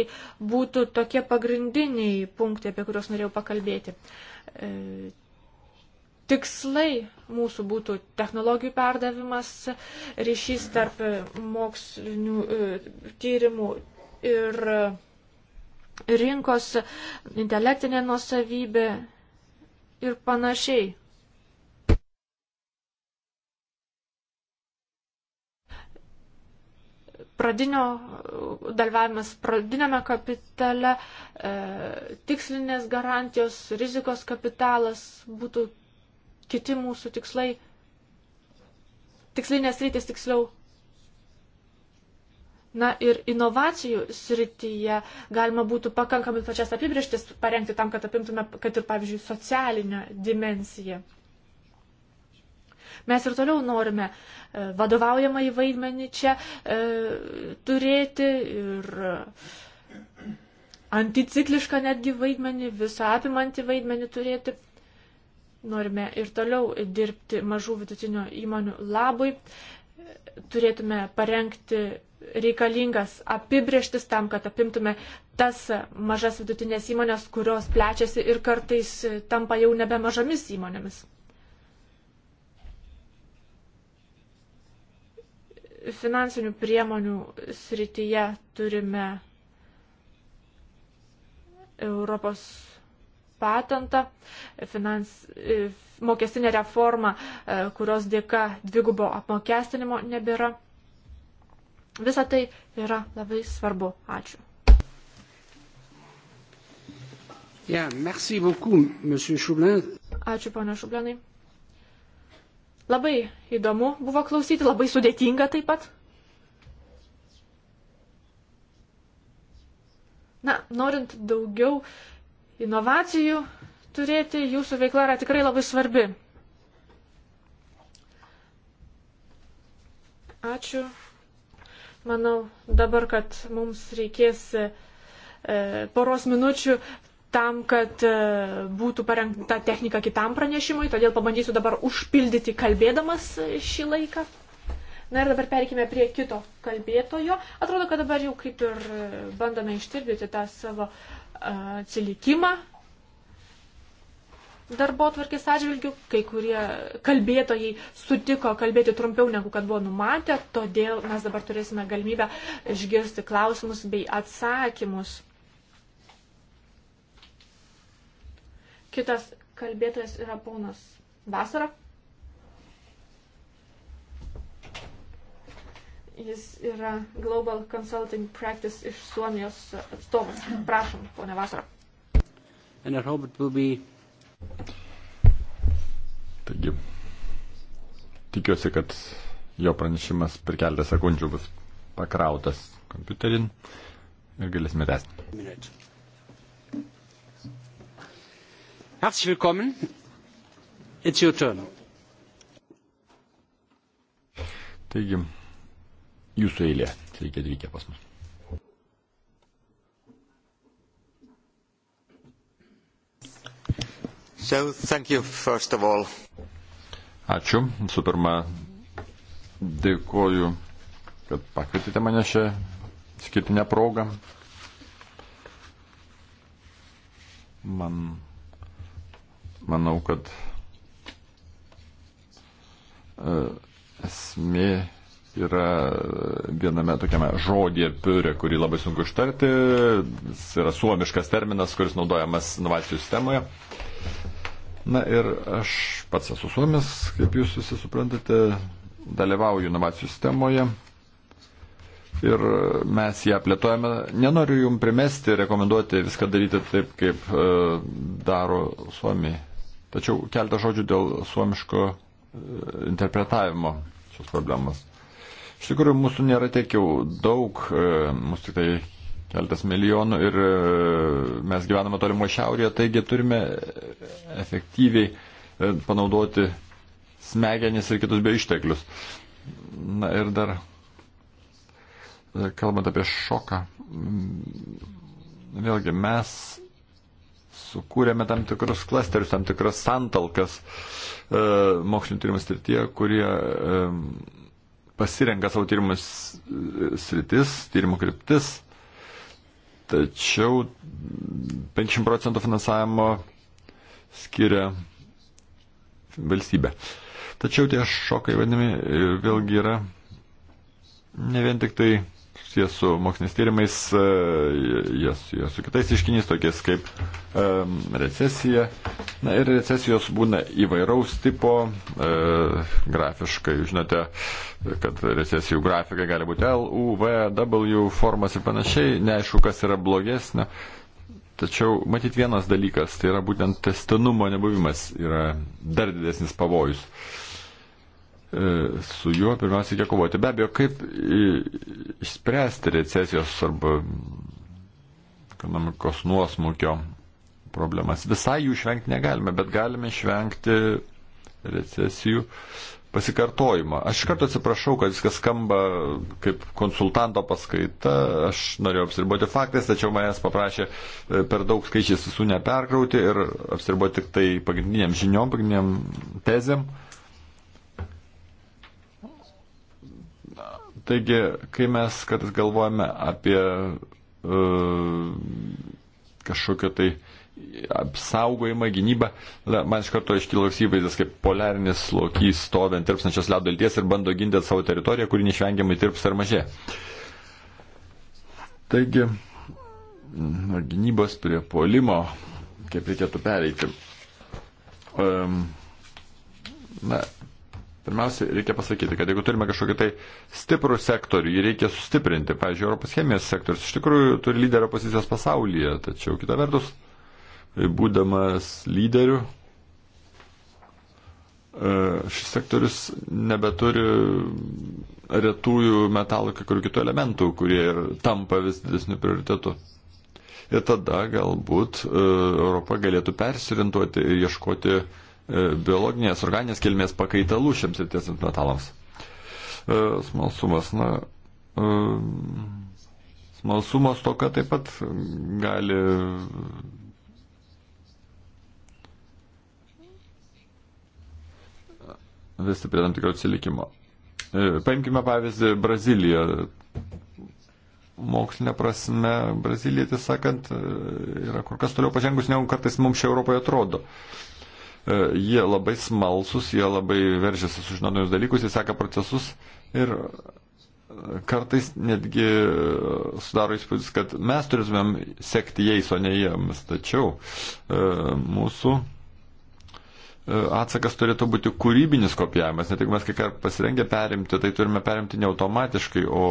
būtų tokie pagrindiniai punktai, apie kuriuos norėjau pakalbėti. E, tikslai mūsų būtų technologijų perdavimas, ryšys tarp mokslinių e, tyrimų ir rinkos, intelektinė nuosavybė ir panašiai. pradinio dalyvavimas pradinėme kapitale, e, tikslinės garantijos, rizikos kapitalas būtų kiti mūsų tikslai, tikslinės rytis tiksliau. Na ir inovacijų srityje galima būtų pakankamai pačias apibrieštis parengti tam, kad apimtume, kad ir, pavyzdžiui, socialinę dimensiją. Mes ir toliau norime e, vadovaujamą į vaidmenį čia e, turėti ir anticiklišką netgi vaidmenį, visą apimantį vaidmenį turėti. Norime ir toliau dirbti mažų vidutinio įmonių labui. Turėtume parengti reikalingas apibrieštis tam, kad apimtume tas mažas vidutinės įmonės, kurios plečiasi ir kartais tampa jau nebe mažomis įmonėmis. finansinių priemonių srityje turime Europos patentą, finans, e, mokestinę reformą, e, kurios dėka dvigubo apmokestinimo nebėra. Visa tai yra labai svarbu. Ačiū. Ja, merci beaucoup, monsieur Šublin. Ačiū, ponia Šublinai. Labai įdomu buvo klausyti, labai sudėtinga taip pat. Na, norint daugiau inovacijų turėti, jūsų veikla yra tikrai labai svarbi. Ačiū. Manau, dabar, kad mums reikės e, poros minučių tam, kad e, būtų parengta technika kitam pranešimui, todėl pabandysiu dabar užpildyti kalbėdamas e, šį laiką. Na ir dabar perikime prie kito kalbėtojo. Atrodo, kad dabar jau kaip ir e, bandome ištirpdyti tą savo atsilikimą darbo tvarkės atžvilgių. Kai kurie kalbėtojai sutiko kalbėti trumpiau negu kad buvo numatę, todėl mes dabar turėsime galimybę išgirsti klausimus bei atsakymus. Kitas kalbėtojas yra ponas Vasara. Jis yra Global Consulting Practice iš Suomijos atstovas. Prašom, ponė Vasara. Be... Taigi, tikiuosi, kad jo pranešimas per keletą sekundžių bus pakrautas kompiuterin ir galėsime tęsti. Minute. Herzlich willkommen. It's your turn. Taigi, jūsų eilė. Sveiki atvykę pas mus. So, thank you first of all. Ačiū. Visų pirma, dėkoju, kad pakvietėte mane šią skirtinę progą. Man manau, kad e, esmė yra viename tokiame žodėje piurė, kurį labai sunku ištarti. Jis yra suomiškas terminas, kuris naudojamas inovacijų sistemoje. Na ir aš pats esu suomis, kaip jūs visi suprantate, dalyvauju inovacijų sistemoje. Ir mes ją plėtojame. Nenoriu jums primesti, rekomenduoti viską daryti taip, kaip e, daro suomiai Tačiau keletą žodžių dėl suomiško e, interpretavimo šios problemos. Iš tikrųjų, mūsų nėra tiek jau daug, e, mūsų tik tai keltas milijonų ir e, mes gyvename tolimo šiaurėje, taigi turime efektyviai panaudoti smegenis ir kitus bei išteklius. Na ir dar, kalbant apie šoką, vėlgi mes sukūrėme tam tikrus klasterius, tam tikras santalkas e, mokslinio tyrimų srityje, kurie e, pasirenka savo tyrimus sritis, tyrimo kryptis. Tačiau 50 procentų finansavimo skiria valstybė. Tačiau tie šokai vadinami e, vėlgi yra ne vien tik tai susijęs su mokslinis tyrimais, e, jie susijęs su kitais iškiniais, tokiais kaip um, recesija. Na ir recesijos būna įvairaus tipo e, grafiškai. Žinote, kad recesijų grafikai gali būti L, U, V, W formas ir panašiai. Neaišku, kas yra blogesnė. Tačiau matyt vienas dalykas, tai yra būtent testinumo nebuvimas yra dar didesnis pavojus. E, E, su juo pirmiausia reikia kovoti. Be abejo, kaip e, išspręsti recesijos arba ekonomikos nuosmukio problemas. Visai jų išvengti negalime, bet galime išvengti recesijų pasikartojimą. Aš iš karto atsiprašau, kad viskas skamba kaip konsultanto paskaita. Aš norėjau apsiriboti faktais, tačiau manęs paprašė e, per daug skaičiais visų neperkrauti ir apsiriboti tik tai pagrindiniam žiniom, pagrindiniam tezėm. Uh, Taigi, kai mes kartais galvojame apie uh, e, kažkokią tai apsaugojimą, gynybą, na, man iš karto iškyla toks įvaizdis, kaip poliarinis lokys stovi ant tirpsančios ledo ilties ir bando ginti savo teritoriją, kuri neišvengiamai tirps ar mažė. Taigi, nuo gynybos prie polimo, kaip reikėtų pereiti. Um, na, Pirmiausia, reikia pasakyti, kad jeigu turime kažkokį tai stiprų sektorių, jį reikia sustiprinti. Pavyzdžiui, Europos chemijos sektorius iš tikrųjų turi lyderio pozicijas pasaulyje, tačiau kita vertus, būdamas lyderiu, e, šis sektorius nebeturi retųjų metalų, kai kurių kitų elementų, kurie ir tampa vis didesniu prioritetu. Ir tada galbūt e, Europa galėtų persirintuoti ir ieškoti uh, E, biologinės, organinės kilmės pakaitalų šiems ir tiesiant metalams. E, smalsumas, na, e, smalsumas to, kad taip pat gali vesti prie tam tikro atsilikimo. Paimkime pavyzdį Braziliją. Mokslinė prasme, Brazilija, tiesą sakant, yra kur kas toliau pažengus, negu kartais mums čia Europoje atrodo. Uh, E, jie labai smalsus, jie labai veržiasi sužinoti naujus dalykus, jie seka procesus ir e, kartais netgi e, sudaro įspūdis, kad mes turėtumėm sekti jais, o ne jiems. Tačiau mūsų atsakas turėtų būti kūrybinis kopijavimas. Net jeigu mes kai ką pasirengę perimti, tai turime perimti ne automatiškai, o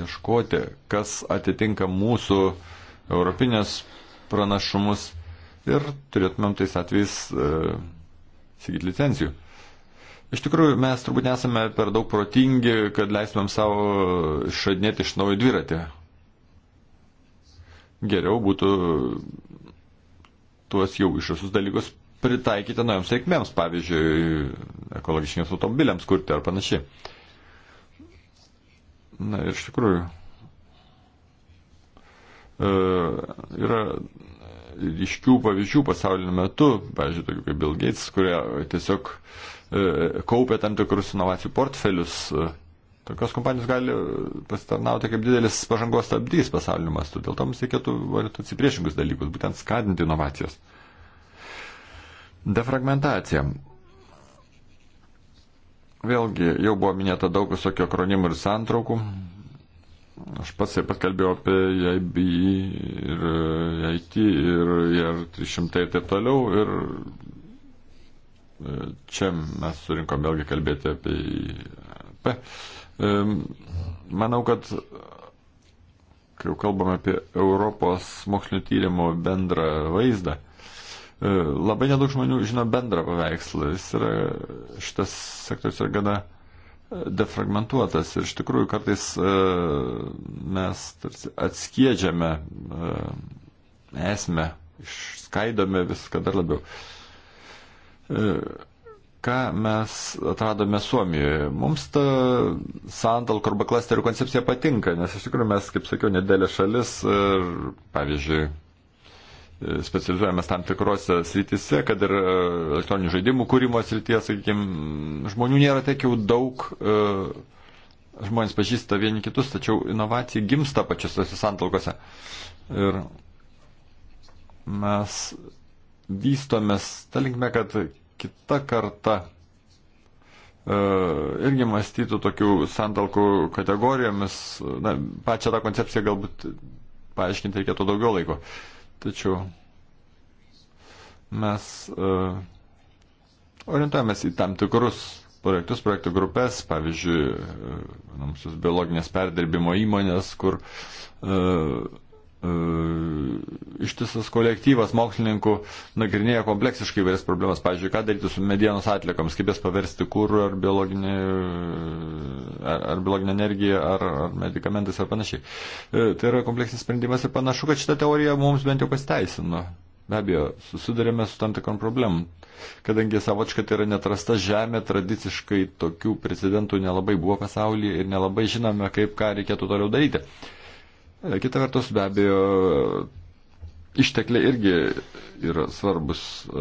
ieškoti, kas atitinka mūsų europinės pranašumus ir turėtumėm tais atvejais uh, įsigyti licencijų. Iš tikrųjų, mes turbūt nesame per daug protingi, kad leistumėm savo išradinėti iš naujo dviratį. Geriau būtų tuos jau išrasus dalykus pritaikyti naujoms reikmėms, pavyzdžiui, ekologiškiams automobiliams kurti ar panašiai. Na ir iš tikrųjų. E, yra ryškių pavyzdžių pasauliniu metu, pavyzdžiui, tokių kaip Bill Gates, kurie e, tiesiog e, kaupia tam tikrus inovacijų portfelius. E, tokios kompanijos gali pasitarnauti kaip didelis pažangos stabdys pasauliniu mastu. Dėl to mums reikėtų varyti atsipriešingus dalykus, būtent skatinti inovacijas. Defragmentacija. Vėlgi, jau buvo minėta daug visokio akronimų ir santraukų. Aš pats ir paskelbėjau apie JIB e ir JIT e, ir JR300 ir taip toliau. Ir e, čia mes surinkom vėlgi kalbėti apie IP. Manau, kad kai jau kalbame apie Europos mokslinio tyrimo bendrą vaizdą, labai nedaug žmonių žino bendrą paveikslą. Jis yra, šitas sektorius yra gana defragmentuotas ir iš tikrųjų kartais e, mes tarsi atskiedžiame e, esmę, išskaidome viską dar labiau. E, ką mes atradome Suomijoje? Mums ta santalka arba klasterių koncepcija patinka, nes iš tikrųjų mes, kaip sakiau, nedėlė šalis ir, pavyzdžiui, specializuojamės tam tikrose srityse, kad ir e, elektroninių žaidimų kūrimo srityje, sakykime, žmonių nėra tiek jau daug, e, žmonės pažįsta vieni kitus, tačiau inovacija gimsta pačiose santalkose. Ir mes vystomės tą linkmę, kad kita karta e, irgi mąstytų tokių santalkų kategorijomis. Na, pačią tą koncepciją galbūt paaiškinti reikėtų daugiau laiko. Uh, Tačiau mes uh, orientuojamės į tam tikrus projektus, projektų grupės, pavyzdžiui, uh, biologinės perdirbimo įmonės, kur uh, E, ištisas kolektyvas mokslininkų nagrinėja kompleksiškai įvairias problemas. Pavyzdžiui, ką daryti su medienos atliekoms, kaip jas paversti kūrų ar biologinė, ar, ar biologinė energija, ar, ar medikamentais ar panašiai. E, tai yra kompleksinis sprendimas ir panašu, kad šitą teoriją mums bent jau pasiteisino. Be abejo, susidurėme su tam tikrom problemom, kadangi savočka tai yra netrasta žemė, tradiciškai tokių precedentų nelabai buvo pasaulyje ir nelabai žinome, kaip ką reikėtų toliau daryti. Uh, E, kita vertus, be abejo, ištekliai irgi yra svarbus. E, e,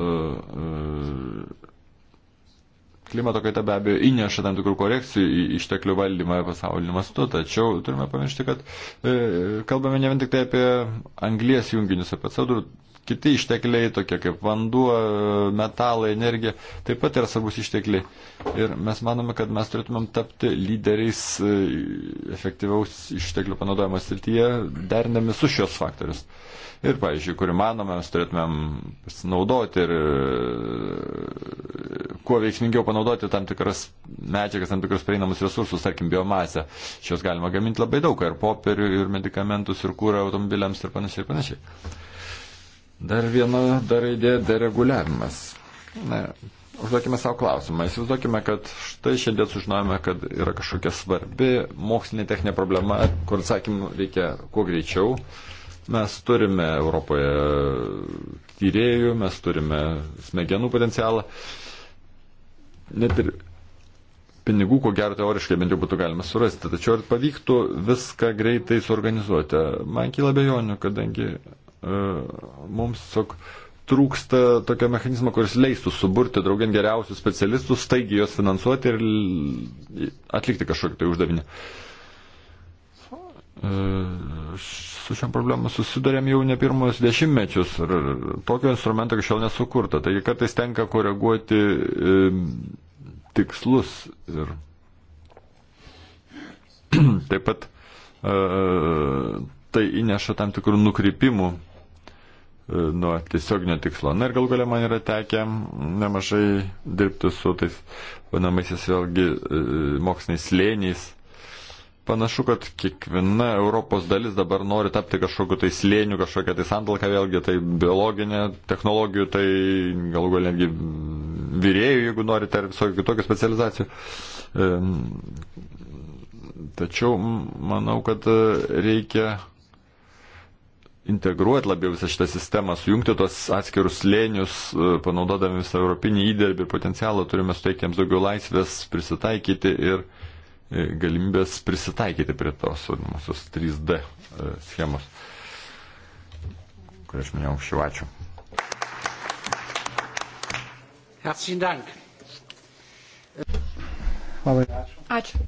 klimato kaita be abejo įneša tam tikrų korekcijų į išteklių valdymą pasauliniu mastu, tačiau turime pamiršti, kad e, kalbame ne vien tik tai apie anglies junginius, apie CO2 kiti ištekliai, tokie kaip vanduo, metalai, energija, taip pat yra svarbus ištekliai. Ir mes manome, kad mes turėtumėm tapti lyderiais e, efektyvaus išteklių panaudojimo srityje, derinami su šios faktorius. Ir, pavyzdžiui, kur įmanoma, mes turėtumėm pasinaudoti ir e, kuo veiksmingiau panaudoti tam tikras medžiagas, tam tikrus prieinamus resursus, tarkim, biomasę. Šios galima gaminti labai daug, ir popierių, ir medikamentus, ir kūrą automobiliams, ir panašiai, ir panašiai. Dar viena dar idėja - dereguliavimas. Na, užduokime savo klausimą. Įsivaizduokime, kad štai šiandien sužinojome, kad yra kažkokia svarbi mokslinė techninė problema, kur atsakymų reikia kuo greičiau. Mes turime Europoje tyriejų, mes turime smegenų potencialą. Net ir pinigų, ko gero teoriškai bent jau būtų galima surasti, tačiau ar pavyktų viską greitai suorganizuoti? Man kyla bejonių, kadangi E, mums tiesiog trūksta tokio mechanizmo, kuris leistų suburti draugien geriausius specialistus, staigiai juos finansuoti ir atlikti kažkokį tai uždavinį. E, su šiam problemu susidarėm jau ne pirmus dešimtmečius ir tokio instrumento iki šiol nesukurta. Taigi kartais tenka koreguoti e, tikslus ir *clears throat* taip pat tai įneša tam tikrų nukrypimų E, nuo tiesioginio tikslo. Na ir gal galia man yra tekę nemažai dirbti su tais vadinamaisiais vėlgi e, moksliniais slėniais. Panašu, kad kiekviena Europos dalis dabar nori tapti kažkokiu tai slėniu, kažkokia tai sandalka, vėlgi tai biologinė, technologijų, tai galų gal netgi vyrėjų, jeigu norite, ar visokių kitokių specializacijų. Tačiau manau, kad e, reikia integruoti labiau visą šitą sistemą, sujungti tos atskirus lėnius, e, panaudodami visą europinį įdirbį ir potencialą, turime suteikti jiems daugiau laisvės prisitaikyti ir e, galimybės prisitaikyti prie tos vadinamosios 3D e, schemos, kurią aš minėjau anksčiau. Ačiū. Herzlichen Dank. Labai ačiū. Ačiū.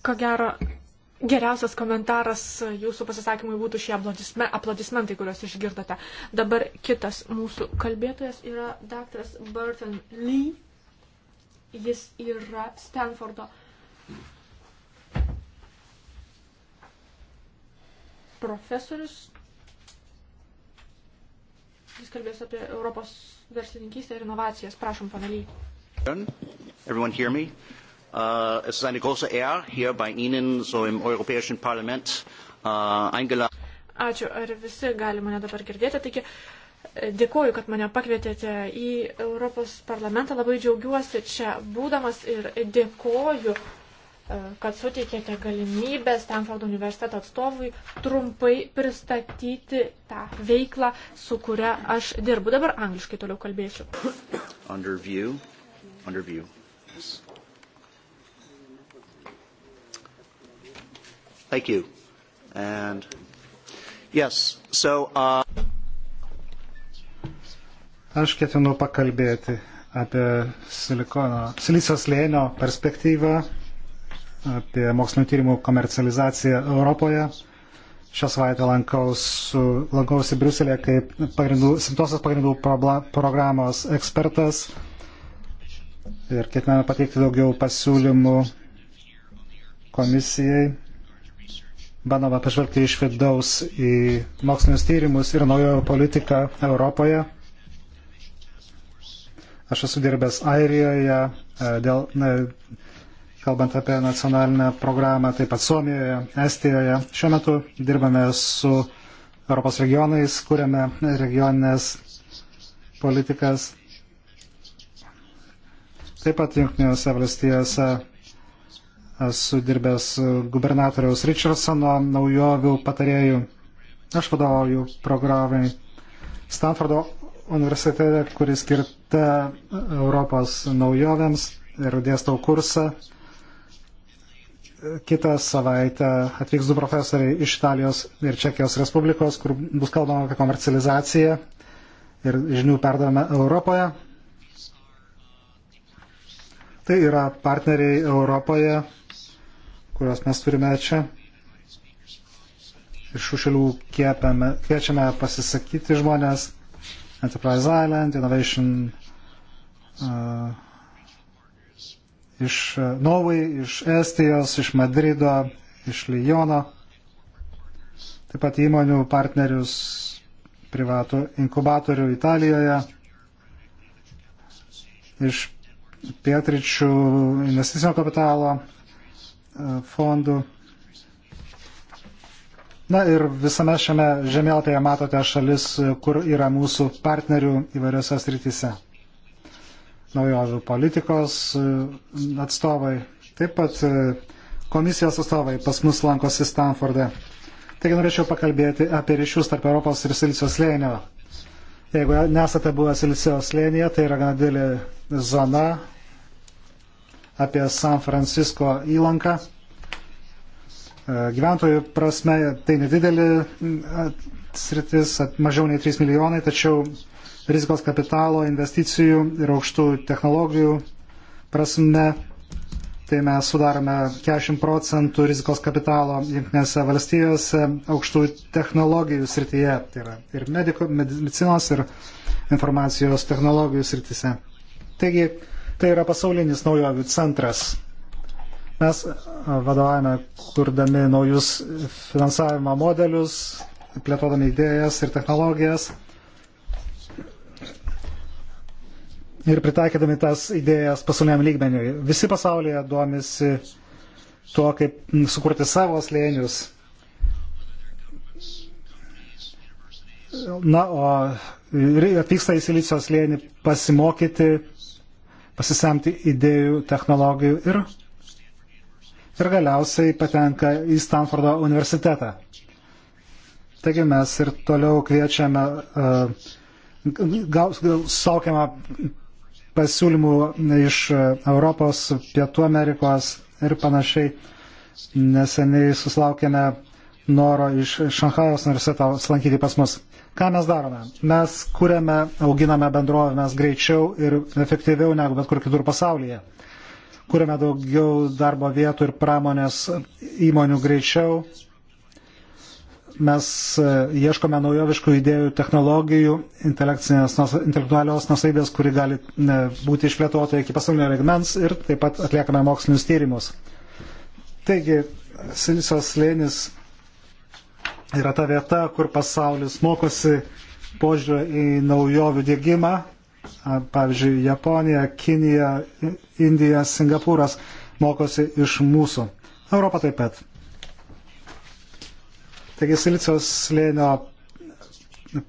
Ko gero, Geriausias komentaras jūsų pasisakymui būtų šie aplodismentai, kuriuos išgirdote. Dabar kitas mūsų kalbėtojas yra dr. Burton Lee. Jis yra Stanfordo profesorius. Jis kalbės apie Europos verslininkystę ir inovacijas. Prašom, panelį. Everyone hear me? Äh, es ist eine große Ehre, hier bei Ihnen so im Europäischen Parlament äh, eingeladen. Ačiū, ar visi gali mane dabar girdėti. Taigi, dėkoju, kad mane pakvietėte į Europos parlamentą. Labai džiaugiuosi čia būdamas ir dėkoju, e, kad suteikėte galimybę Stanfordo universiteto atstovui trumpai pristatyti tą veiklą, su kuria aš dirbu. Dabar angliškai toliau kalbėsiu. Under view. Under view. Yes. Thank you. And yes, so. Uh... Aš ketinu pakalbėti apie silikono, silicio slėnio perspektyvą, apie mokslinio tyrimų komercializaciją Europoje. Šią savaitę lankausi, lankausi Briuselėje kaip pagrindų, simtosios pagrindų programos ekspertas ir ketiname pateikti daugiau pasiūlymų komisijai bandoma pažvelgti iš vidaus į mokslinius tyrimus ir naujojo politiką Europoje. Aš esu dirbęs Airijoje, e, dėl, ne, kalbant apie nacionalinę programą, taip pat Suomijoje, Estijoje. Šiuo metu dirbame su Europos regionais, kuriame regioninės politikas. Taip pat Junktinėse valstijose esu dirbęs gubernatoriaus Richardsono naujovių patarėjų. Aš vadovauju programai Stanfordo universitete, kuris skirta Europos naujovėms ir dėstau kursą. Kitą savaitę atvyks du profesoriai iš Italijos ir Čekijos Respublikos, kur bus kalbama apie komercializaciją ir žinių perdavimą Europoje. Tai yra partneriai Europoje kuriuos mes turime čia. Iš šių šalių kviečiame pasisakyti žmonės Enterprise Island, Innovation uh, iš uh, Norway, iš Estijos, iš Madrido, iš Lijono, taip pat įmonių partnerius privatų inkubatorių Italijoje, iš pietričių investicinio kapitalo fondų. Na ir visame šiame žemėlapyje matote šalis, kur yra mūsų partnerių įvairiose srityse. Naujovių politikos e, atstovai, taip pat e, komisijos atstovai pas mus lankosi Stanforde. Taigi norėčiau pakalbėti apie ryšius tarp Europos ir Silicijos slėnio. Jeigu nesate buvę Silicijos slėnyje, tai yra gana didelė zona, apie San Francisco įlanką. E, gyventojų prasme tai nedidelė sritis, mažiau nei 3 milijonai, tačiau rizikos kapitalo, investicijų ir aukštų technologijų prasme tai mes sudarome 40 procentų rizikos kapitalo jungtinėse valstijose aukštų technologijų srityje, tai yra ir mediko, medicinos, ir informacijos technologijų srityse. Taigi, Tai yra pasaulinis naujovių centras. Mes e, vadovavome, kurdami naujus finansavimo modelius, plėtodami idėjas ir technologijas ir pritaikydami tas idėjas pasauliniam lygmeniui. Visi pasaulyje duomisi tuo, kaip sukurti savo slėnius. Na, o atvyksta į Silicijos slėnį pasimokyti pasisemti idėjų, technologijų ir, ir galiausiai patenka į Stanfordo universitetą. Taigi mes ir toliau kviečiame, e, gal, gal saukiame pasiūlymų iš Europos, Pietų Amerikos ir panašiai. Neseniai susilaukėme noro iš Šanhajaus universiteto slankyti pas mus. Ką mes darome? Mes kūrėme, auginame bendrovėmes greičiau ir efektyviau negu bet kur kitur pasaulyje. Kūrėme daugiau darbo vietų ir pramonės įmonių greičiau. Mes e, ieškome naujoviškų idėjų, technologijų, intelektualios nusaidės, kuri gali e, būti išplėtota iki pasaulinio regmens ir taip pat atliekame mokslinius tyrimus. Taigi, Silicijos slėnis yra ta vieta, kur pasaulis mokosi požiūrio į naujovių dėgymą, pavyzdžiui, Japonija, Kinija, Indija, Singapūras mokosi iš mūsų. Europa taip pat. Taigi Silicijos slėnio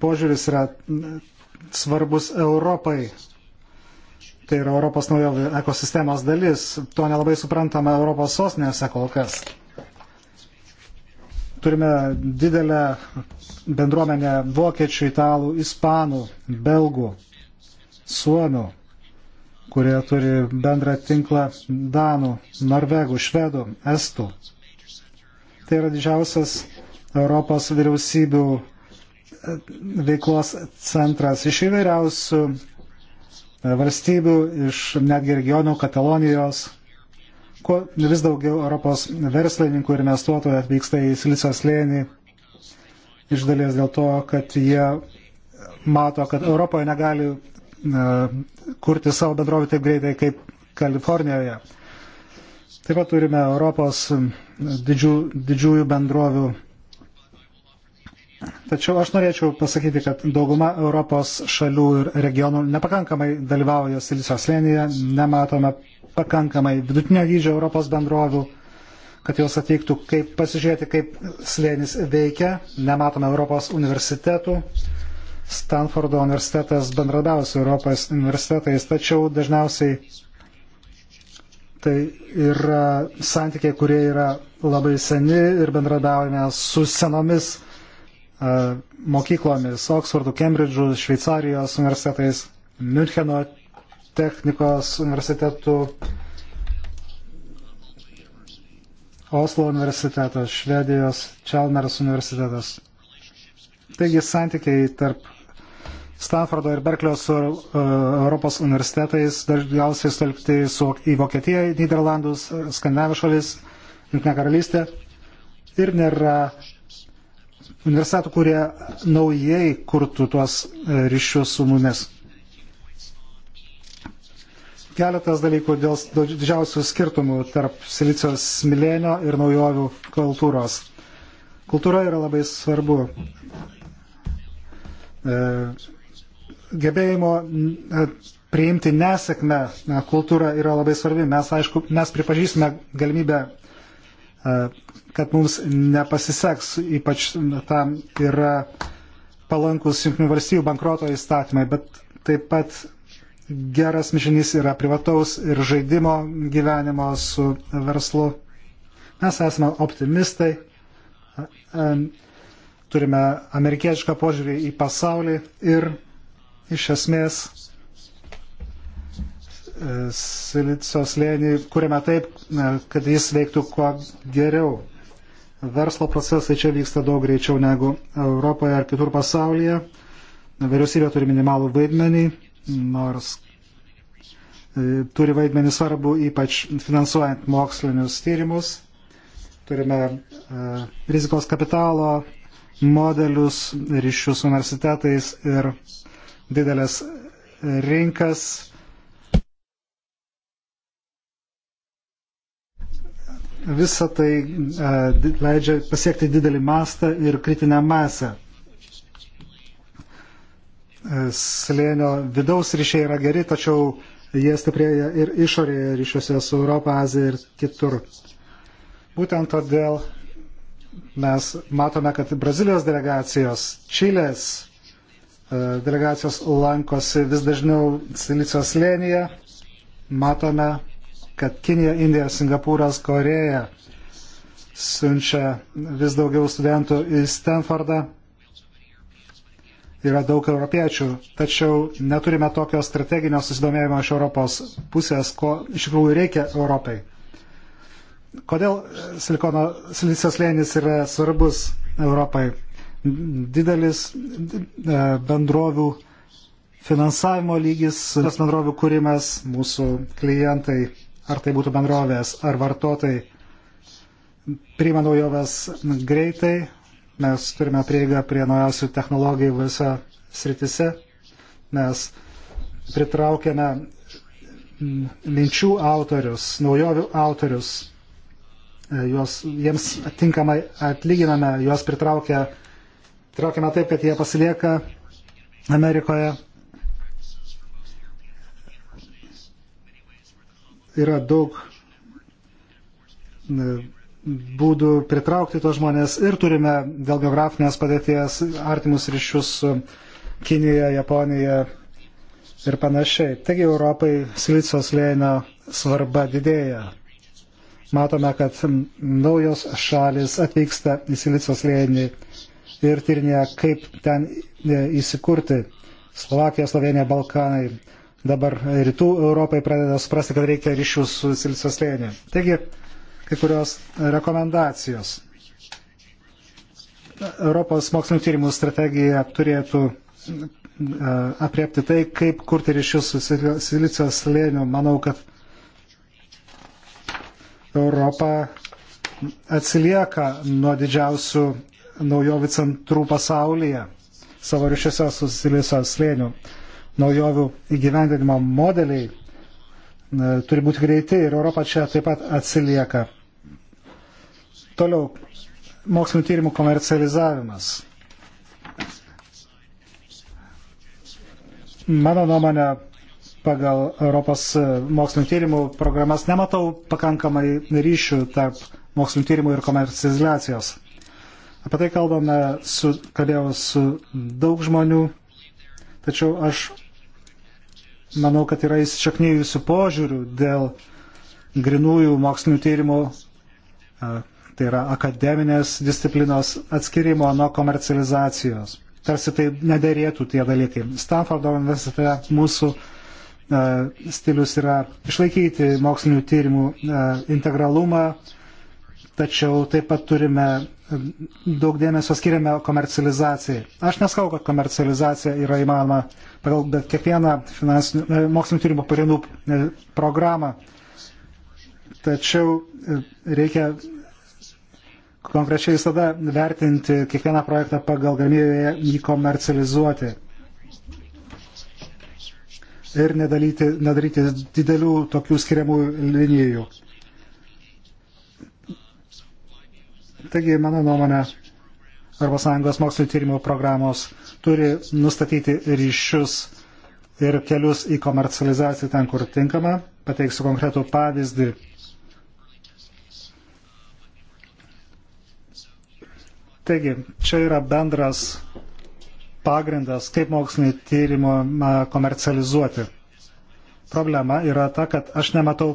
požiūris yra svarbus Europai. Tai yra Europos naujovių ekosistemos dalis. To nelabai suprantama Europos sostinėse kol kas turime didelę bendruomenę vokiečių, italų, ispanų, belgų, suomių, kurie turi bendrą tinklą danų, norvegų, švedų, estų. Tai yra didžiausias Europos vyriausybių e, veiklos centras iš įvairiausių e, valstybių, iš netgi regionų Katalonijos, Kuo vis daugiau Europos verslininkų ir investuotojų atvyksta į Silicio slėnį, iš dalies dėl to, kad jie mato, kad Europoje negali uh, kurti savo bendrovį taip greitai kaip Kalifornijoje. Taip pat turime Europos didžių, didžiųjų bendrovių Tačiau aš norėčiau pasakyti, kad dauguma Europos šalių ir regionų nepakankamai dalyvauja Silicio slėnyje, nematome pakankamai vidutinio dydžio Europos bendrovių, kad jos atvyktų kaip, pasižiūrėti, kaip slėnis veikia. Nematome Europos universitetų. Stanfordo universitetas bendradavosi Europos universitetais, tačiau dažniausiai tai yra santykiai, kurie yra labai seni ir bendradavome su senomis mokyklomis, Oksfordų, Kembridžų, Šveicarijos universitetais, Müncheno technikos universitetų, Oslo universitetas, Švedijos Čelmeras universitetas. Taigi santykiai tarp Stanfordo ir Berklio su uh, Europos universitetais dažniausiai stelkti su, į Vokietiją, Niderlandus, Skandinavijos šalis, Junktinę karalystę. Ir nėra universitetų, kurie naujai kurtų tuos uh, ryšius su mumis. Keletas dalykų dėl didžiausių skirtumų tarp silicijos milėnio ir naujovių kultūros. Kultūra yra labai svarbu. E, gebėjimo e, priimti nesėkmę e, kultūra yra labai svarbi. Mes, aišku, mes pripažįsime galimybę e, kad mums nepasiseks, ypač tam yra palankus Junktinių valstybių bankroto įstatymai, bet taip pat geras mišinys yra privataus ir žaidimo gyvenimo su verslu. Mes esame optimistai, e, turime amerikietišką požiūrį į pasaulį ir iš esmės e, silicio slėnį kuriame taip, e, kad jis veiktų kuo geriau. Verslo procesai čia vyksta daug greičiau negu Europoje ar kitur pasaulyje. Vyriausybė turi minimalų vaidmenį nors e, turi vaidmenį svarbu, ypač finansuojant mokslinius tyrimus. Turime e, rizikos kapitalo modelius, ryšius su universitetais ir didelės rinkas. Visą tai e, leidžia pasiekti didelį mastą ir kritinę masę. E, slėnio vidaus ryšiai yra geri, tačiau jie stiprėja ir išorėje ryšiuose su Europą, Azija ir kitur. Būtent todėl mes matome, kad Brazilijos delegacijos, Čilės e, delegacijos lankosi vis dažniau Silicijos slėnyje. Matome, kad Kinija, Indija, Singapūras, Koreja siunčia vis daugiau studentų į Stanfordą yra daug europiečių, tačiau neturime tokio strateginio susidomėjimo iš Europos pusės, ko iš tikrųjų reikia Europai. Kodėl e, silikono silicijos lėnis yra svarbus Europai? Didelis e, bendrovių finansavimo lygis, tas bendrovių kūrimas, mūsų klientai, ar tai būtų bendrovės, ar vartotojai, priima naujoves greitai, Mes turime prieigą prie naujausių technologijų visą sritise. Mes pritraukėme minčių autorius, naujovių autorius, e, juos, jiems tinkamai atlyginame, juos pritraukia, pritraukiame taip, kad jie pasilieka Amerikoje. Yra daug e, būdų pritraukti tos žmonės ir turime dėl geografinės padėties artimus ryšius su Kinija, Japonija ir panašiai. Taigi Europai silicio slėnio svarba didėja. Matome, kad naujos šalis atvyksta į silicio slėnį ir tyrinėja, kaip ten e, įsikurti. Slovakija, Slovenija, Balkanai dabar rytų Europai pradeda suprasti, kad reikia ryšių su silicio slėniu. Taigi kai kurios rekomendacijos. Europos mokslinio tyrimų strategija turėtų e, apriepti tai, kaip kurti ryšius su silicio slėniu. Manau, kad Europa atsilieka nuo didžiausių naujovių centrų pasaulyje savo ryšiuose su silicio slėniu. Naujovių įgyvendinimo modeliai e, turi būti greiti ir Europa čia taip pat atsilieka. Toliau, mokslinio tyrimų komercializavimas. Mano nuomonė, pagal Europos e, mokslinio tyrimų programas nematau pakankamai ryšių tarp mokslinio tyrimų ir komercializacijos. Apie tai kalbame, su, kalbėjau su daug žmonių, tačiau aš manau, kad yra įsišaknyjusių požiūrių dėl grinųjų mokslinių tyrimų e, tai yra akademinės disciplinos atskirimo nuo komercializacijos. Tarsi tai nederėtų tie dalykai. Stanfordo universitete mūsų uh, stilius yra išlaikyti mokslinių tyrimų uh, integralumą, tačiau taip pat turime e, daug dėmesio skiriame komercializacijai. Aš neskau, kad komercializacija yra įmanoma pagal bet kiekvieną mokslinio tyrimo parinų programą. Tačiau reikia konkrečiai visada vertinti kiekvieną projektą pagal galimybę jį komercializuoti. Ir nedalyti, nedaryti didelių tokių skiriamų linijų. Taigi, mano nuomonė, ES mokslinio tyrimų programos turi nustatyti ryšius ir kelius į komercializaciją ten, kur tinkama. Pateiksiu konkretų pavyzdį Taigi, čia yra bendras pagrindas, kaip mokslinį tyrimą komercializuoti. Problema yra ta, kad aš nematau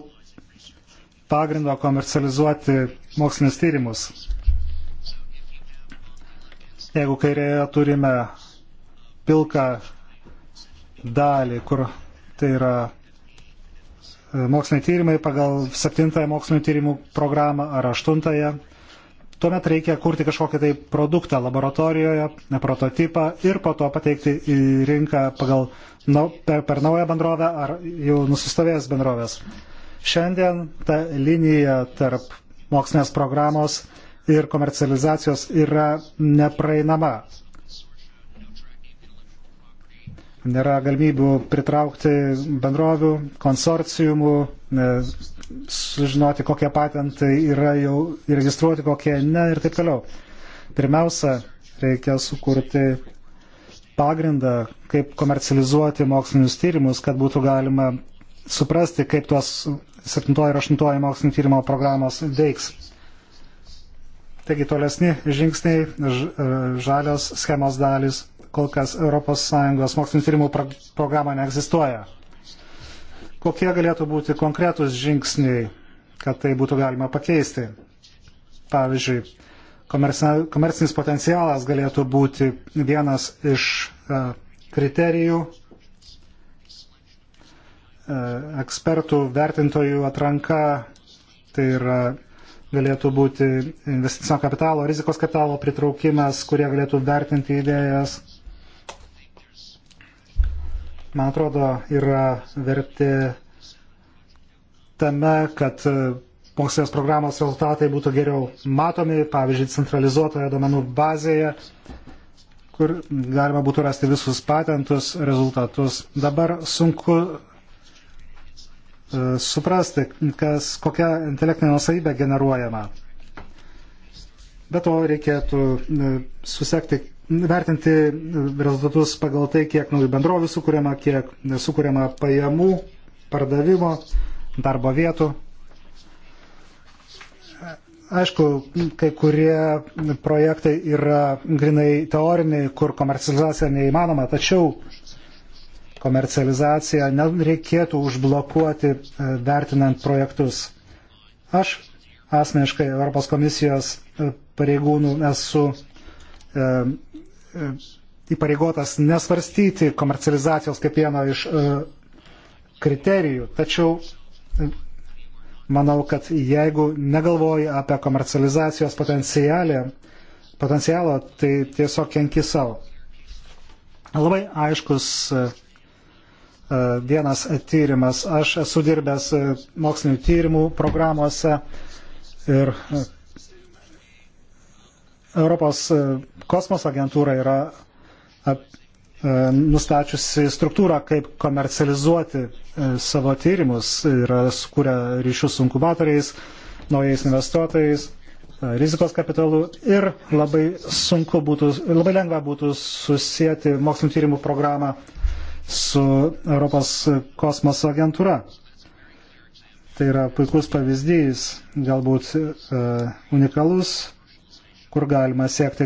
pagrindo komercializuoti mokslinis tyrimus. Jeigu kairėje turime pilką dalį, kur tai yra e, moksliniai tyrimai pagal septintąją mokslinių tyrimų programą ar aštuntąją, Tuomet reikia kurti kažkokį tai produktą laboratorijoje, prototipą ir po to pateikti į rinką pagal, na, per, per naują bendrovę ar jau nusistovėjęs bendrovės. Šiandien ta linija tarp mokslinės programos ir komercializacijos yra nepraeinama. Nėra galimybių pritraukti bendrovių, konsorciumų, sužinoti, kokie patentai yra jau registruoti, kokie ne ir taip toliau. Pirmiausia, reikia sukurti pagrindą, kaip komercializuoti mokslinius tyrimus, kad būtų galima suprasti, kaip tuos 7 ir 8 mokslinio tyrimo programos veiks. Taigi tolesni žingsniai, e, žalios schemos dalis, kol kas ES mokslinio tyrimų pro programa neegzistuoja. Kokie galėtų būti konkretūs žingsniai, kad tai būtų galima pakeisti? Pavyzdžiui, komercinis potencialas galėtų būti vienas iš e, kriterijų e, ekspertų vertintojų atranka, tai yra galėtų būti investicinio kapitalo, rizikos kapitalo pritraukimas, kurie galėtų vertinti idėjas, man atrodo, yra verti tame, kad e, mokslinės programos rezultatai būtų geriau matomi, pavyzdžiui, centralizuotoje domenų bazėje, kur galima būtų rasti visus patentus, rezultatus. Dabar sunku e, suprasti, kas, kokia intelektinė nusavybė generuojama. Be to reikėtų e, susekti, vertinti rezultatus pagal tai, kiek naujų bendrovių sukūriama, kiek sukūriama pajamų, pardavimo, darbo vietų. Aišku, kai kurie projektai yra grinai teoriniai, kur komercializacija neįmanoma, tačiau komercializaciją nereikėtų užblokuoti e, vertinant projektus. Aš asmeniškai Europos komisijos e, pareigūnų esu e, E, įpareigotas nesvarstyti komercializacijos kaip vieno iš e, kriterijų. Tačiau e, manau, kad jeigu negalvoji apie komercializacijos potencialą, tai tiesiog kenki savo. Labai aiškus vienas tyrimas. Aš esu dirbęs mokslinių tyrimų programuose ir Europos e, kosmoso agentūra yra ap, e, e, nustačiusi struktūrą, kaip komercializuoti savo tyrimus, yra sukūrę ryšius su inkubatoriais, naujais investuotojais, rizikos kapitalu ir labai, būtų, labai lengva būtų susijęti mokslinio tyrimų programą su Europos kosmoso agentūra. Tai yra puikus pavyzdys, galbūt uh, unikalus kur galima siekti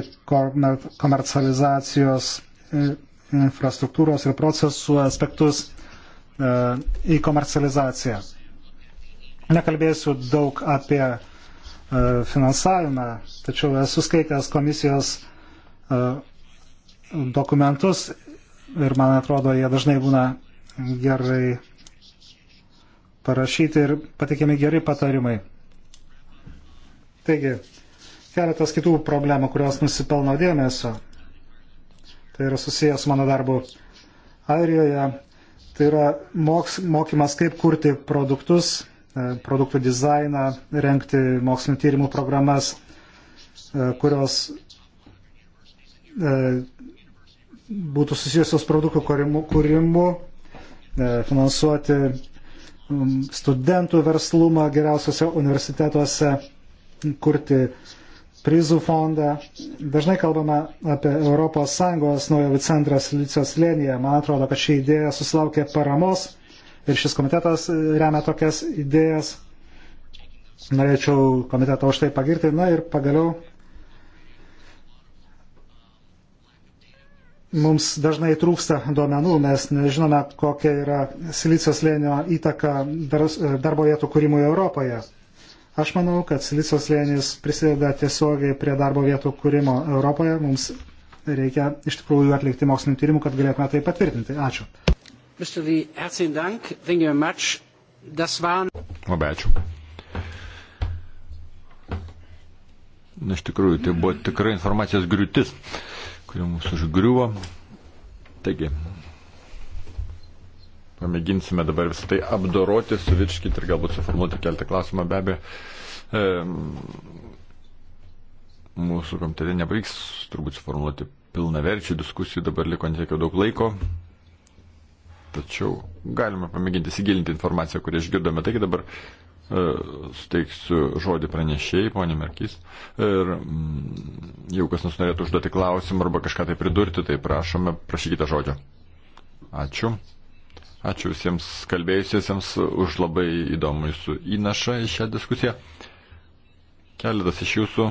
komercializacijos e, infrastruktūros ir procesų aspektus e, į komercializaciją. Nekalbėsiu daug apie e, finansavimą, tačiau esu skaitęs komisijos dokumentus ir man atrodo, jie dažnai būna gerai parašyti ir pateikiami geri patarimai. Taigi, keletas kitų problemų, kurios nusipelno dėmesio. Tai yra susijęs su mano darbu Airijoje. Tai yra moks, mokymas, kaip kurti produktus, e, produktų dizainą, renkti mokslinio tyrimų programas, e, kurios e, būtų susijusios produktų kūrimu, kūrimu finansuoti studentų verslumą geriausiose universitetuose, kurti uh, prizų fondą. Dažnai kalbama apie ES naujo centrą Silicio slėnyje. Man atrodo, kad ši idėja susilaukė paramos ir šis komitetas remia tokias idėjas. Norėčiau komitetą už tai pagirti. Na ir pagaliau mums dažnai trūksta duomenų, mes nežinome, kokia yra Silicio slėnio įtaka darbo vietų kūrimui Europoje. Aš manau, kad silicio slėnis prisideda tiesiogiai prie darbo vietų kūrimo Europoje. Mums reikia iš tikrųjų atlikti mokslinių tyrimų, kad galėtume tai patvirtinti. Ačiū. Labai ačiū. Na, iš tikrųjų, tai buvo tikrai informacijos griūtis, kuri mūsų užgriuvo. Taigi, Pamėginsime dabar visą tai apdoroti, suvirškyti ir galbūt suformuoti keltą klausimą. Be abejo, e, mūsų komitete nepavyks turbūt suformuoluoti pilnaverčių diskusijų, dabar liko netiek daug laiko. Tačiau galime pamėginti įsigilinti informaciją, kurią išgirdome. Taigi dabar e, suteiksiu žodį pranešėjai, ponė Merkys. Ir mm, jau kas nors norėtų užduoti klausimą arba kažką tai pridurti, tai prašome, prašykite žodžio. Ačiū. Ačiū visiems kalbėjusiesiems už labai įdomų jūsų įnašą į šią diskusiją. Keletas iš jūsų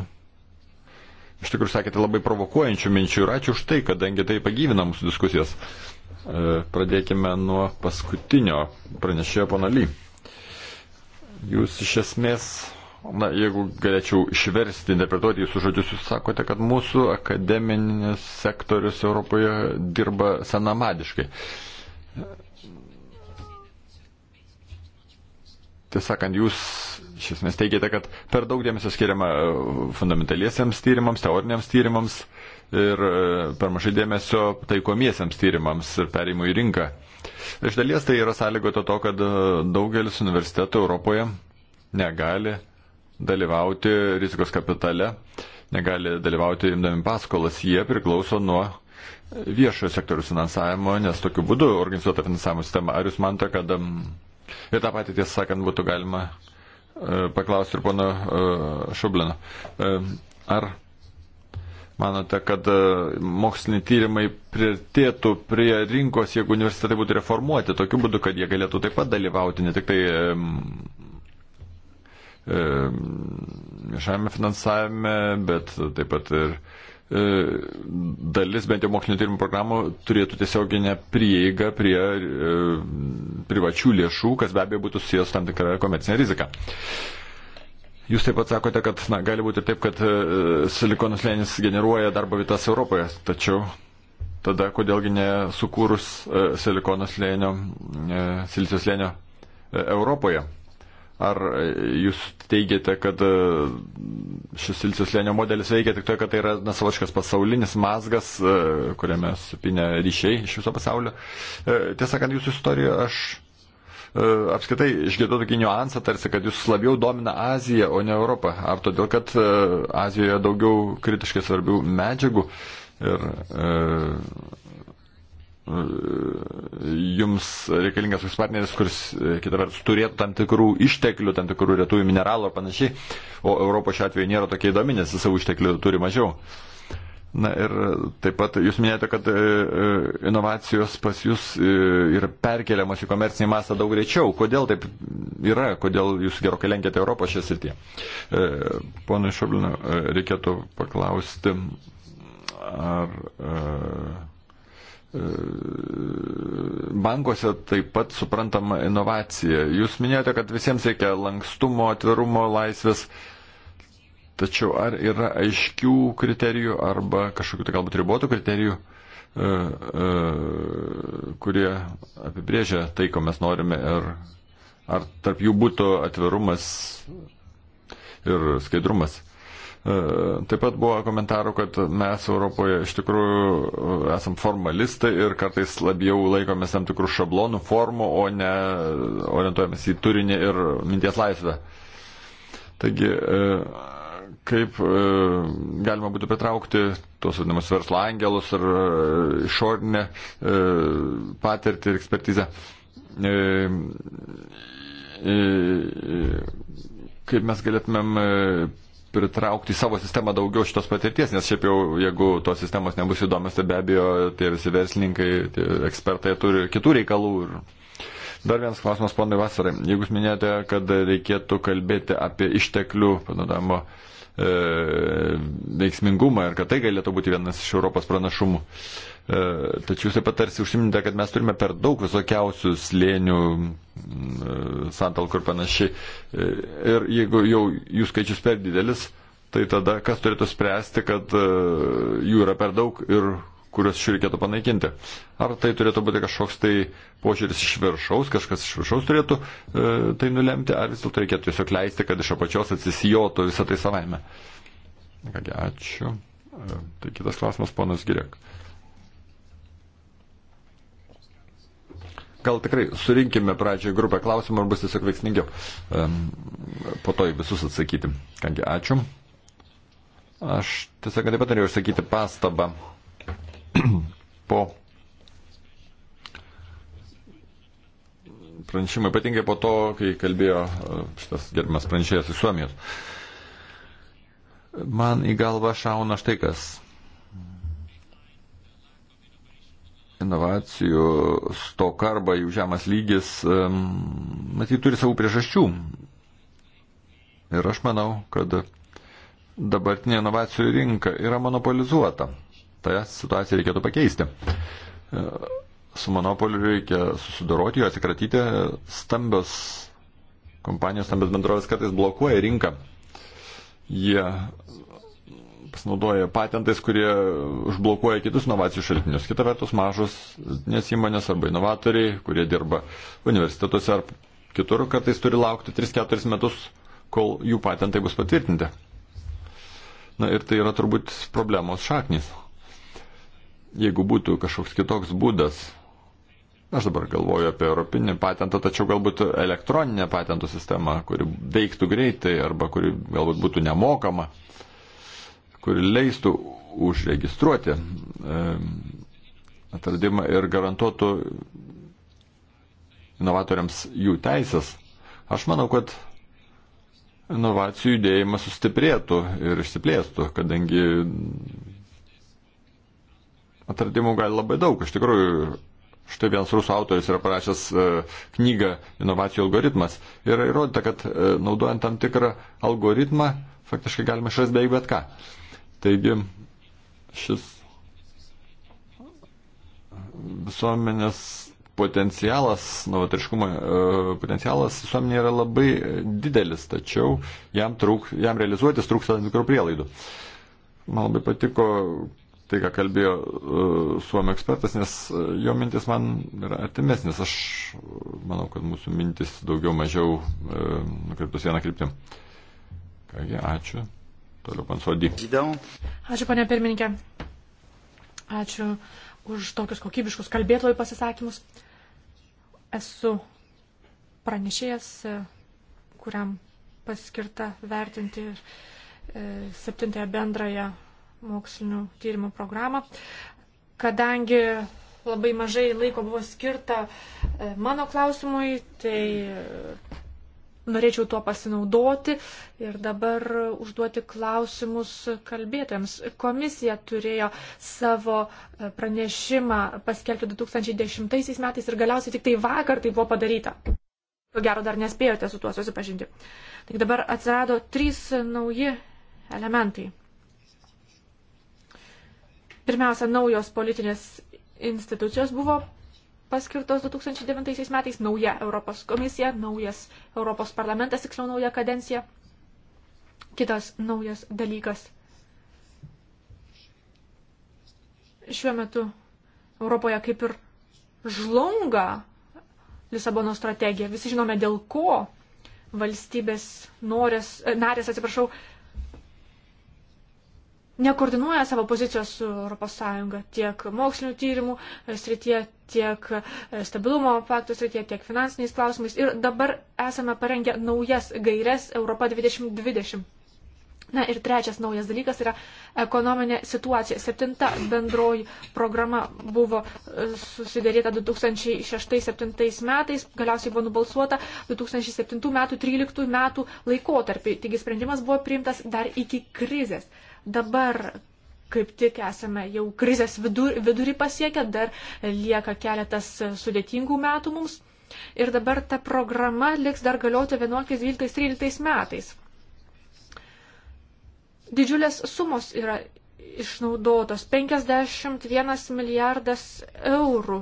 iš tikrųjų sakėte labai provokuojančių minčių ir ačiū už tai, kadangi tai pagyvina mūsų diskusijas. E, pradėkime nuo paskutinio pranešėjo panaly. Jūs iš esmės, na, jeigu galėčiau išversti, interpretuoti jūsų žodžius, jūs sakote, kad mūsų akademinis sektorius Europoje dirba senamadiškai. tiesąkant, jūs iš esmės teigiate, kad per daug dėmesio skiriama e, fundamentaliesiams tyrimams, teoriniams tyrimams ir e, per mažai dėmesio taikomiesiams tyrimams ir perimui į rinką. Iš dalies tai yra sąlygota to, kad e, daugelis universitetų Europoje negali dalyvauti rizikos kapitale, negali dalyvauti imdami paskolas, jie priklauso nuo viešojo sektoriaus finansavimo, nes tokiu būdu organizuota finansavimo sistema. Ar jūs manote, kad Ir tą patį, tiesą sakant, būtų galima e, paklausti ir pono e, Šublino. E, ar Manote, kad moksliniai tyrimai priartėtų prie rinkos, jeigu universitetai būtų reformuoti, tokiu būdu, kad jie galėtų taip pat dalyvauti, ne tik tai viešajame e, e, finansavime, bet taip pat ir e, E, dalis bent jau mokslinio tyrimų programų turėtų tiesioginę prieigą prie e, privačių lėšų, kas be abejo būtų susijęs tam tikrą komercinę riziką. Jūs taip pat sakote, kad na, gali būti taip, kad e, silikonus lėnis generuoja darbo vietas Europoje, tačiau tada kodėlgi nesukūrus e, silikonos lėnio, e, silicijos lėnio e, Europoje? Ar e, jūs teigiate, kad e, šis silicio slėnio modelis veikia tik to, kad tai yra nesavoškas pasaulinis mazgas, e, kuriame supinė ryšiai iš viso pasaulio? Tiesą sakant, jūsų istorijoje aš apskritai išgirdau tokį niuansą, tarsi, kad jūs labiau domina Aziją, o ne Europą. Ar todėl, kad Azijoje daugiau kritiškai svarbių medžiagų ir e, jums reikalingas toks partneris, kuris e, kitą vertus turėtų tam tikrų išteklių, tam tikrų retųjų mineralų ar panašiai, o Europo šiuo atveju nėra tokia įdomi, nes savo išteklių turi mažiau. Na ir e, taip pat jūs minėjote, kad e, inovacijos pas jūs yra perkeliamas į komercinį masą daug greičiau. Kodėl taip yra, kodėl jūs gerokai lenkėte Europą šią sritį? Pono Šoblino, reikėtų paklausti, ar bankuose taip pat suprantama inovacija. Jūs minėjote, kad visiems reikia lankstumo, atvirumo, laisvės. Tačiau ar yra aiškių kriterijų arba kažkokių tai galbūt ribotų kriterijų, e, e, kurie apibrėžia tai, ko mes norime ir ar tarp jų būtų atvirumas ir skaidrumas? E, taip pat buvo komentarų, kad mes Europoje iš tikrųjų e, esam formalistai ir kartais labiau laikomės tam tikrų šablonų formų, o ne orientuojamės į turinį ir minties laisvę. Taigi, e, kaip galima būtų pritraukti tuos vadinamus verslo angelus ir išorinę patirtį ir ekspertizę kaip mes galėtumėm pritraukti į savo sistemą daugiau šitos patirties, nes šiaip jau, jeigu tos sistemos nebus įdomios, tai be abejo tie visi verslininkai, tie ekspertai turi kitų reikalų. Ir... Dar vienas klausimas, ponai Vasarai. Jeigu jūs minėjote, kad reikėtų kalbėti apie išteklių panaudojimo e, veiksmingumą ir kad tai galėtų būti vienas iš Europos pranašumų. E, E, tačiau jūs taip pat tarsi užsiminėte, kad mes turime per daug visokiausių slėnių, e, santalkų ir panašiai. E, ir jeigu jau jų skaičius per didelis, tai tada kas turėtų spręsti, kad jų yra per daug ir kuriuos šių reikėtų panaikinti. Ar tai turėtų būti kažkoks tai požiūris iš viršaus, kažkas iš viršaus turėtų e, tai nulemti, ar vis dėlto reikėtų tiesiog leisti, kad iš apačios atsisijotų visą tai savaime. Kągi, ačiū. Tai kitas klausimas, ponas Girek. gal tikrai surinkime pradžioje grupę klausimų ir bus tiesiog veiksmingiau. Po to į visus atsakyti. Kągi, ačiū. Aš tiesiog taip pat norėjau išsakyti pastabą *clears throat* po pranešimą, ypatingai po to, kai kalbėjo e, šitas gerbimas pranešėjas iš Suomijos. Man į galvą šauna štai kas inovacijų stoka arba jų žemas lygis, matyt, turi savų priežasčių. Ir aš manau, kad dabartinė inovacijų rinka yra monopolizuota. Ta situacija reikėtų pakeisti. E, su monopoliu reikia susidoroti, jo atsikratyti. Stambios kompanijos, stambios bendrovės kartais blokuoja rinką. Jie pasinaudoja patentais, kurie užblokuoja kitus inovacijų šaltinius. Kita vertus, mažos nes įmonės arba inovatoriai, kurie dirba universitetuose ar kitur, kartais turi laukti 3-4 metus, kol jų patentai bus patvirtinti. Na ir tai yra turbūt problemos šaknis. Jeigu būtų kažkoks kitoks būdas, aš dabar galvoju apie europinį patentą, tačiau galbūt elektroninę patentų sistemą, kuri veiktų greitai arba kuri galbūt būtų nemokama, kuri leistų užregistruoti e, atradimą ir garantuotų inovatoriams jų teisės. Aš manau, kad inovacijų judėjimas sustiprėtų ir išsiplėstų, kadangi atradimų gali labai daug. Iš tikrųjų, štai vienas rusų autoris yra parašęs e, knygą Inovacijų algoritmas ir įrodyta, kad e, naudojant tam tikrą algoritmą faktiškai galima išrasti beveik bet ką. Taigi šis visuomenės potencialas, novatoriškumo e, potencialas visuomenėje yra labai didelis, tačiau jam, trūk, jam realizuotis trūksta tam tikrų prielaidų. Man labai patiko tai, ką kalbėjo e, suomio ekspertas, nes e, jo mintis man yra artimesnis. Aš manau, kad mūsų mintis daugiau mažiau nukreiptus vieną kryptimą. Kągi, ačiū. Toliau pansodį. Ačiū, panė pirmininkė. Ačiū už tokius kokybiškus kalbėtojų pasisakymus. Esu pranešėjas, kuriam paskirta vertinti e, septintąją bendrąją mokslinių tyrimų programą. Kadangi labai mažai laiko buvo skirta e, mano klausimui, tai norėčiau tuo pasinaudoti ir dabar užduoti klausimus kalbėtojams. Komisija turėjo savo e, pranešimą paskelbti 2010 metais ir galiausiai tik tai vakar tai buvo padaryta. Ko gero dar nespėjote su tuo susipažinti. Tik dabar atsirado trys nauji elementai. Pirmiausia, naujos politinės institucijos buvo paskirtos 2009 metais nauja Europos komisija, naujas Europos parlamentas, tiksliau nauja kadencija. Kitas naujas dalykas. Šiuo metu Europoje kaip ir žlunga Lisabono strategija. Visi žinome, dėl ko valstybės norės, e, narės, atsiprašau, nekoordinuoja savo pozicijos su ES tiek mokslinių tyrimų e, srityje, tiek e, stabilumo faktus rytie, tiek finansiniais klausimais. Ir dabar esame parengę naujas gairias Europa 2020. Na ir trečias naujas dalykas yra ekonominė situacija. Septinta bendroji programa buvo e, susidėrėta 2006-2007 metais, galiausiai buvo nubalsuota 2007 metų 13 metų laikotarpį. Taigi sprendimas buvo priimtas dar iki krizės. Dabar kaip tik esame jau krizės vidur, vidurį pasiekę, dar lieka keletas sudėtingų metų mums. Ir dabar ta programa liks dar galioti 11, 12, 13 metais. Didžiulės sumos yra išnaudotos - 51 milijardas eurų.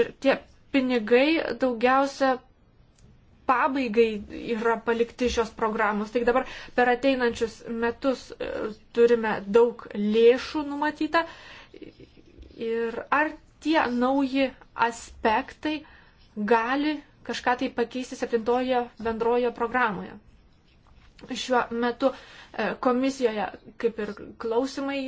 Ir tie pinigai daugiausia pabaigai yra palikti šios programos. Tik dabar per ateinančius metus e, turime daug lėšų numatyta. Ir ar tie nauji aspektai gali kažką tai pakeisti septintoje bendroje programoje? Šiuo metu e, komisijoje, kaip ir klausimai,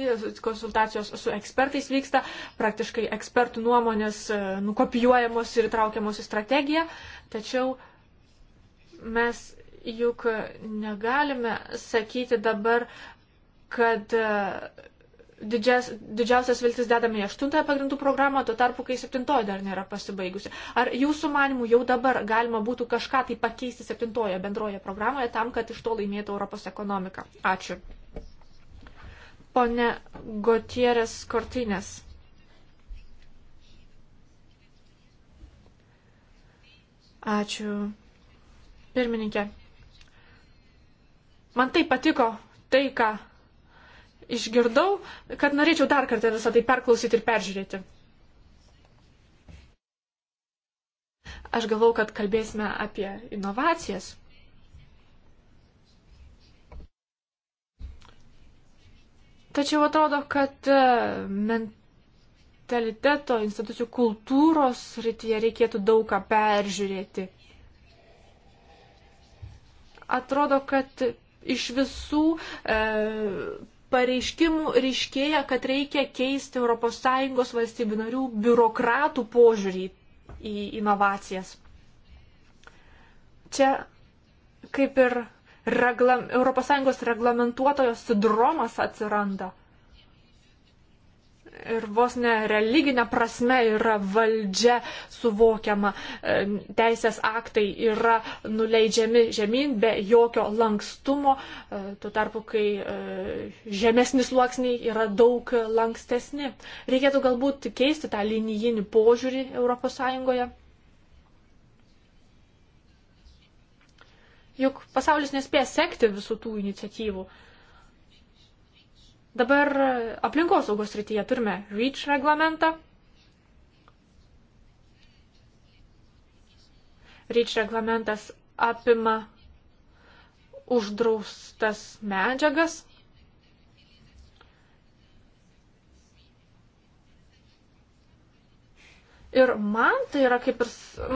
konsultacijos su ekspertais vyksta, praktiškai ekspertų nuomonės e, nukopijuojamos ir įtraukiamos į strategiją, tačiau uh, Mes juk negalime sakyti dabar, kad e, didžias, didžiausias viltis dedame į aštuntąją pagrindų programą, tuo tarpu, kai septintoji dar nėra pasibaigusi. Ar jūsų manimų jau dabar galima būtų kažką tai pakeisti septintoje bendroje programoje tam, kad iš to laimėtų Europos ekonomika? Ačiū. Pone Gotieres Kortinės. Ačiū. Pirmininkė, man taip patiko tai, ką išgirdau, kad norėčiau dar kartą visą tai perklausyti ir peržiūrėti. Aš galvau, kad kalbėsime apie inovacijas. Tačiau atrodo, kad e, mentaliteto institucijų kultūros rytyje reikėtų daug ką peržiūrėti atrodo, kad iš visų e, pareiškimų ryškėja, kad reikia keisti ES valstybių narių biurokratų požiūrį į inovacijas. Čia kaip ir reglam, ES reglamentuotojo sindromas atsiranda ir vos ne religinė prasme yra valdžia suvokiama, e, teisės aktai yra nuleidžiami žemyn be jokio lankstumo, e, tuo tarpu, kai e, žemesnis sluoksniai yra daug lankstesni. Reikėtų galbūt keisti tą linijinį požiūrį ES. Juk pasaulis nespėja sekti visų tų iniciatyvų. Uh, Dabar aplinkos saugos rytyje turime REACH reglamentą. REACH reglamentas apima uždraustas medžiagas. Ir man tai yra kaip ir,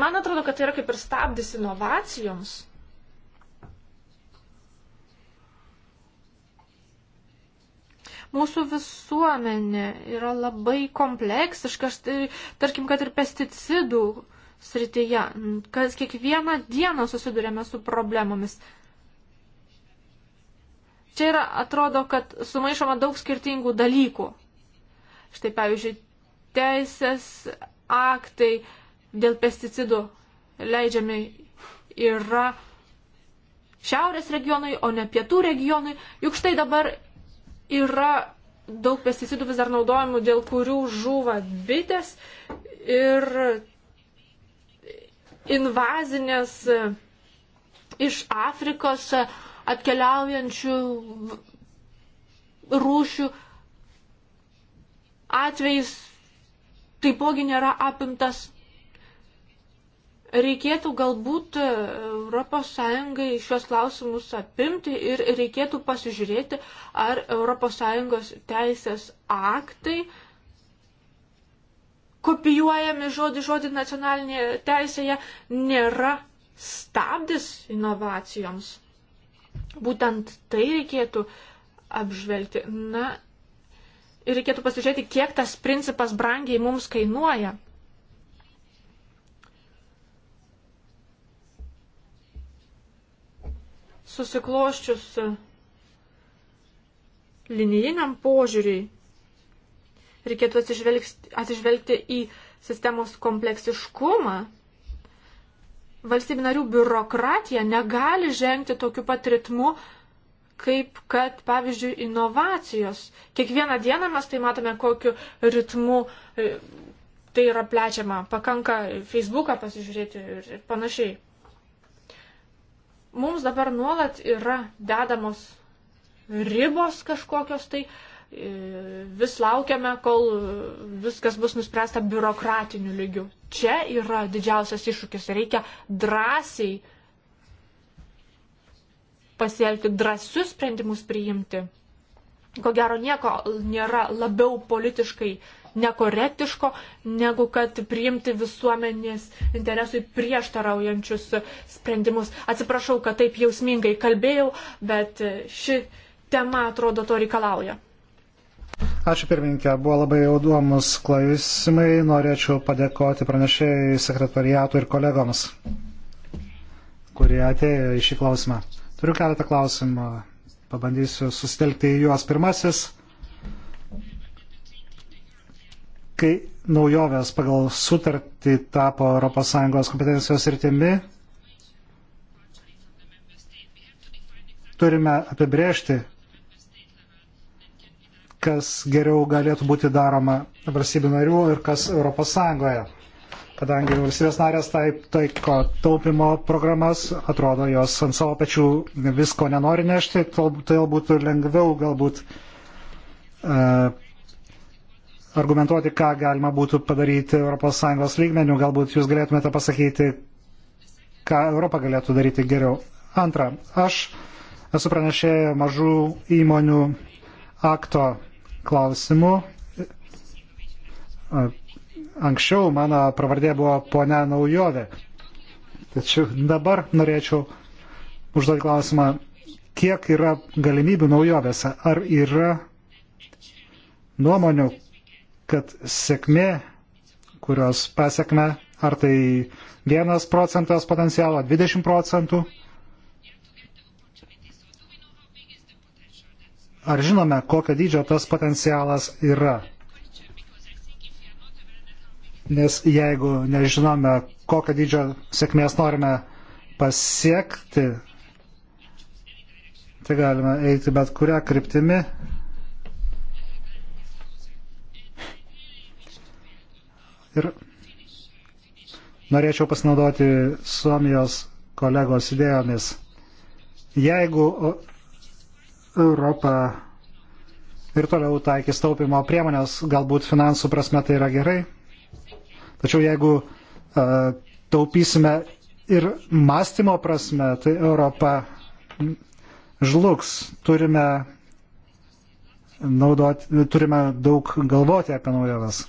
man atrodo, kad tai yra kaip ir stabdis inovacijoms. Mūsų visuomenė yra labai kompleksiška, tai, tarkim, kad ir pesticidų srityje, kas kiekvieną dieną susidurėme su problemomis. Čia yra, atrodo, kad sumaišoma daug skirtingų dalykų. Štai, pavyzdžiui, teisės aktai dėl pesticidų leidžiami yra šiaurės regionui, o ne pietų regionui. Juk štai dabar Yra daug pesticidų vis dar naudojimų, dėl kurių žūva bitės ir invazinės iš Afrikos atkeliaujančių rūšių atvejais taipogi nėra apimtas reikėtų galbūt ES šios klausimus apimti ir reikėtų pasižiūrėti, ar ES teisės aktai kopijuojami žodį žodį nacionalinėje teisėje nėra stabdis inovacijoms. Būtent tai reikėtų apžvelgti. Na, ir reikėtų pasižiūrėti, kiek tas principas brangiai mums kainuoja. susikloščius e, linijiniam požiūriui reikėtų atsižvelgti į sistemos kompleksiškumą. Valstybių narių biurokratija negali žengti tokiu pat ritmu, kaip kad, pavyzdžiui, inovacijos. Kiekvieną dieną mes tai matome, kokiu ritmu e, tai yra plečiama. Pakanka Facebooką pasižiūrėti ir panašiai mums dabar nuolat yra dedamos ribos kažkokios tai, e, vis laukiame, kol viskas bus nuspręsta biurokratiniu lygiu. Čia yra didžiausias iššūkis, reikia drąsiai pasielgti, drąsius sprendimus priimti. Ko gero nieko nėra labiau politiškai nekorektiško, negu kad priimti visuomenės interesui prieštaraujančius sprendimus. Atsiprašau, kad taip jausmingai kalbėjau, bet ši tema atrodo to reikalauja. Ačiū pirmininkė, buvo labai įdomus klausimai, norėčiau padėkoti pranešėjai sekretariatų ir kolegoms, kurie atėjo į šį klausimą. Turiu keletą klausimų, pabandysiu susitelkti į juos. Pirmasis kai naujovės pagal sutartį tapo ES kompetencijos rytimi, turime apibrėžti, kas geriau galėtų būti daroma valstybių narių ir kas ES. Kadangi valstybės narės taip taiko taupimo programas, atrodo, jos ant savo pečių visko nenori nešti, todėl būtų lengviau galbūt uh, argumentuoti, ką galima būtų padaryti ES lygmenių. Galbūt jūs galėtumėte pasakyti, ką Europa galėtų daryti geriau. Antra, aš esu pranešėję mažų įmonių akto klausimų. Anksčiau mano pravardė buvo ponia naujovė. Tačiau dabar norėčiau užduoti klausimą, kiek yra galimybių naujovėse. Ar yra nuomonių, kad sėkmė, kurios pasiekme, ar tai 1 procentas potencialo, 20 procentų, ar žinome, kokio dydžio tas potencialas yra. Nes jeigu nežinome, kokio dydžio sėkmės norime pasiekti, tai galime eiti bet kurią kryptimį Ir norėčiau pasinaudoti Suomijos kolegos idėjomis. Jeigu Europa ir toliau taikys taupimo priemonės, galbūt finansų prasme tai yra gerai, tačiau jeigu uh, taupysime ir mąstymo prasme, tai Europa žlugs. Turime, naudoti, turime daug galvoti apie naujoves.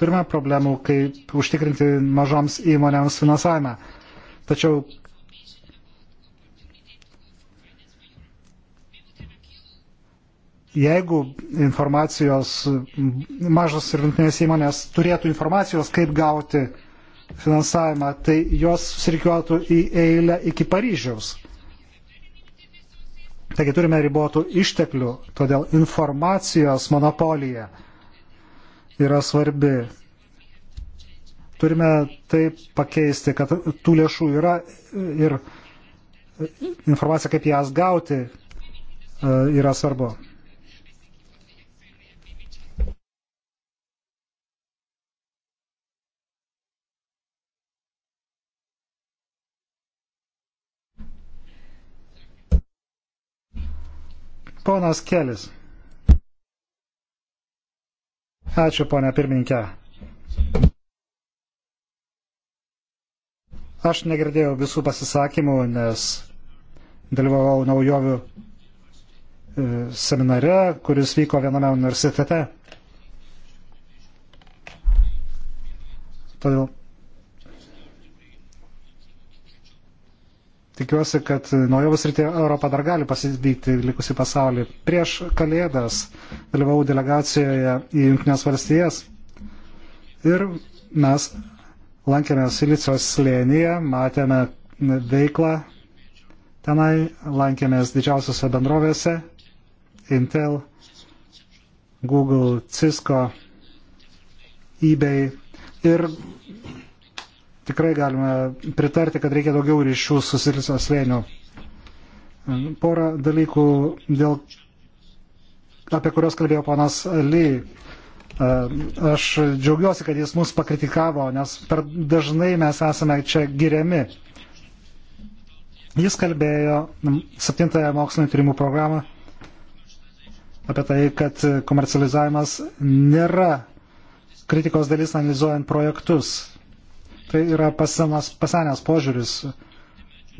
Turime problemų, kaip užtikrinti mažoms įmonėms finansavimą. Tačiau jeigu informacijos mažos ir vintinės įmonės turėtų informacijos, kaip gauti finansavimą, tai jos susirikiuotų į eilę iki Paryžiaus. Taigi turime ribotų išteklių, todėl informacijos monopolija yra svarbi. Turime tai pakeisti, kad tų lėšų yra ir informacija, kaip jas gauti, e, yra svarbu. Ponas Kelis. Ačiū, ponia pirminkė. Aš negirdėjau visų pasisakymų, nes dalyvavau naujovių e, seminare, kuris vyko viename universitete. Todėl Tikiuosi, kad naujovus rytė Europą dar gali pasivykti likusi pasaulį. Prieš kalėdas dalyvau delegacijoje į Junktinės valstijas ir mes lankėmės Silicijos slėnyje, matėme veiklą tenai, lankėmės didžiausiose bendrovėse Intel, Google, Cisco, eBay ir tikrai galime pritarti, kad reikia daugiau ryšių su silicio slėniu. Porą dalykų, dėl, apie kuriuos kalbėjo ponas Ly. E, aš džiaugiuosi, kad jis mus pakritikavo, nes per dažnai mes esame čia giriami. Jis kalbėjo 7-ąją mokslinio tyrimų programą apie tai, kad komercializavimas nėra kritikos dalis analizuojant projektus. Tai yra pasenas, pasenęs požiūris.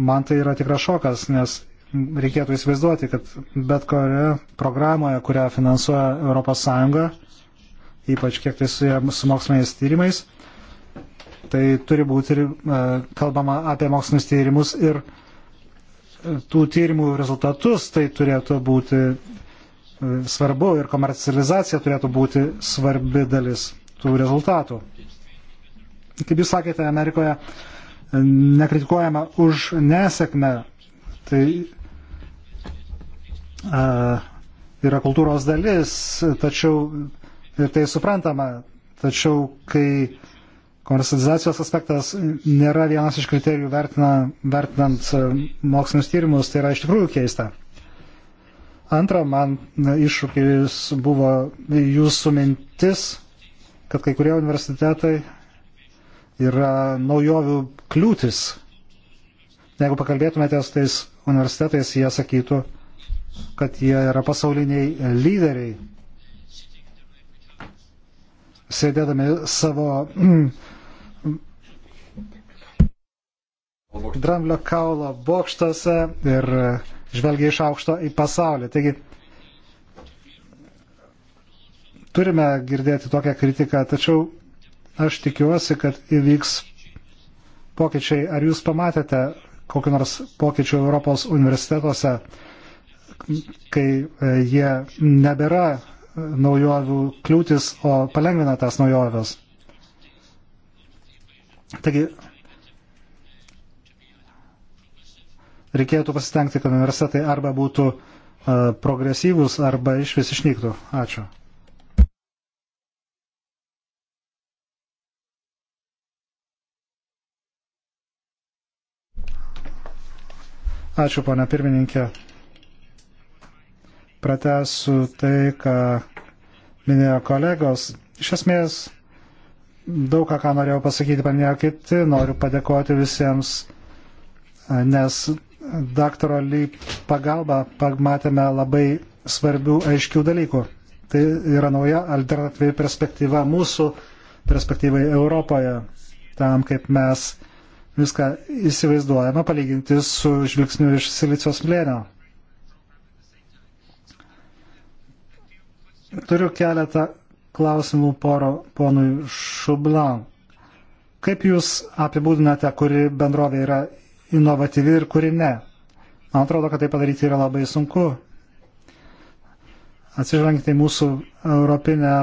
Man tai yra tikras šokas, nes reikėtų įsivaizduoti, kad bet kurioje programoje, kurią finansuoja ES, ypač kiek tai su, su moksliniais tyrimais, tai turi būti ir, e, kalbama apie mokslinius tyrimus ir e, tų tyrimų rezultatus, tai turėtų būti e, svarbu ir komercializacija turėtų būti svarbi dalis tų rezultatų. Kaip jūs sakėte, Amerikoje e, nekritikuojama už nesėkmę. Tai a, e, yra kultūros dalis, tačiau ir tai suprantama. Tačiau, kai komercializacijos aspektas nėra vienas iš kriterijų vertina, vertinant e, mokslinius tyrimus, tai yra iš tikrųjų keista. Antra, man iššūkis buvo jūsų mintis, kad kai kurie universitetai yra naujovių kliūtis. Jeigu pakalbėtumėte su tais universitetais, jie sakytų, kad jie yra pasauliniai lyderiai. Sėdėdami savo mm, dramblio kaulo bokštuose ir žvelgia iš aukšto į pasaulį. Taigi turime girdėti tokią kritiką, tačiau Aš tikiuosi, kad įvyks pokyčiai. Ar jūs pamatėte kokiu nors pokyčiu Europos universitetuose, kai e, jie nebėra e, naujovių kliūtis, o palengvina tas naujovės? Taigi, reikėtų pasitengti, kad universitetai arba būtų e, progresyvus, arba iš vis išnyktų. Ačiū. Ačiū, ponia pirmininkė. Pratesu tai, ką minėjo kolegos. Iš esmės, daug ką, ką norėjau pasakyti, paminėjo kiti. Noriu padėkoti visiems, nes daktaro Ly pagalba pamatėme labai svarbių aiškių dalykų. Tai yra nauja alternatyvi perspektyva mūsų perspektyvai Europoje, tam kaip mes viską įsivaizduojama palyginti su žvilgsniu iš silicijos slėnio. Turiu keletą klausimų poro ponui Šublan. Kaip Jūs apibūdinate, kuri bendrovė yra inovatyvi ir kuri ne? Man atrodo, kad tai padaryti yra labai sunku. Atsižvelgti į mūsų europinę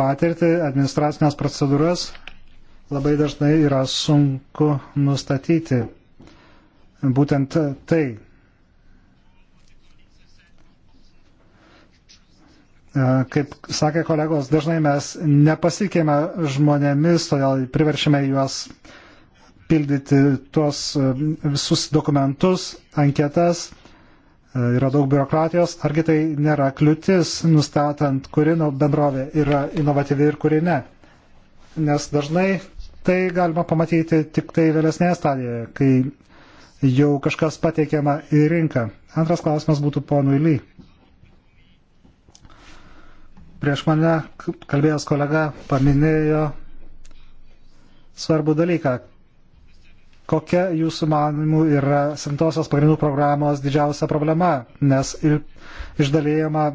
patirtį, administracinės procedūras, labai dažnai yra sunku nustatyti būtent tai. E, kaip sakė kolegos, dažnai mes nepasikėme žmonėmis, todėl priveršime juos pildyti tuos e, visus dokumentus, anketas, e, yra daug biurokratijos, argi tai nėra kliūtis nustatant, kuri nu, bendrovė yra inovatyvi ir kuri ne. Nes dažnai tai galima pamatyti tik tai vėlesnėje stadijoje, kai jau kažkas pateikiama į rinką. Antras klausimas būtų ponui Ly. Prieš mane kalbėjęs kolega paminėjo svarbų dalyką. Kokia jūsų manimų yra simtosios pagrindų programos didžiausia problema, nes išdalėjama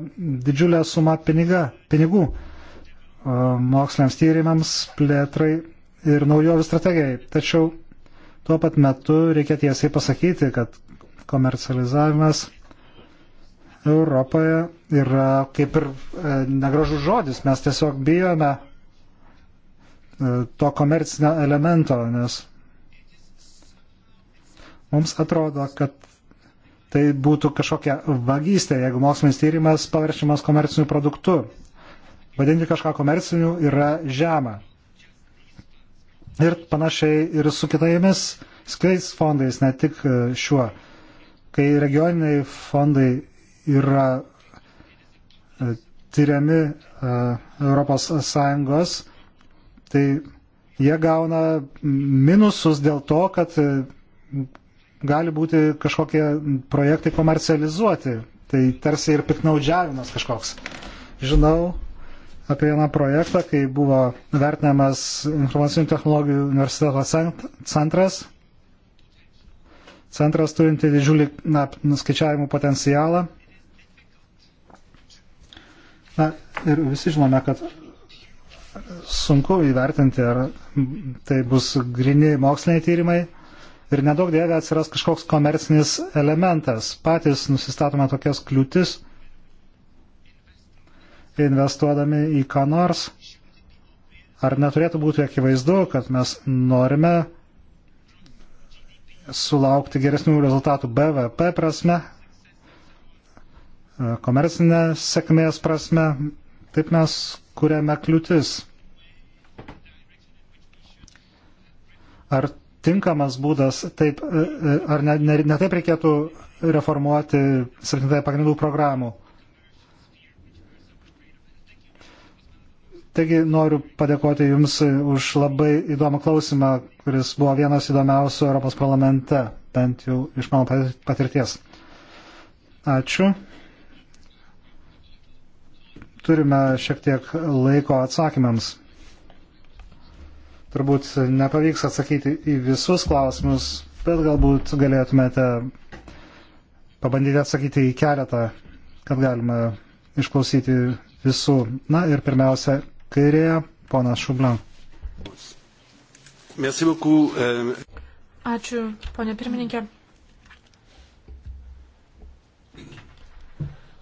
didžiulė suma piniga, pinigų moksliniams tyrimams, plėtrai ir naujovių strategijai. Tačiau tuo pat metu reikia tiesiai pasakyti, kad komercializavimas Europoje yra kaip ir e, negražus žodis. Mes tiesiog bijome e, to komercinio elemento, nes mums atrodo, kad tai būtų kažkokia vagystė, jeigu mokslinis tyrimas paverčiamas komerciniu produktu. Vadinti kažką komerciniu yra žema ir panašiai ir su kitomis skleis fondais, ne tik e, šiuo. Kai regioniniai fondai yra e, tyriami ES, tai jie gauna minusus dėl to, kad e, gali būti kažkokie projektai komercializuoti. Tai tarsi ir piknaudžiavimas kažkoks. Žinau, apie vieną projektą, kai buvo vertinamas informacinių technologijų universiteto centras, centras turinti didžiulį na, nuskaičiavimų potencialą. Na, ir visi žinome, kad sunku įvertinti, ar tai bus grini moksliniai tyrimai. Ir nedaug dėvė atsiras kažkoks komercinis elementas. Patys nusistatome tokias kliūtis, investuodami į ką nors, ar neturėtų būti akivaizdu, kad mes norime sulaukti geresnių rezultatų BVP prasme, e, komercinė sėkmės prasme, taip mes kuriame kliūtis. Ar tinkamas būdas taip, e, e, ar ne, ne, ne taip reikėtų reformuoti 7 pagrindų programų? Taigi noriu padėkoti Jums už labai įdomų klausimą, kuris buvo vienas įdomiausių Europos parlamente, bent jau iš mano patirties. Ačiū. Turime šiek tiek laiko atsakymams. Turbūt nepavyks atsakyti į visus klausimus, bet galbūt galėtumėte pabandyti atsakyti į keletą, kad galime išklausyti visų. Na ir pirmiausia, kairėje, ponas Šublan. Euh, Ačiū, ponė pirmininkė.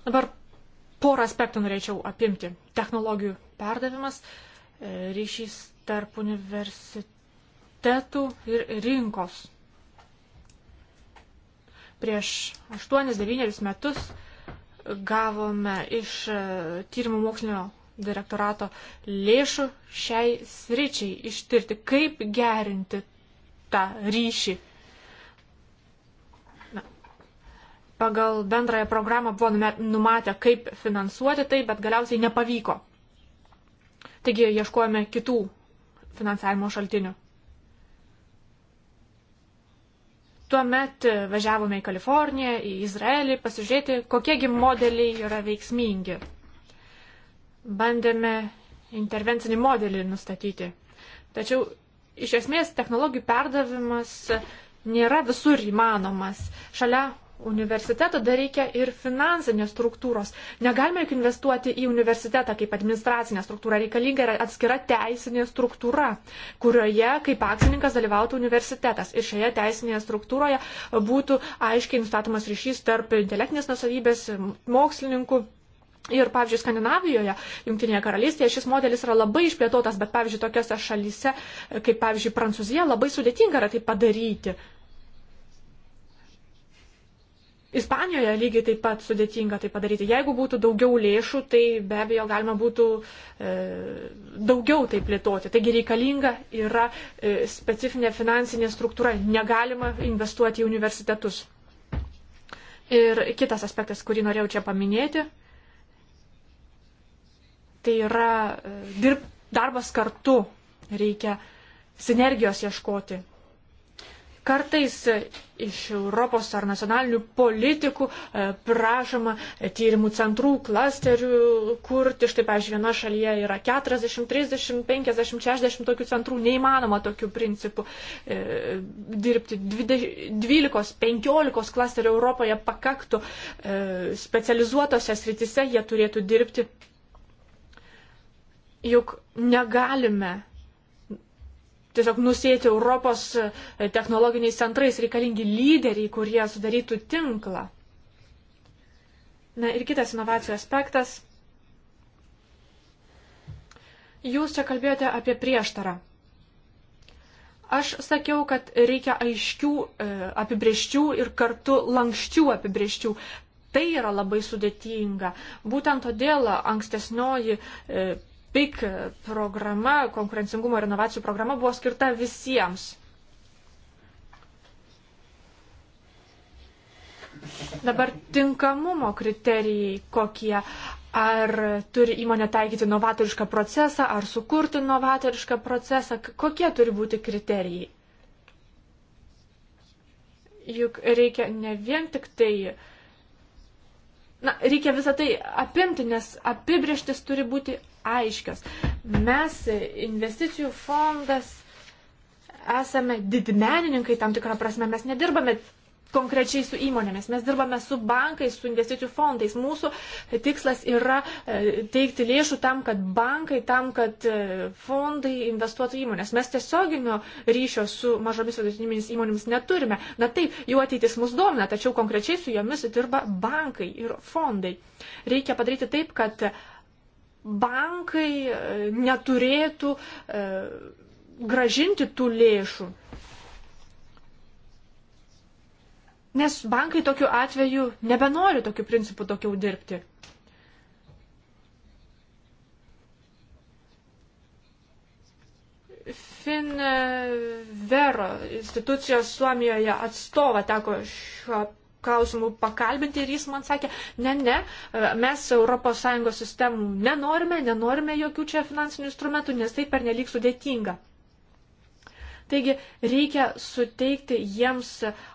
Dabar porą aspektų norėčiau apimti. Technologijų perdavimas, e, ryšys tarp universitetų ir rinkos. Prieš 8-9 metus gavome iš e, tyrimų mokslinio direktorato lėšų šiai sričiai ištirti, kaip gerinti tą ryšį. Na, pagal bendrąją programą buvo numatę, kaip finansuoti tai, bet galiausiai nepavyko. Taigi ieškojame kitų finansavimo šaltinių. Tuomet važiavome į Kaliforniją, į Izraelį, pasižiūrėti, kokiegi modeliai yra veiksmingi bandėme intervencinį modelį nustatyti. Tačiau iš esmės technologijų perdavimas nėra visur įmanomas. Šalia universiteto dar reikia ir finansinės struktūros. Negalime juk investuoti į universitetą kaip administracinę struktūrą. Reikalinga yra atskira teisinė struktūra, kurioje kaip akcininkas dalyvautų universitetas. Ir šioje teisinėje struktūroje būtų aiškiai nustatomas ryšys tarp intelektinės nusavybės, mokslininkų Ir, pavyzdžiui, Skandinavijoje, Junktinėje karalystėje šis modelis yra labai išplėtotas, bet, pavyzdžiui, tokiose šalyse, e, kaip, pavyzdžiui, Prancūzija, labai sudėtinga yra tai padaryti. Ispanijoje lygiai taip pat sudėtinga tai padaryti. Jeigu būtų daugiau lėšų, tai be abejo galima būtų e, daugiau tai plėtoti. Taigi reikalinga yra e, specifinė finansinė struktūra. Negalima investuoti į universitetus. Ir kitas aspektas, kurį norėjau čia paminėti, Tai yra e, dirb, darbas kartu, reikia sinergijos ieškoti. Kartais e, iš Europos ar nacionalinių politikų e, prašoma tyrimų centrų, klasterių kurti. Štai, pavyzdžiui, viena šalyje yra 40, 30, 50, 60 tokių centrų. Neįmanoma tokiu principu dirbti. 12, 15 klasterių Europoje pakaktų. Specializuotose sritise jie turėtų dirbti juk negalime tiesiog nusėti Europos technologiniais centrais reikalingi lyderiai, kurie sudarytų tinklą. Na ir kitas inovacijų aspektas. Jūs čia kalbėjote apie prieštarą. Aš sakiau, kad reikia aiškių e, apibrieščių ir kartu lankščių apibrieščių. Tai yra labai sudėtinga. Būtent todėl ankstesnioji e, PIK programa, konkurencingumo ir inovacijų programa buvo skirta visiems. Dabar tinkamumo kriterijai kokie. Ar turi įmonė taikyti novatorišką procesą, ar sukurti novatorišką procesą, kokie turi būti kriterijai. Juk reikia ne vien tik tai na, reikia visą tai apimti, nes apibrieštis turi būti aiškios. Mes, investicijų fondas, esame didmenininkai tam tikrą prasme, mes nedirbame konkrečiai su įmonėmis. Mes dirbame su bankais, su investicijų fondais. Mūsų tikslas yra e, teikti lėšų tam, kad bankai, tam, kad e, fondai investuotų įmonės. Mes tiesioginio ryšio su mažomis vidutinėmis įmonėmis neturime. Na taip, jų ateitis mus domina, tačiau konkrečiai su jomis dirba bankai ir fondai. Reikia padaryti taip, kad bankai e, neturėtų e, gražinti tų lėšų. Nes bankai tokiu atveju nebenori tokiu principu tokiau dirbti. Finvero institucijos Suomijoje atstovą teko šio klausimų pakalbinti ir jis man sakė, ne, ne, mes ES sistemų nenorime, nenorime jokių čia finansinių instrumentų, nes tai pernelik sudėtinga. Taigi reikia suteikti jiems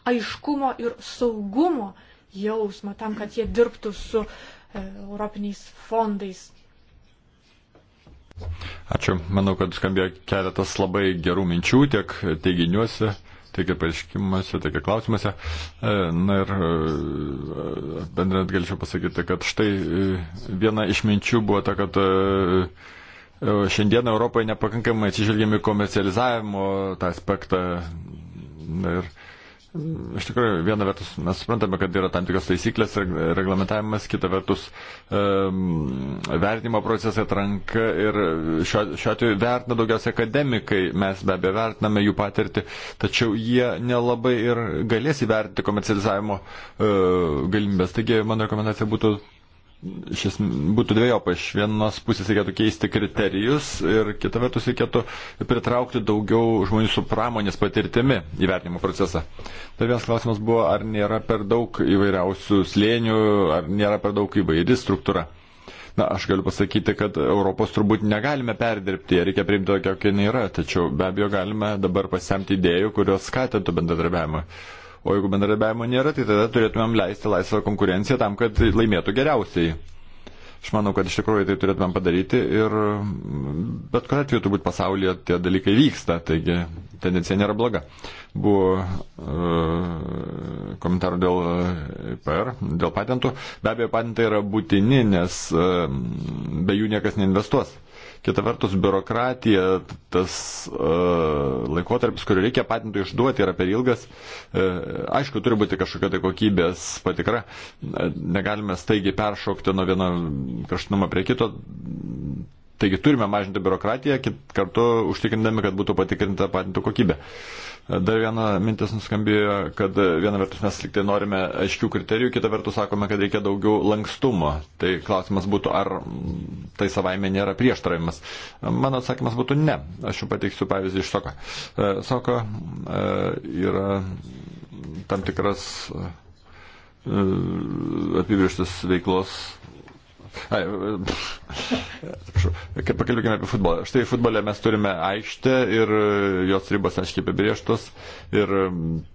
aiškumo ir saugumo jausmo tam, kad jie dirbtų su e, europiniais fondais. Ačiū. Manau, kad skambėjo keletas labai gerų minčių tiek teiginiuose, tiek ir pareiškimuose, tiek ir klausimuose. E, na ir e, bendrant galėčiau pasakyti, kad štai e, viena iš minčių buvo ta, kad šiandien Europoje nepakankamai atsižvelgiami komercializavimo tą aspektą. Na ir Iš tikrųjų, viena vertus mes suprantame, kad yra tam tikras taisyklės, reglamentavimas, kita vertus e, vertinimo procesai atranka ir šiuo, šiuo atveju vertina daugiausiai akademikai, mes be abejo vertiname jų patirtį, tačiau jie nelabai ir galės įvertinti komercializavimo e, galimybės. Taigi mano rekomendacija būtų iš esmės būtų dviejopa. Iš vienos pusės reikėtų keisti kriterijus ir kita vertus reikėtų pritraukti daugiau žmonių su pramonės patirtimi įvertinimo procesą. Tai vienas klausimas buvo, ar nėra per daug įvairiausių slėnių, ar nėra per daug įvairi struktūra. Na, aš galiu pasakyti, kad Europos turbūt negalime perdirbti, ją reikia priimti tokia, kokia jinai yra, tačiau be abejo galime dabar pasiemti idėjų, kurios skatintų bendradarbiavimą. O jeigu bendradarbiavimo nėra, tai tada turėtumėm leisti laisvą konkurenciją tam, kad laimėtų geriausiai. Aš manau, kad iš tikrųjų tai turėtumėm padaryti ir bet kuriuo atveju turbūt pasaulyje tie dalykai vyksta, taigi tendencija nėra bloga. Buvo e, komentarų dėl e, PR, dėl patentų. Be abejo, patentai yra būtini, nes e, be jų niekas neinvestuos. Kita vertus, biurokratija, tas uh, laikotarpis, kurį reikia patentų išduoti, yra per ilgas. Uh, aišku, turi būti kažkokia tai kokybės patikra. Uh, negalime staigiai peršokti nuo vieno kraštinumo prie kito. Taigi turime mažinti biurokratiją, kartu užtikrindami, kad būtų patikrinta patentų kokybė. Uh, Dar viena mintis nuskambėjo, kad viena vertus mes liktai norime aiškių kriterijų, kita vertus sakome, kad reikia daugiau lankstumo. Tai klausimas būtų, ar tai savaime nėra prieštaravimas. Mano atsakymas būtų ne. Aš jau pateiksiu pavyzdį iš Soko. E, Soko e, yra tam tikras e, apibrieštas veiklos Ai, atsiprašau, kaip pakalbėkime apie futbolą. Štai futbole mes turime aikštę ir e, jos ribos aiškiai apibrieštos ir e,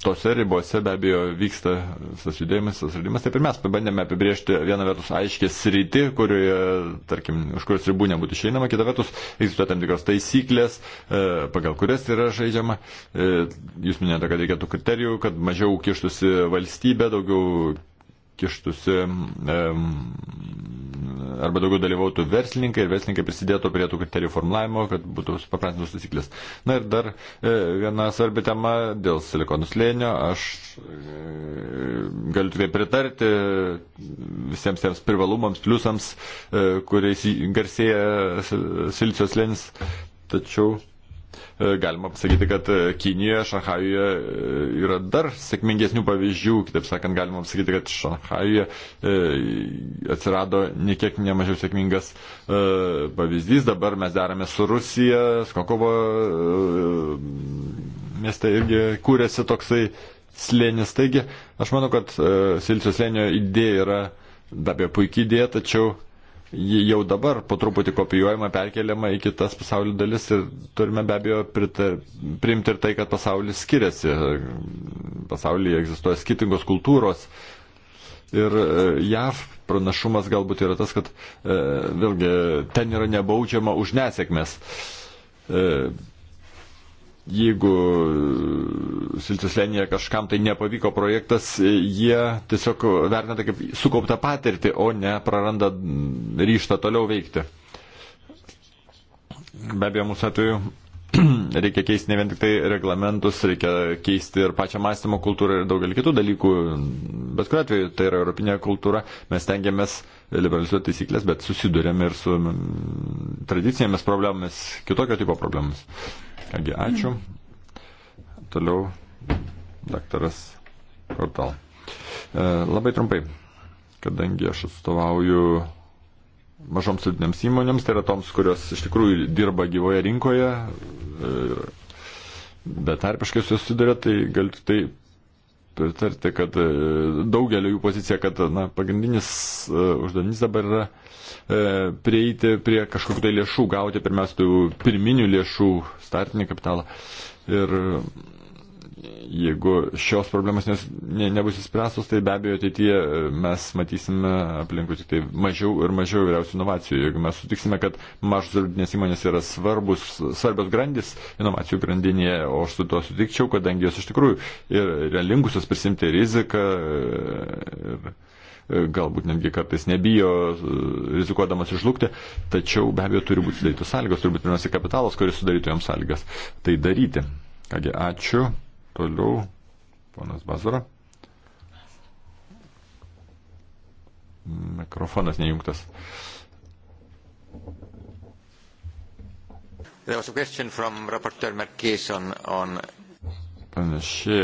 tose ribose be abejo vyksta visas judėjimas, visas žaidimas. Taip ir mes pabandėme apibriežti vieną vertus aiškę sritį, kurioje, tarkim, už kurios ribų nebūtų išeinama, kita vertus egzistuoja tam tikros taisyklės, e, pagal kurias yra žaidžiama. Jūs minėjote, kad reikėtų kriterijų, kad mažiau kištusi valstybė, daugiau kištusi arba daugiau dalyvautų verslininkai ir verslininkai prisidėtų prie tų kriterijų formulavimo, kad būtų supaprastintos taisyklės. Na ir dar e, viena svarbi tema dėl silikonų slėnio. Aš e, galiu tikrai pritarti visiems tiems privalumams, pliusams, e, kuriais garsėja silicijos slėnis. Tačiau E, galima pasakyti, kad e, Kinijoje, Šanhajuje e, yra dar sėkmingesnių pavyzdžių. Kitaip sakant, galima pasakyti, kad Šanhajuje atsirado niekiek nemažiau sėkmingas pavyzdys. Dabar mes darome su Rusija, Skokovo mieste irgi kūrėsi toksai slėnis. Taigi, aš manau, kad Silicijos slėnio idėja yra be abejo puikiai idėja, tačiau ji jau dabar po truputį kopijuojama, perkeliama į kitas pasaulio dalis ir turime be abejo pritar, priimti ir tai, kad pasaulis skiriasi. Pasaulyje egzistuoja skirtingos kultūros. Ir e, JAV pranašumas galbūt yra tas, kad e, vėlgi ten yra nebaudžiama už nesėkmės. E, jeigu Silcijos linija kažkam tai nepavyko projektas, jie tiesiog vertina tai kaip sukauptą patirtį, o ne praranda ryštą toliau veikti. Be abejo, mūsų atveju *clears throat* reikia keisti ne vien tik tai reglamentus, reikia keisti ir pačią mąstymo kultūrą ir daugelį kitų dalykų. Bet kuriuo atveju tai yra europinė kultūra, mes tengiamės liberalizuoti taisyklės, bet susidurėm ir su tradicinėmis problemomis, kitokio tipo problemomis. Kągi, ačiū. Toliau daktaras Kortal. E, labai trumpai, kadangi aš atstovauju mažoms silpnėms įmonėms, tai yra toms, kurios iš tikrųjų dirba gyvoje rinkoje, e, betarpiškai su jais susiduria, tai galiu tai pritarti, kad e, daugelio jų pozicija, kad na, pagrindinis uždavinys dabar yra E, prieiti prie kažkokių tai lėšų, gauti pirmiausia tų pirminių lėšų, startinį kapitalą. Ir jeigu šios problemas nes, ne, nebus įspręstos, tai be abejo ateityje e, mes matysime aplinkui tik tai mažiau ir mažiau įvairiausių inovacijų. Jeigu mes sutiksime, kad mažos ir vidutinės įmonės yra svarbus, svarbios grandis inovacijų grandinėje, o aš su to sutikčiau, kadangi jos iš tikrųjų yra linkusios prisimti riziką. E, ir, E, galbūt netgi kartais nebijo, e, rizikuodamas išlūkti, tačiau be abejo turi būti sudarytos sąlygos, turi būti pirmiausia kapitalas, kuris sudarytų jam sąlygas tai daryti. Kągi, ačiū. Toliau, ponas Bazara. Mikrofonas nejungtas. There was a question from Rapporteur Marquez on, on Panaši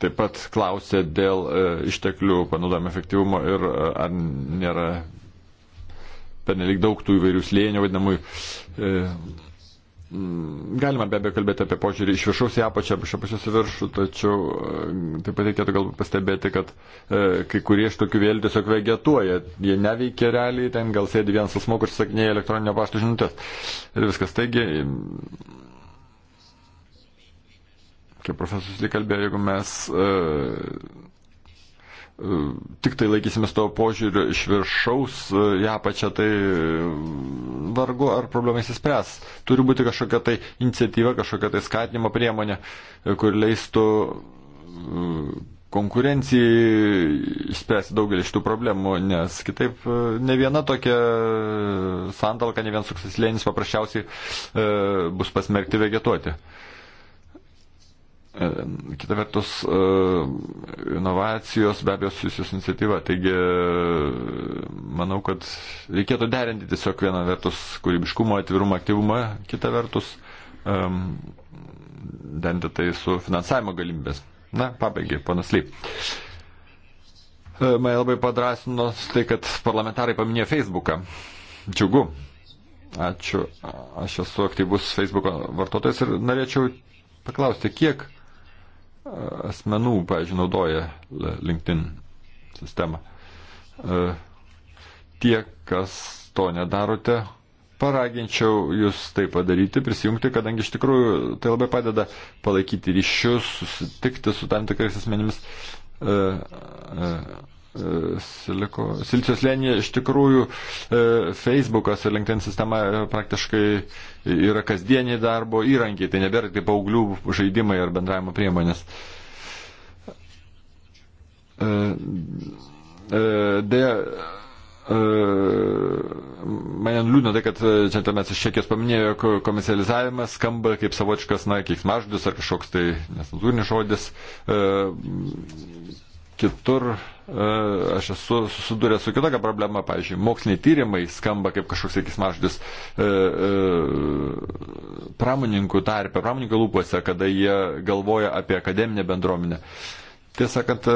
taip pat klausė dėl e, išteklių panaudojimo efektyvumo ir e, ar nėra pernelik daug tų įvairių slėnių vadinamųjų. E, galima be abejo kalbėti apie požiūrį iš viršaus į apačią, iš apačios į viršų, tačiau taip pat reikėtų galbūt pastebėti, kad e, kai kurie iš tokių vėl tiesiog vegetuoja, jie neveikia realiai, ten gal sėdi vienas asmo, kuris sakinėja elektroninio pašto žinutės ir viskas. Taigi kaip profesorius įkalbėjo, tai jeigu mes e, e, tik tai laikysimės to požiūrio iš viršaus e, į apačią, tai vargu ar problemai įsispręs. Turi būti kažkokia tai iniciatyva, kažkokia tai skatinimo priemonė, kur leistų konkurencijai išspręsti daugelį šitų problemų, nes kitaip ne viena tokia sandalka, ne vien suksis lėnis paprasčiausiai bus pasmerkti vegetuoti. Uh, E, kita vertus, e, inovacijos be abejo susijusios iniciatyva. Taigi, e, manau, kad reikėtų derinti tiesiog vieną vertus kūrybiškumą, atvirumą, aktyvumą, kitą vertus derinti tai su finansavimo galimybės. Na, pabaigai, panas Lyp. Mane labai padrasino tai, kad parlamentarai paminėjo Facebooką. Džiugu. Ačiū. Aš esu aktyvus Facebooko vartotojas ir norėčiau paklausti, kiek uh, asmenų, pavyzdžiui, naudoja LinkedIn sistemą. E, tie, kas to nedarote, paraginčiau jūs tai padaryti, prisijungti, kadangi iš tikrųjų tai labai padeda palaikyti ryšius, susitikti su tam tikrais asmenimis. E, e, E, siliko, silicio slėnyje iš tikrųjų e, Facebookas ir LinkedIn sistema e, praktiškai yra kasdieniai darbo įrankiai, tai nebėra tik paauglių žaidimai ar bendravimo priemonės. Deja, mane liūdna tai, kad čia tuomet iš Čekijos paminėjo, komercializavimas skamba kaip savotiškas, na, keiksmažodis ar kažkoks tai nesnatūrinis žodis kitur e, aš esu susidūręs su kitokia problema, pavyzdžiui, moksliniai tyrimai skamba kaip kažkoks, sakys, maždis e, e, pramoninkų tarpe, pramoninkų lūpose, kada jie galvoja apie akademinę bendruomenę. Tiesą sakant, e,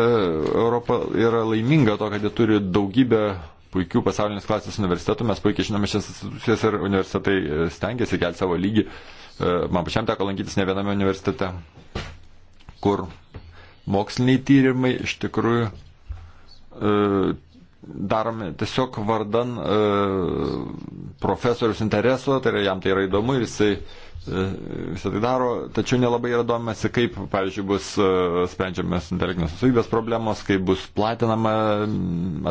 Europa yra laiminga to, kad jie turi daugybę puikių pasaulinės klasės universitetų, mes puikiai žinome šias institucijas ir universitetai e, stengiasi kelti savo lygį. Man pačiam teko lankytis ne viename universitete, kur moksliniai tyrimai iš tikrųjų e, daromi tiesiog vardan e, profesorius intereso, tai yra jam tai yra įdomu ir jisai e, visą tai daro, tačiau nelabai yra domasi, kaip, pavyzdžiui, bus sprendžiamas intelektinės nusavybės problemos, kaip bus platinama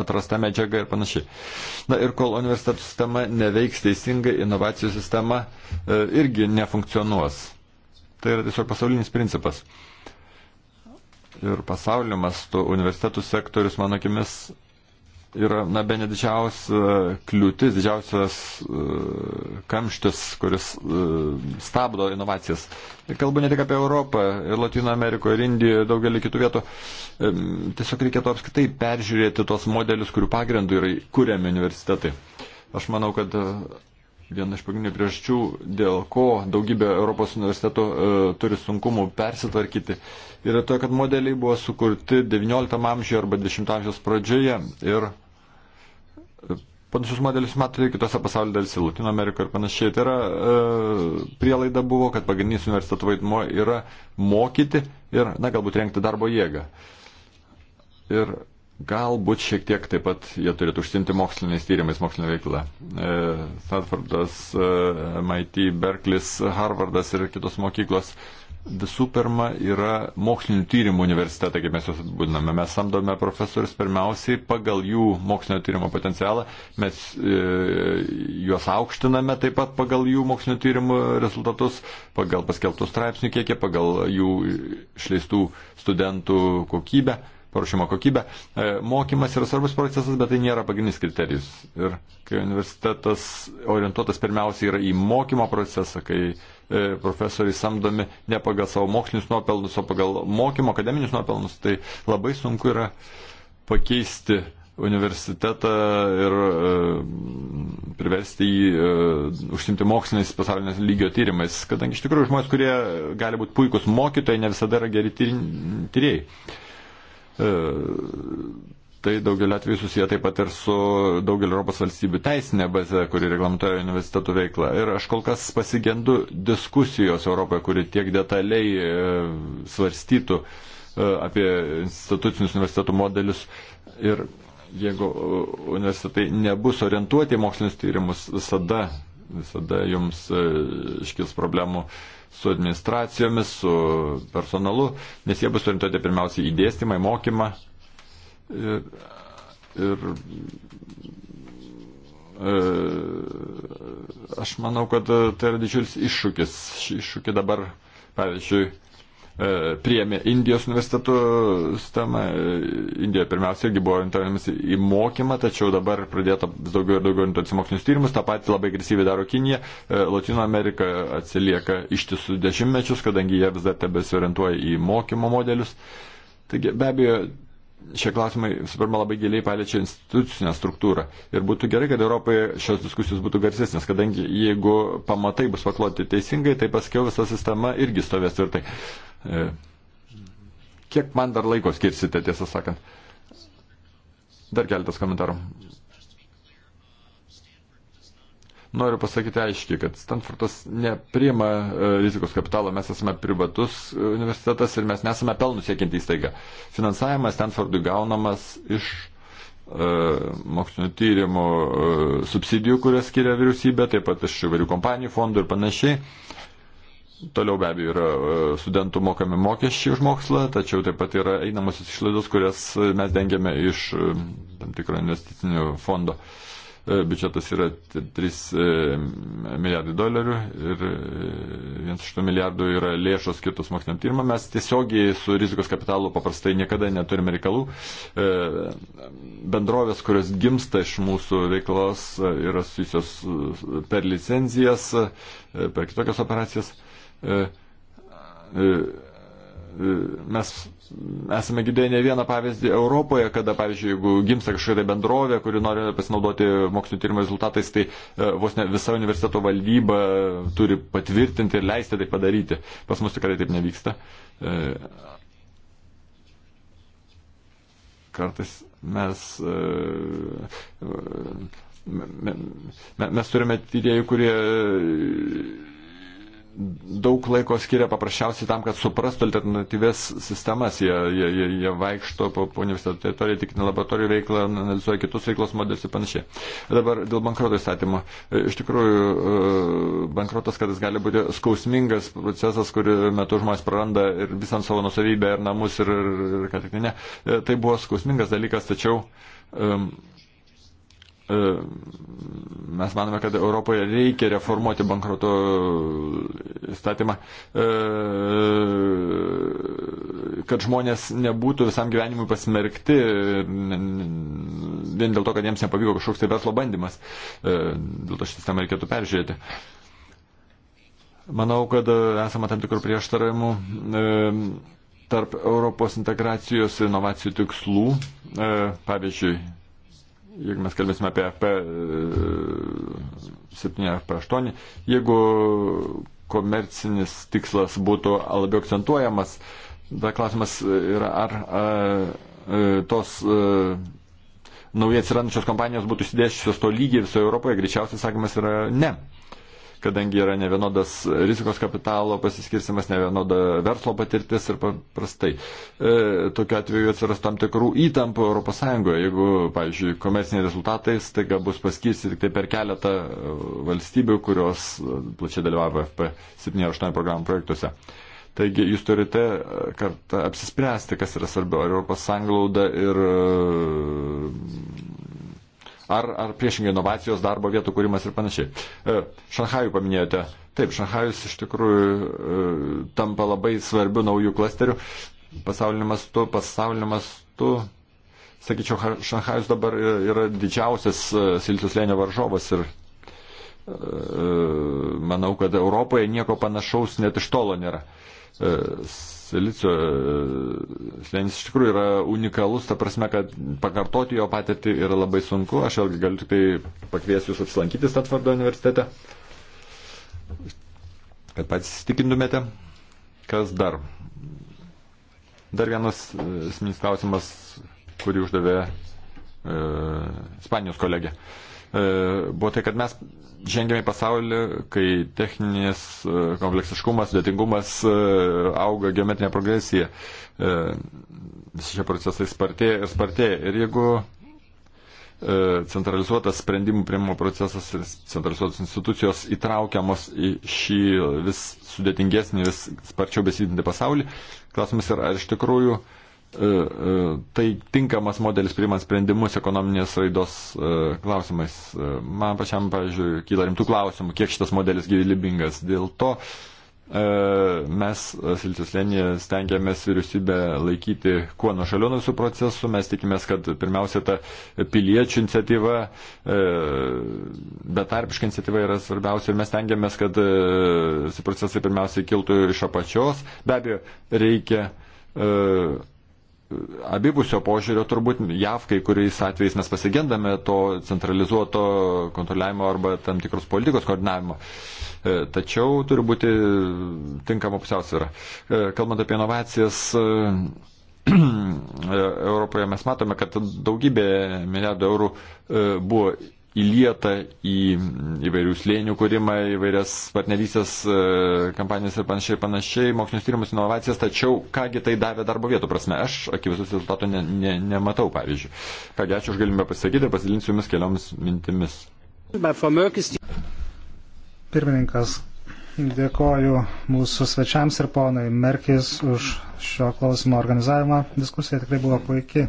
atrasta medžiaga ir panašiai. Na ir kol universitetų sistema neveiks teisingai, inovacijų sistema irgi nefunkcionuos. Tai yra tiesiog pasaulinis principas ir pasaulio mastu universitetų sektorius, mano akimis, yra, na, be ne didžiausia kliūtis, didžiausias uh, kamštis, kuris uh, stabdo inovacijas. Ir kalbu ne tik apie Europą, ir Latino Amerikoje, ir Indijoje, ir daugelį kitų vietų. Um, tiesiog reikėtų apskritai peržiūrėti tos modelius, kurių pagrindų yra kuriami universitetai. Aš manau, kad uh, viena iš pagrindinių priežasčių, dėl ko daugybė Europos universitetų e, turi sunkumų persitvarkyti, yra to, kad modeliai buvo sukurti XIX amžiuje arba XX amžiaus pradžioje. Ir panašius modelius matote kitose pasaulio dalyse, Latino Amerikoje ir panašiai. Tai yra e, prielaida buvo, kad pagrindinis universitetų vaidmo yra mokyti ir, na, galbūt renkti darbo jėgą. Ir Galbūt šiek tiek taip pat jie turėtų užsimti moksliniais tyrimais, mokslinė veikla. E, Stanfordas, e, MIT, Berklis, Harvardas ir kitos mokyklos visų pirma yra mokslinių tyrimų universitetai, kaip mes juos atbūdiname. Mes samdome profesorius pirmiausiai pagal jų mokslinio tyrimo potencialą, mes e, juos aukštiname taip pat pagal jų mokslinio tyrimų rezultatus, pagal paskelbtų straipsnių kiekį, pagal jų išleistų studentų kokybę. E, paruošimo kokybę. E, mokymas yra svarbus procesas, bet tai nėra pagrindinis kriterijus. Ir kai universitetas orientuotas pirmiausiai yra į mokymo procesą, kai e, profesoriai samdomi ne pagal savo mokslinius nuopelnus, o pagal mokymo akademinius nuopelnus, tai labai sunku yra pakeisti universitetą ir e, priversti jį e, užsimti moksliniais pasaulinės lygio tyrimais, kadangi iš tikrųjų žmonės, kurie gali būti puikus mokytojai, ne visada yra geri tyrėjai. E, tai daugeliu atveju susiję taip pat ir su daugeliu Europos valstybių teisinė bazė, kuri reglamentoja universitetų veiklą. Ir aš kol kas pasigendu diskusijos Europoje, kuri tiek detaliai e, svarstytų e, apie institucinius universitetų modelius. Ir jeigu universitetai nebus orientuoti į mokslinius tyrimus, visada, visada jums iškils problemų. Uh, su administracijomis, su personalu, nes jie bus orientuoti pirmiausiai į dėstymą, į mokymą. Ir, ir e, aš manau, kad tai yra didžiulis iššūkis. Šį iššūkį dabar, pavyzdžiui, E, priemė Indijos universitetų sistemą. E, Indijoje pirmiausia irgi buvo orientuojamas į mokymą, tačiau dabar pradėta vis daugiau ir daugiau orientuotis į mokslinius tyrimus. Ta pati labai agresyviai daro Kinija. E, Latino Amerika atsilieka ištisus dešimtmečius, kadangi jie vis dar tebesiorientuoja į mokymo modelius. Taigi be abejo, šie klausimai visų pirma labai giliai paliečia institucinę struktūrą. Ir būtų gerai, kad Europoje šios diskusijos būtų garsesnės, kadangi jeigu pamatai bus pakloti teisingai, tai paskiau visa sistema irgi stovės tvirtai. E, kiek man dar laiko skirsite, tiesą sakant? Dar keletas komentarų. Noriu pasakyti aiškiai, kad Stanfordas neprima e, rizikos kapitalo, mes esame privatus e, universitetas ir mes nesame pelnų siekianti įstaiga. Finansavimas Stanfordui gaunamas iš mokslinio tyrimų subsidijų, kurias skiria vyriausybė, taip pat iš įvairių kompanijų, fondų ir panašiai. Toliau be abejo yra e, studentų mokami mokesčiai už mokslą, tačiau taip pat yra einamosios išlaidos, kurias mes dengiame iš e, tam tikro investicinių fondo. E, biudžetas yra 3 milijardai dolerių ir 1,8 milijardų yra lėšos skirtos moksliniam tyrimam. Mes tiesiogiai su rizikos kapitalu paprastai niekada neturime reikalų. Bendrovės, kurios gimsta iš mūsų veiklos, yra susijusios per licenzijas, per kitokias operacijas E, e, e, mes esame girdėję ne vieną pavyzdį Europoje, kada, pavyzdžiui, jeigu gimsta kažkokia tai bendrovė, kuri nori pasinaudoti mokslinio tyrimo rezultatais, tai vos ne visa universiteto valdyba turi patvirtinti ir leisti tai padaryti. Pas mus tikrai taip nevyksta. Kartais mes. Mes turime tyrėjų, kurie daug laiko skiria paprasčiausiai tam, kad suprastų alternatyves sistemas. Jie, jie, jie, jie vaikšto po, po universiteto teritoriją, tikrina laboratorijų veiklą, analizuoja kitus veiklos modelius ir panašiai. Dabar dėl bankroto įstatymo. Iš tikrųjų, e, bankrotas, kad jis gali būti skausmingas procesas, kuriuo metu žmonės praranda ir visą savo nusavybę, ir namus, ir, ir, ir ką tik tai ne. E, tai buvo skausmingas dalykas, tačiau. Um, E, mes manome, kad Europoje reikia reformuoti bankroto įstatymą, e, kad žmonės nebūtų visam gyvenimui pasmerkti vien dėl to, kad jiems nepavyko kažkoks tai verslo bandymas. E, dėl to šitą sistemą reikėtų peržiūrėti. Manau, kad esame tam tikrų prieštaravimų tarp Europos integracijos ir inovacijų tikslų. Pavyzdžiui, jeigu mes kalbėsime apie P7 ar P8, jeigu komercinis tikslas būtų labiau akcentuojamas, tada klausimas yra, ar a, a, e, tos a, e, naujai atsirandančios kompanijos būtų įsidėšusios to lygiai visoje Europoje, greičiausiai sakymas yra ne. A, kadangi yra ne vienodas rizikos kapitalo pasiskirsimas, ne vienoda verslo patirtis ir paprastai. E, tokiu atveju atsiras tam tikrų įtampų ES, jeigu, pavyzdžiui, komerciniai rezultatai staiga bus paskirsti tik tai per keletą e, valstybių, kurios e, plačiai dalyvavo FP7-8 programų projektuose. Taigi jūs turite e, kartą apsispręsti, kas yra svarbiau, ar Europos sanglauda ir ar, ar priešingai inovacijos, darbo vietų kūrimas ir panašiai. E, Šanhajų paminėjote. Taip, Šanhajus iš tikrųjų e, tampa labai svarbiu naujų klasterių pasauliniu mastu, pasauliniu mastu. Sakyčiau, Šanhajus dabar e, yra didžiausias Siltus Lenio varžovas ir manau, kad Europoje nieko panašaus net iš tolo nėra silicio e, slėnis iš tikrųjų yra unikalus, ta prasme, kad pakartoti jo patirtį yra labai sunku. Aš vėlgi galiu tik tai pakviesti jūs apsilankyti Stanfordo universitete, kad patys įsitikintumėte. Kas dar? Dar vienas e, esminis klausimas, kurį uždavė e, Ispanijos kolegė. E, buvo tai, kad mes žengėme į pasaulį, kai techninis e, kompleksiškumas, sudėtingumas e, auga geometrinė progresija. E, visi šie procesai spartėja ir spartėja. Ir jeigu centralizuotas sprendimų prieimimo procesas ir centralizuotas institucijos įtraukiamos į šį vis sudėtingesnį, vis sparčiau besidinti pasaulį. Klausimas yra, ar iš tikrųjų uh, E, e, tai tinkamas modelis priimant sprendimus ekonominės raidos e, klausimais. Man pačiam, pavyzdžiui, kyla rimtų klausimų, kiek šitas modelis gyvybingas. Dėl to mes Silčius Lenėje stengiamės vyriausybę laikyti kuo nuošaliau nuo visų procesų. Mes tikimės, kad pirmiausia ta piliečių iniciatyva, betarpiška iniciatyva yra svarbiausia ir mes stengiamės, kad visi procesai pirmiausiai kiltų iš apačios. Be abejo, reikia abipusio požiūrio turbūt JAV kai kuriais atvejais mes pasigendame to centralizuoto kontroliavimo arba tam tikros politikos koordinavimo. E, tačiau turi būti tinkama pusiausvėra. E, kalbant apie inovacijas, e, *clears throat* Europoje mes matome, kad daugybė milijardų eurų buvo įlieta į įvairių slėnių kūrimą, įvairias partnerystės e, kampanijas ir panašiai, panašiai, mokslinius tyrimus, inovacijas, tačiau kągi tai davė darbo vietų prasme, aš akivaizdus rezultato ne, ne, nematau, pavyzdžiui. Kągi ačiū už galimybę pasakyti ir pasidalinsiu jumis keliomis mintimis. Pirmininkas, dėkoju mūsų svečiams ir ponai Merkis už šio klausimo organizavimą. Diskusija tikrai buvo puikiai.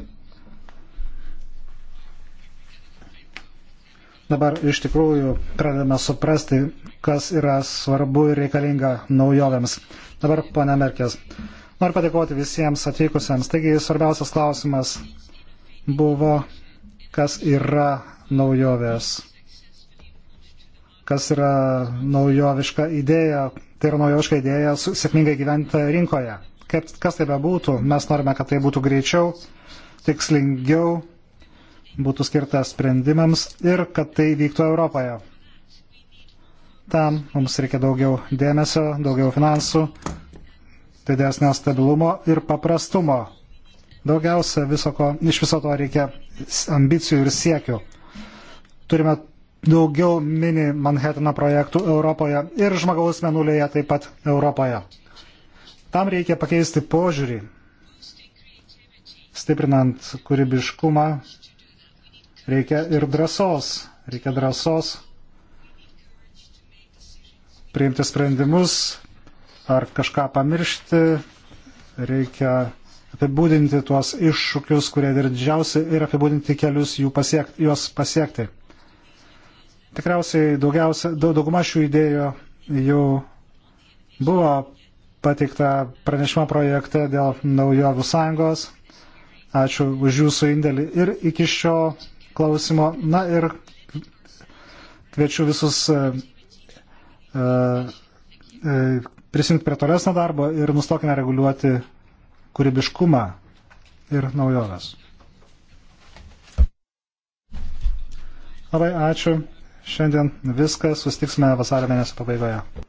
Dabar iš tikrųjų pradedame suprasti, kas yra svarbu ir reikalinga naujovėms. Dabar, pane Merkės, noriu padėkoti visiems atvykusiems. Taigi, svarbiausias klausimas buvo, kas yra naujovės, kas yra naujoviška idėja, tai yra naujoviška idėja sėkmingai gyventi rinkoje. Kaip, kas tai bebūtų, mes norime, kad tai būtų greičiau, tikslingiau būtų skirta sprendimams ir kad tai vyktų Europoje. Tam mums reikia daugiau dėmesio, daugiau finansų, didesnio stabilumo ir paprastumo. Daugiausia viso ko, iš viso to reikia ambicijų ir siekių. Turime daugiau mini Manhattano projektų Europoje ir žmogaus menulėje taip pat Europoje. Tam reikia pakeisti požiūrį, stiprinant kūrybiškumą Reikia ir drąsos. Reikia drąsos priimti sprendimus ar kažką pamiršti. Reikia apibūdinti tuos iššūkius, kurie yra didžiausi ir apibūdinti kelius pasiek, juos pasiekti. Tikriausiai daugiausia, dauguma šių idėjų jau buvo pateikta pranešimo projekte dėl naujovių sąjungos. Ačiū už jūsų indėlį ir iki šio klausimo. Na ir kviečiu visus e, e, e, prisijungti prie tolesnio darbo ir nustokime reguliuoti kūrybiškumą ir naujoves. Labai ačiū. Šiandien viską sustiksime vasario mėnesio pabaigoje.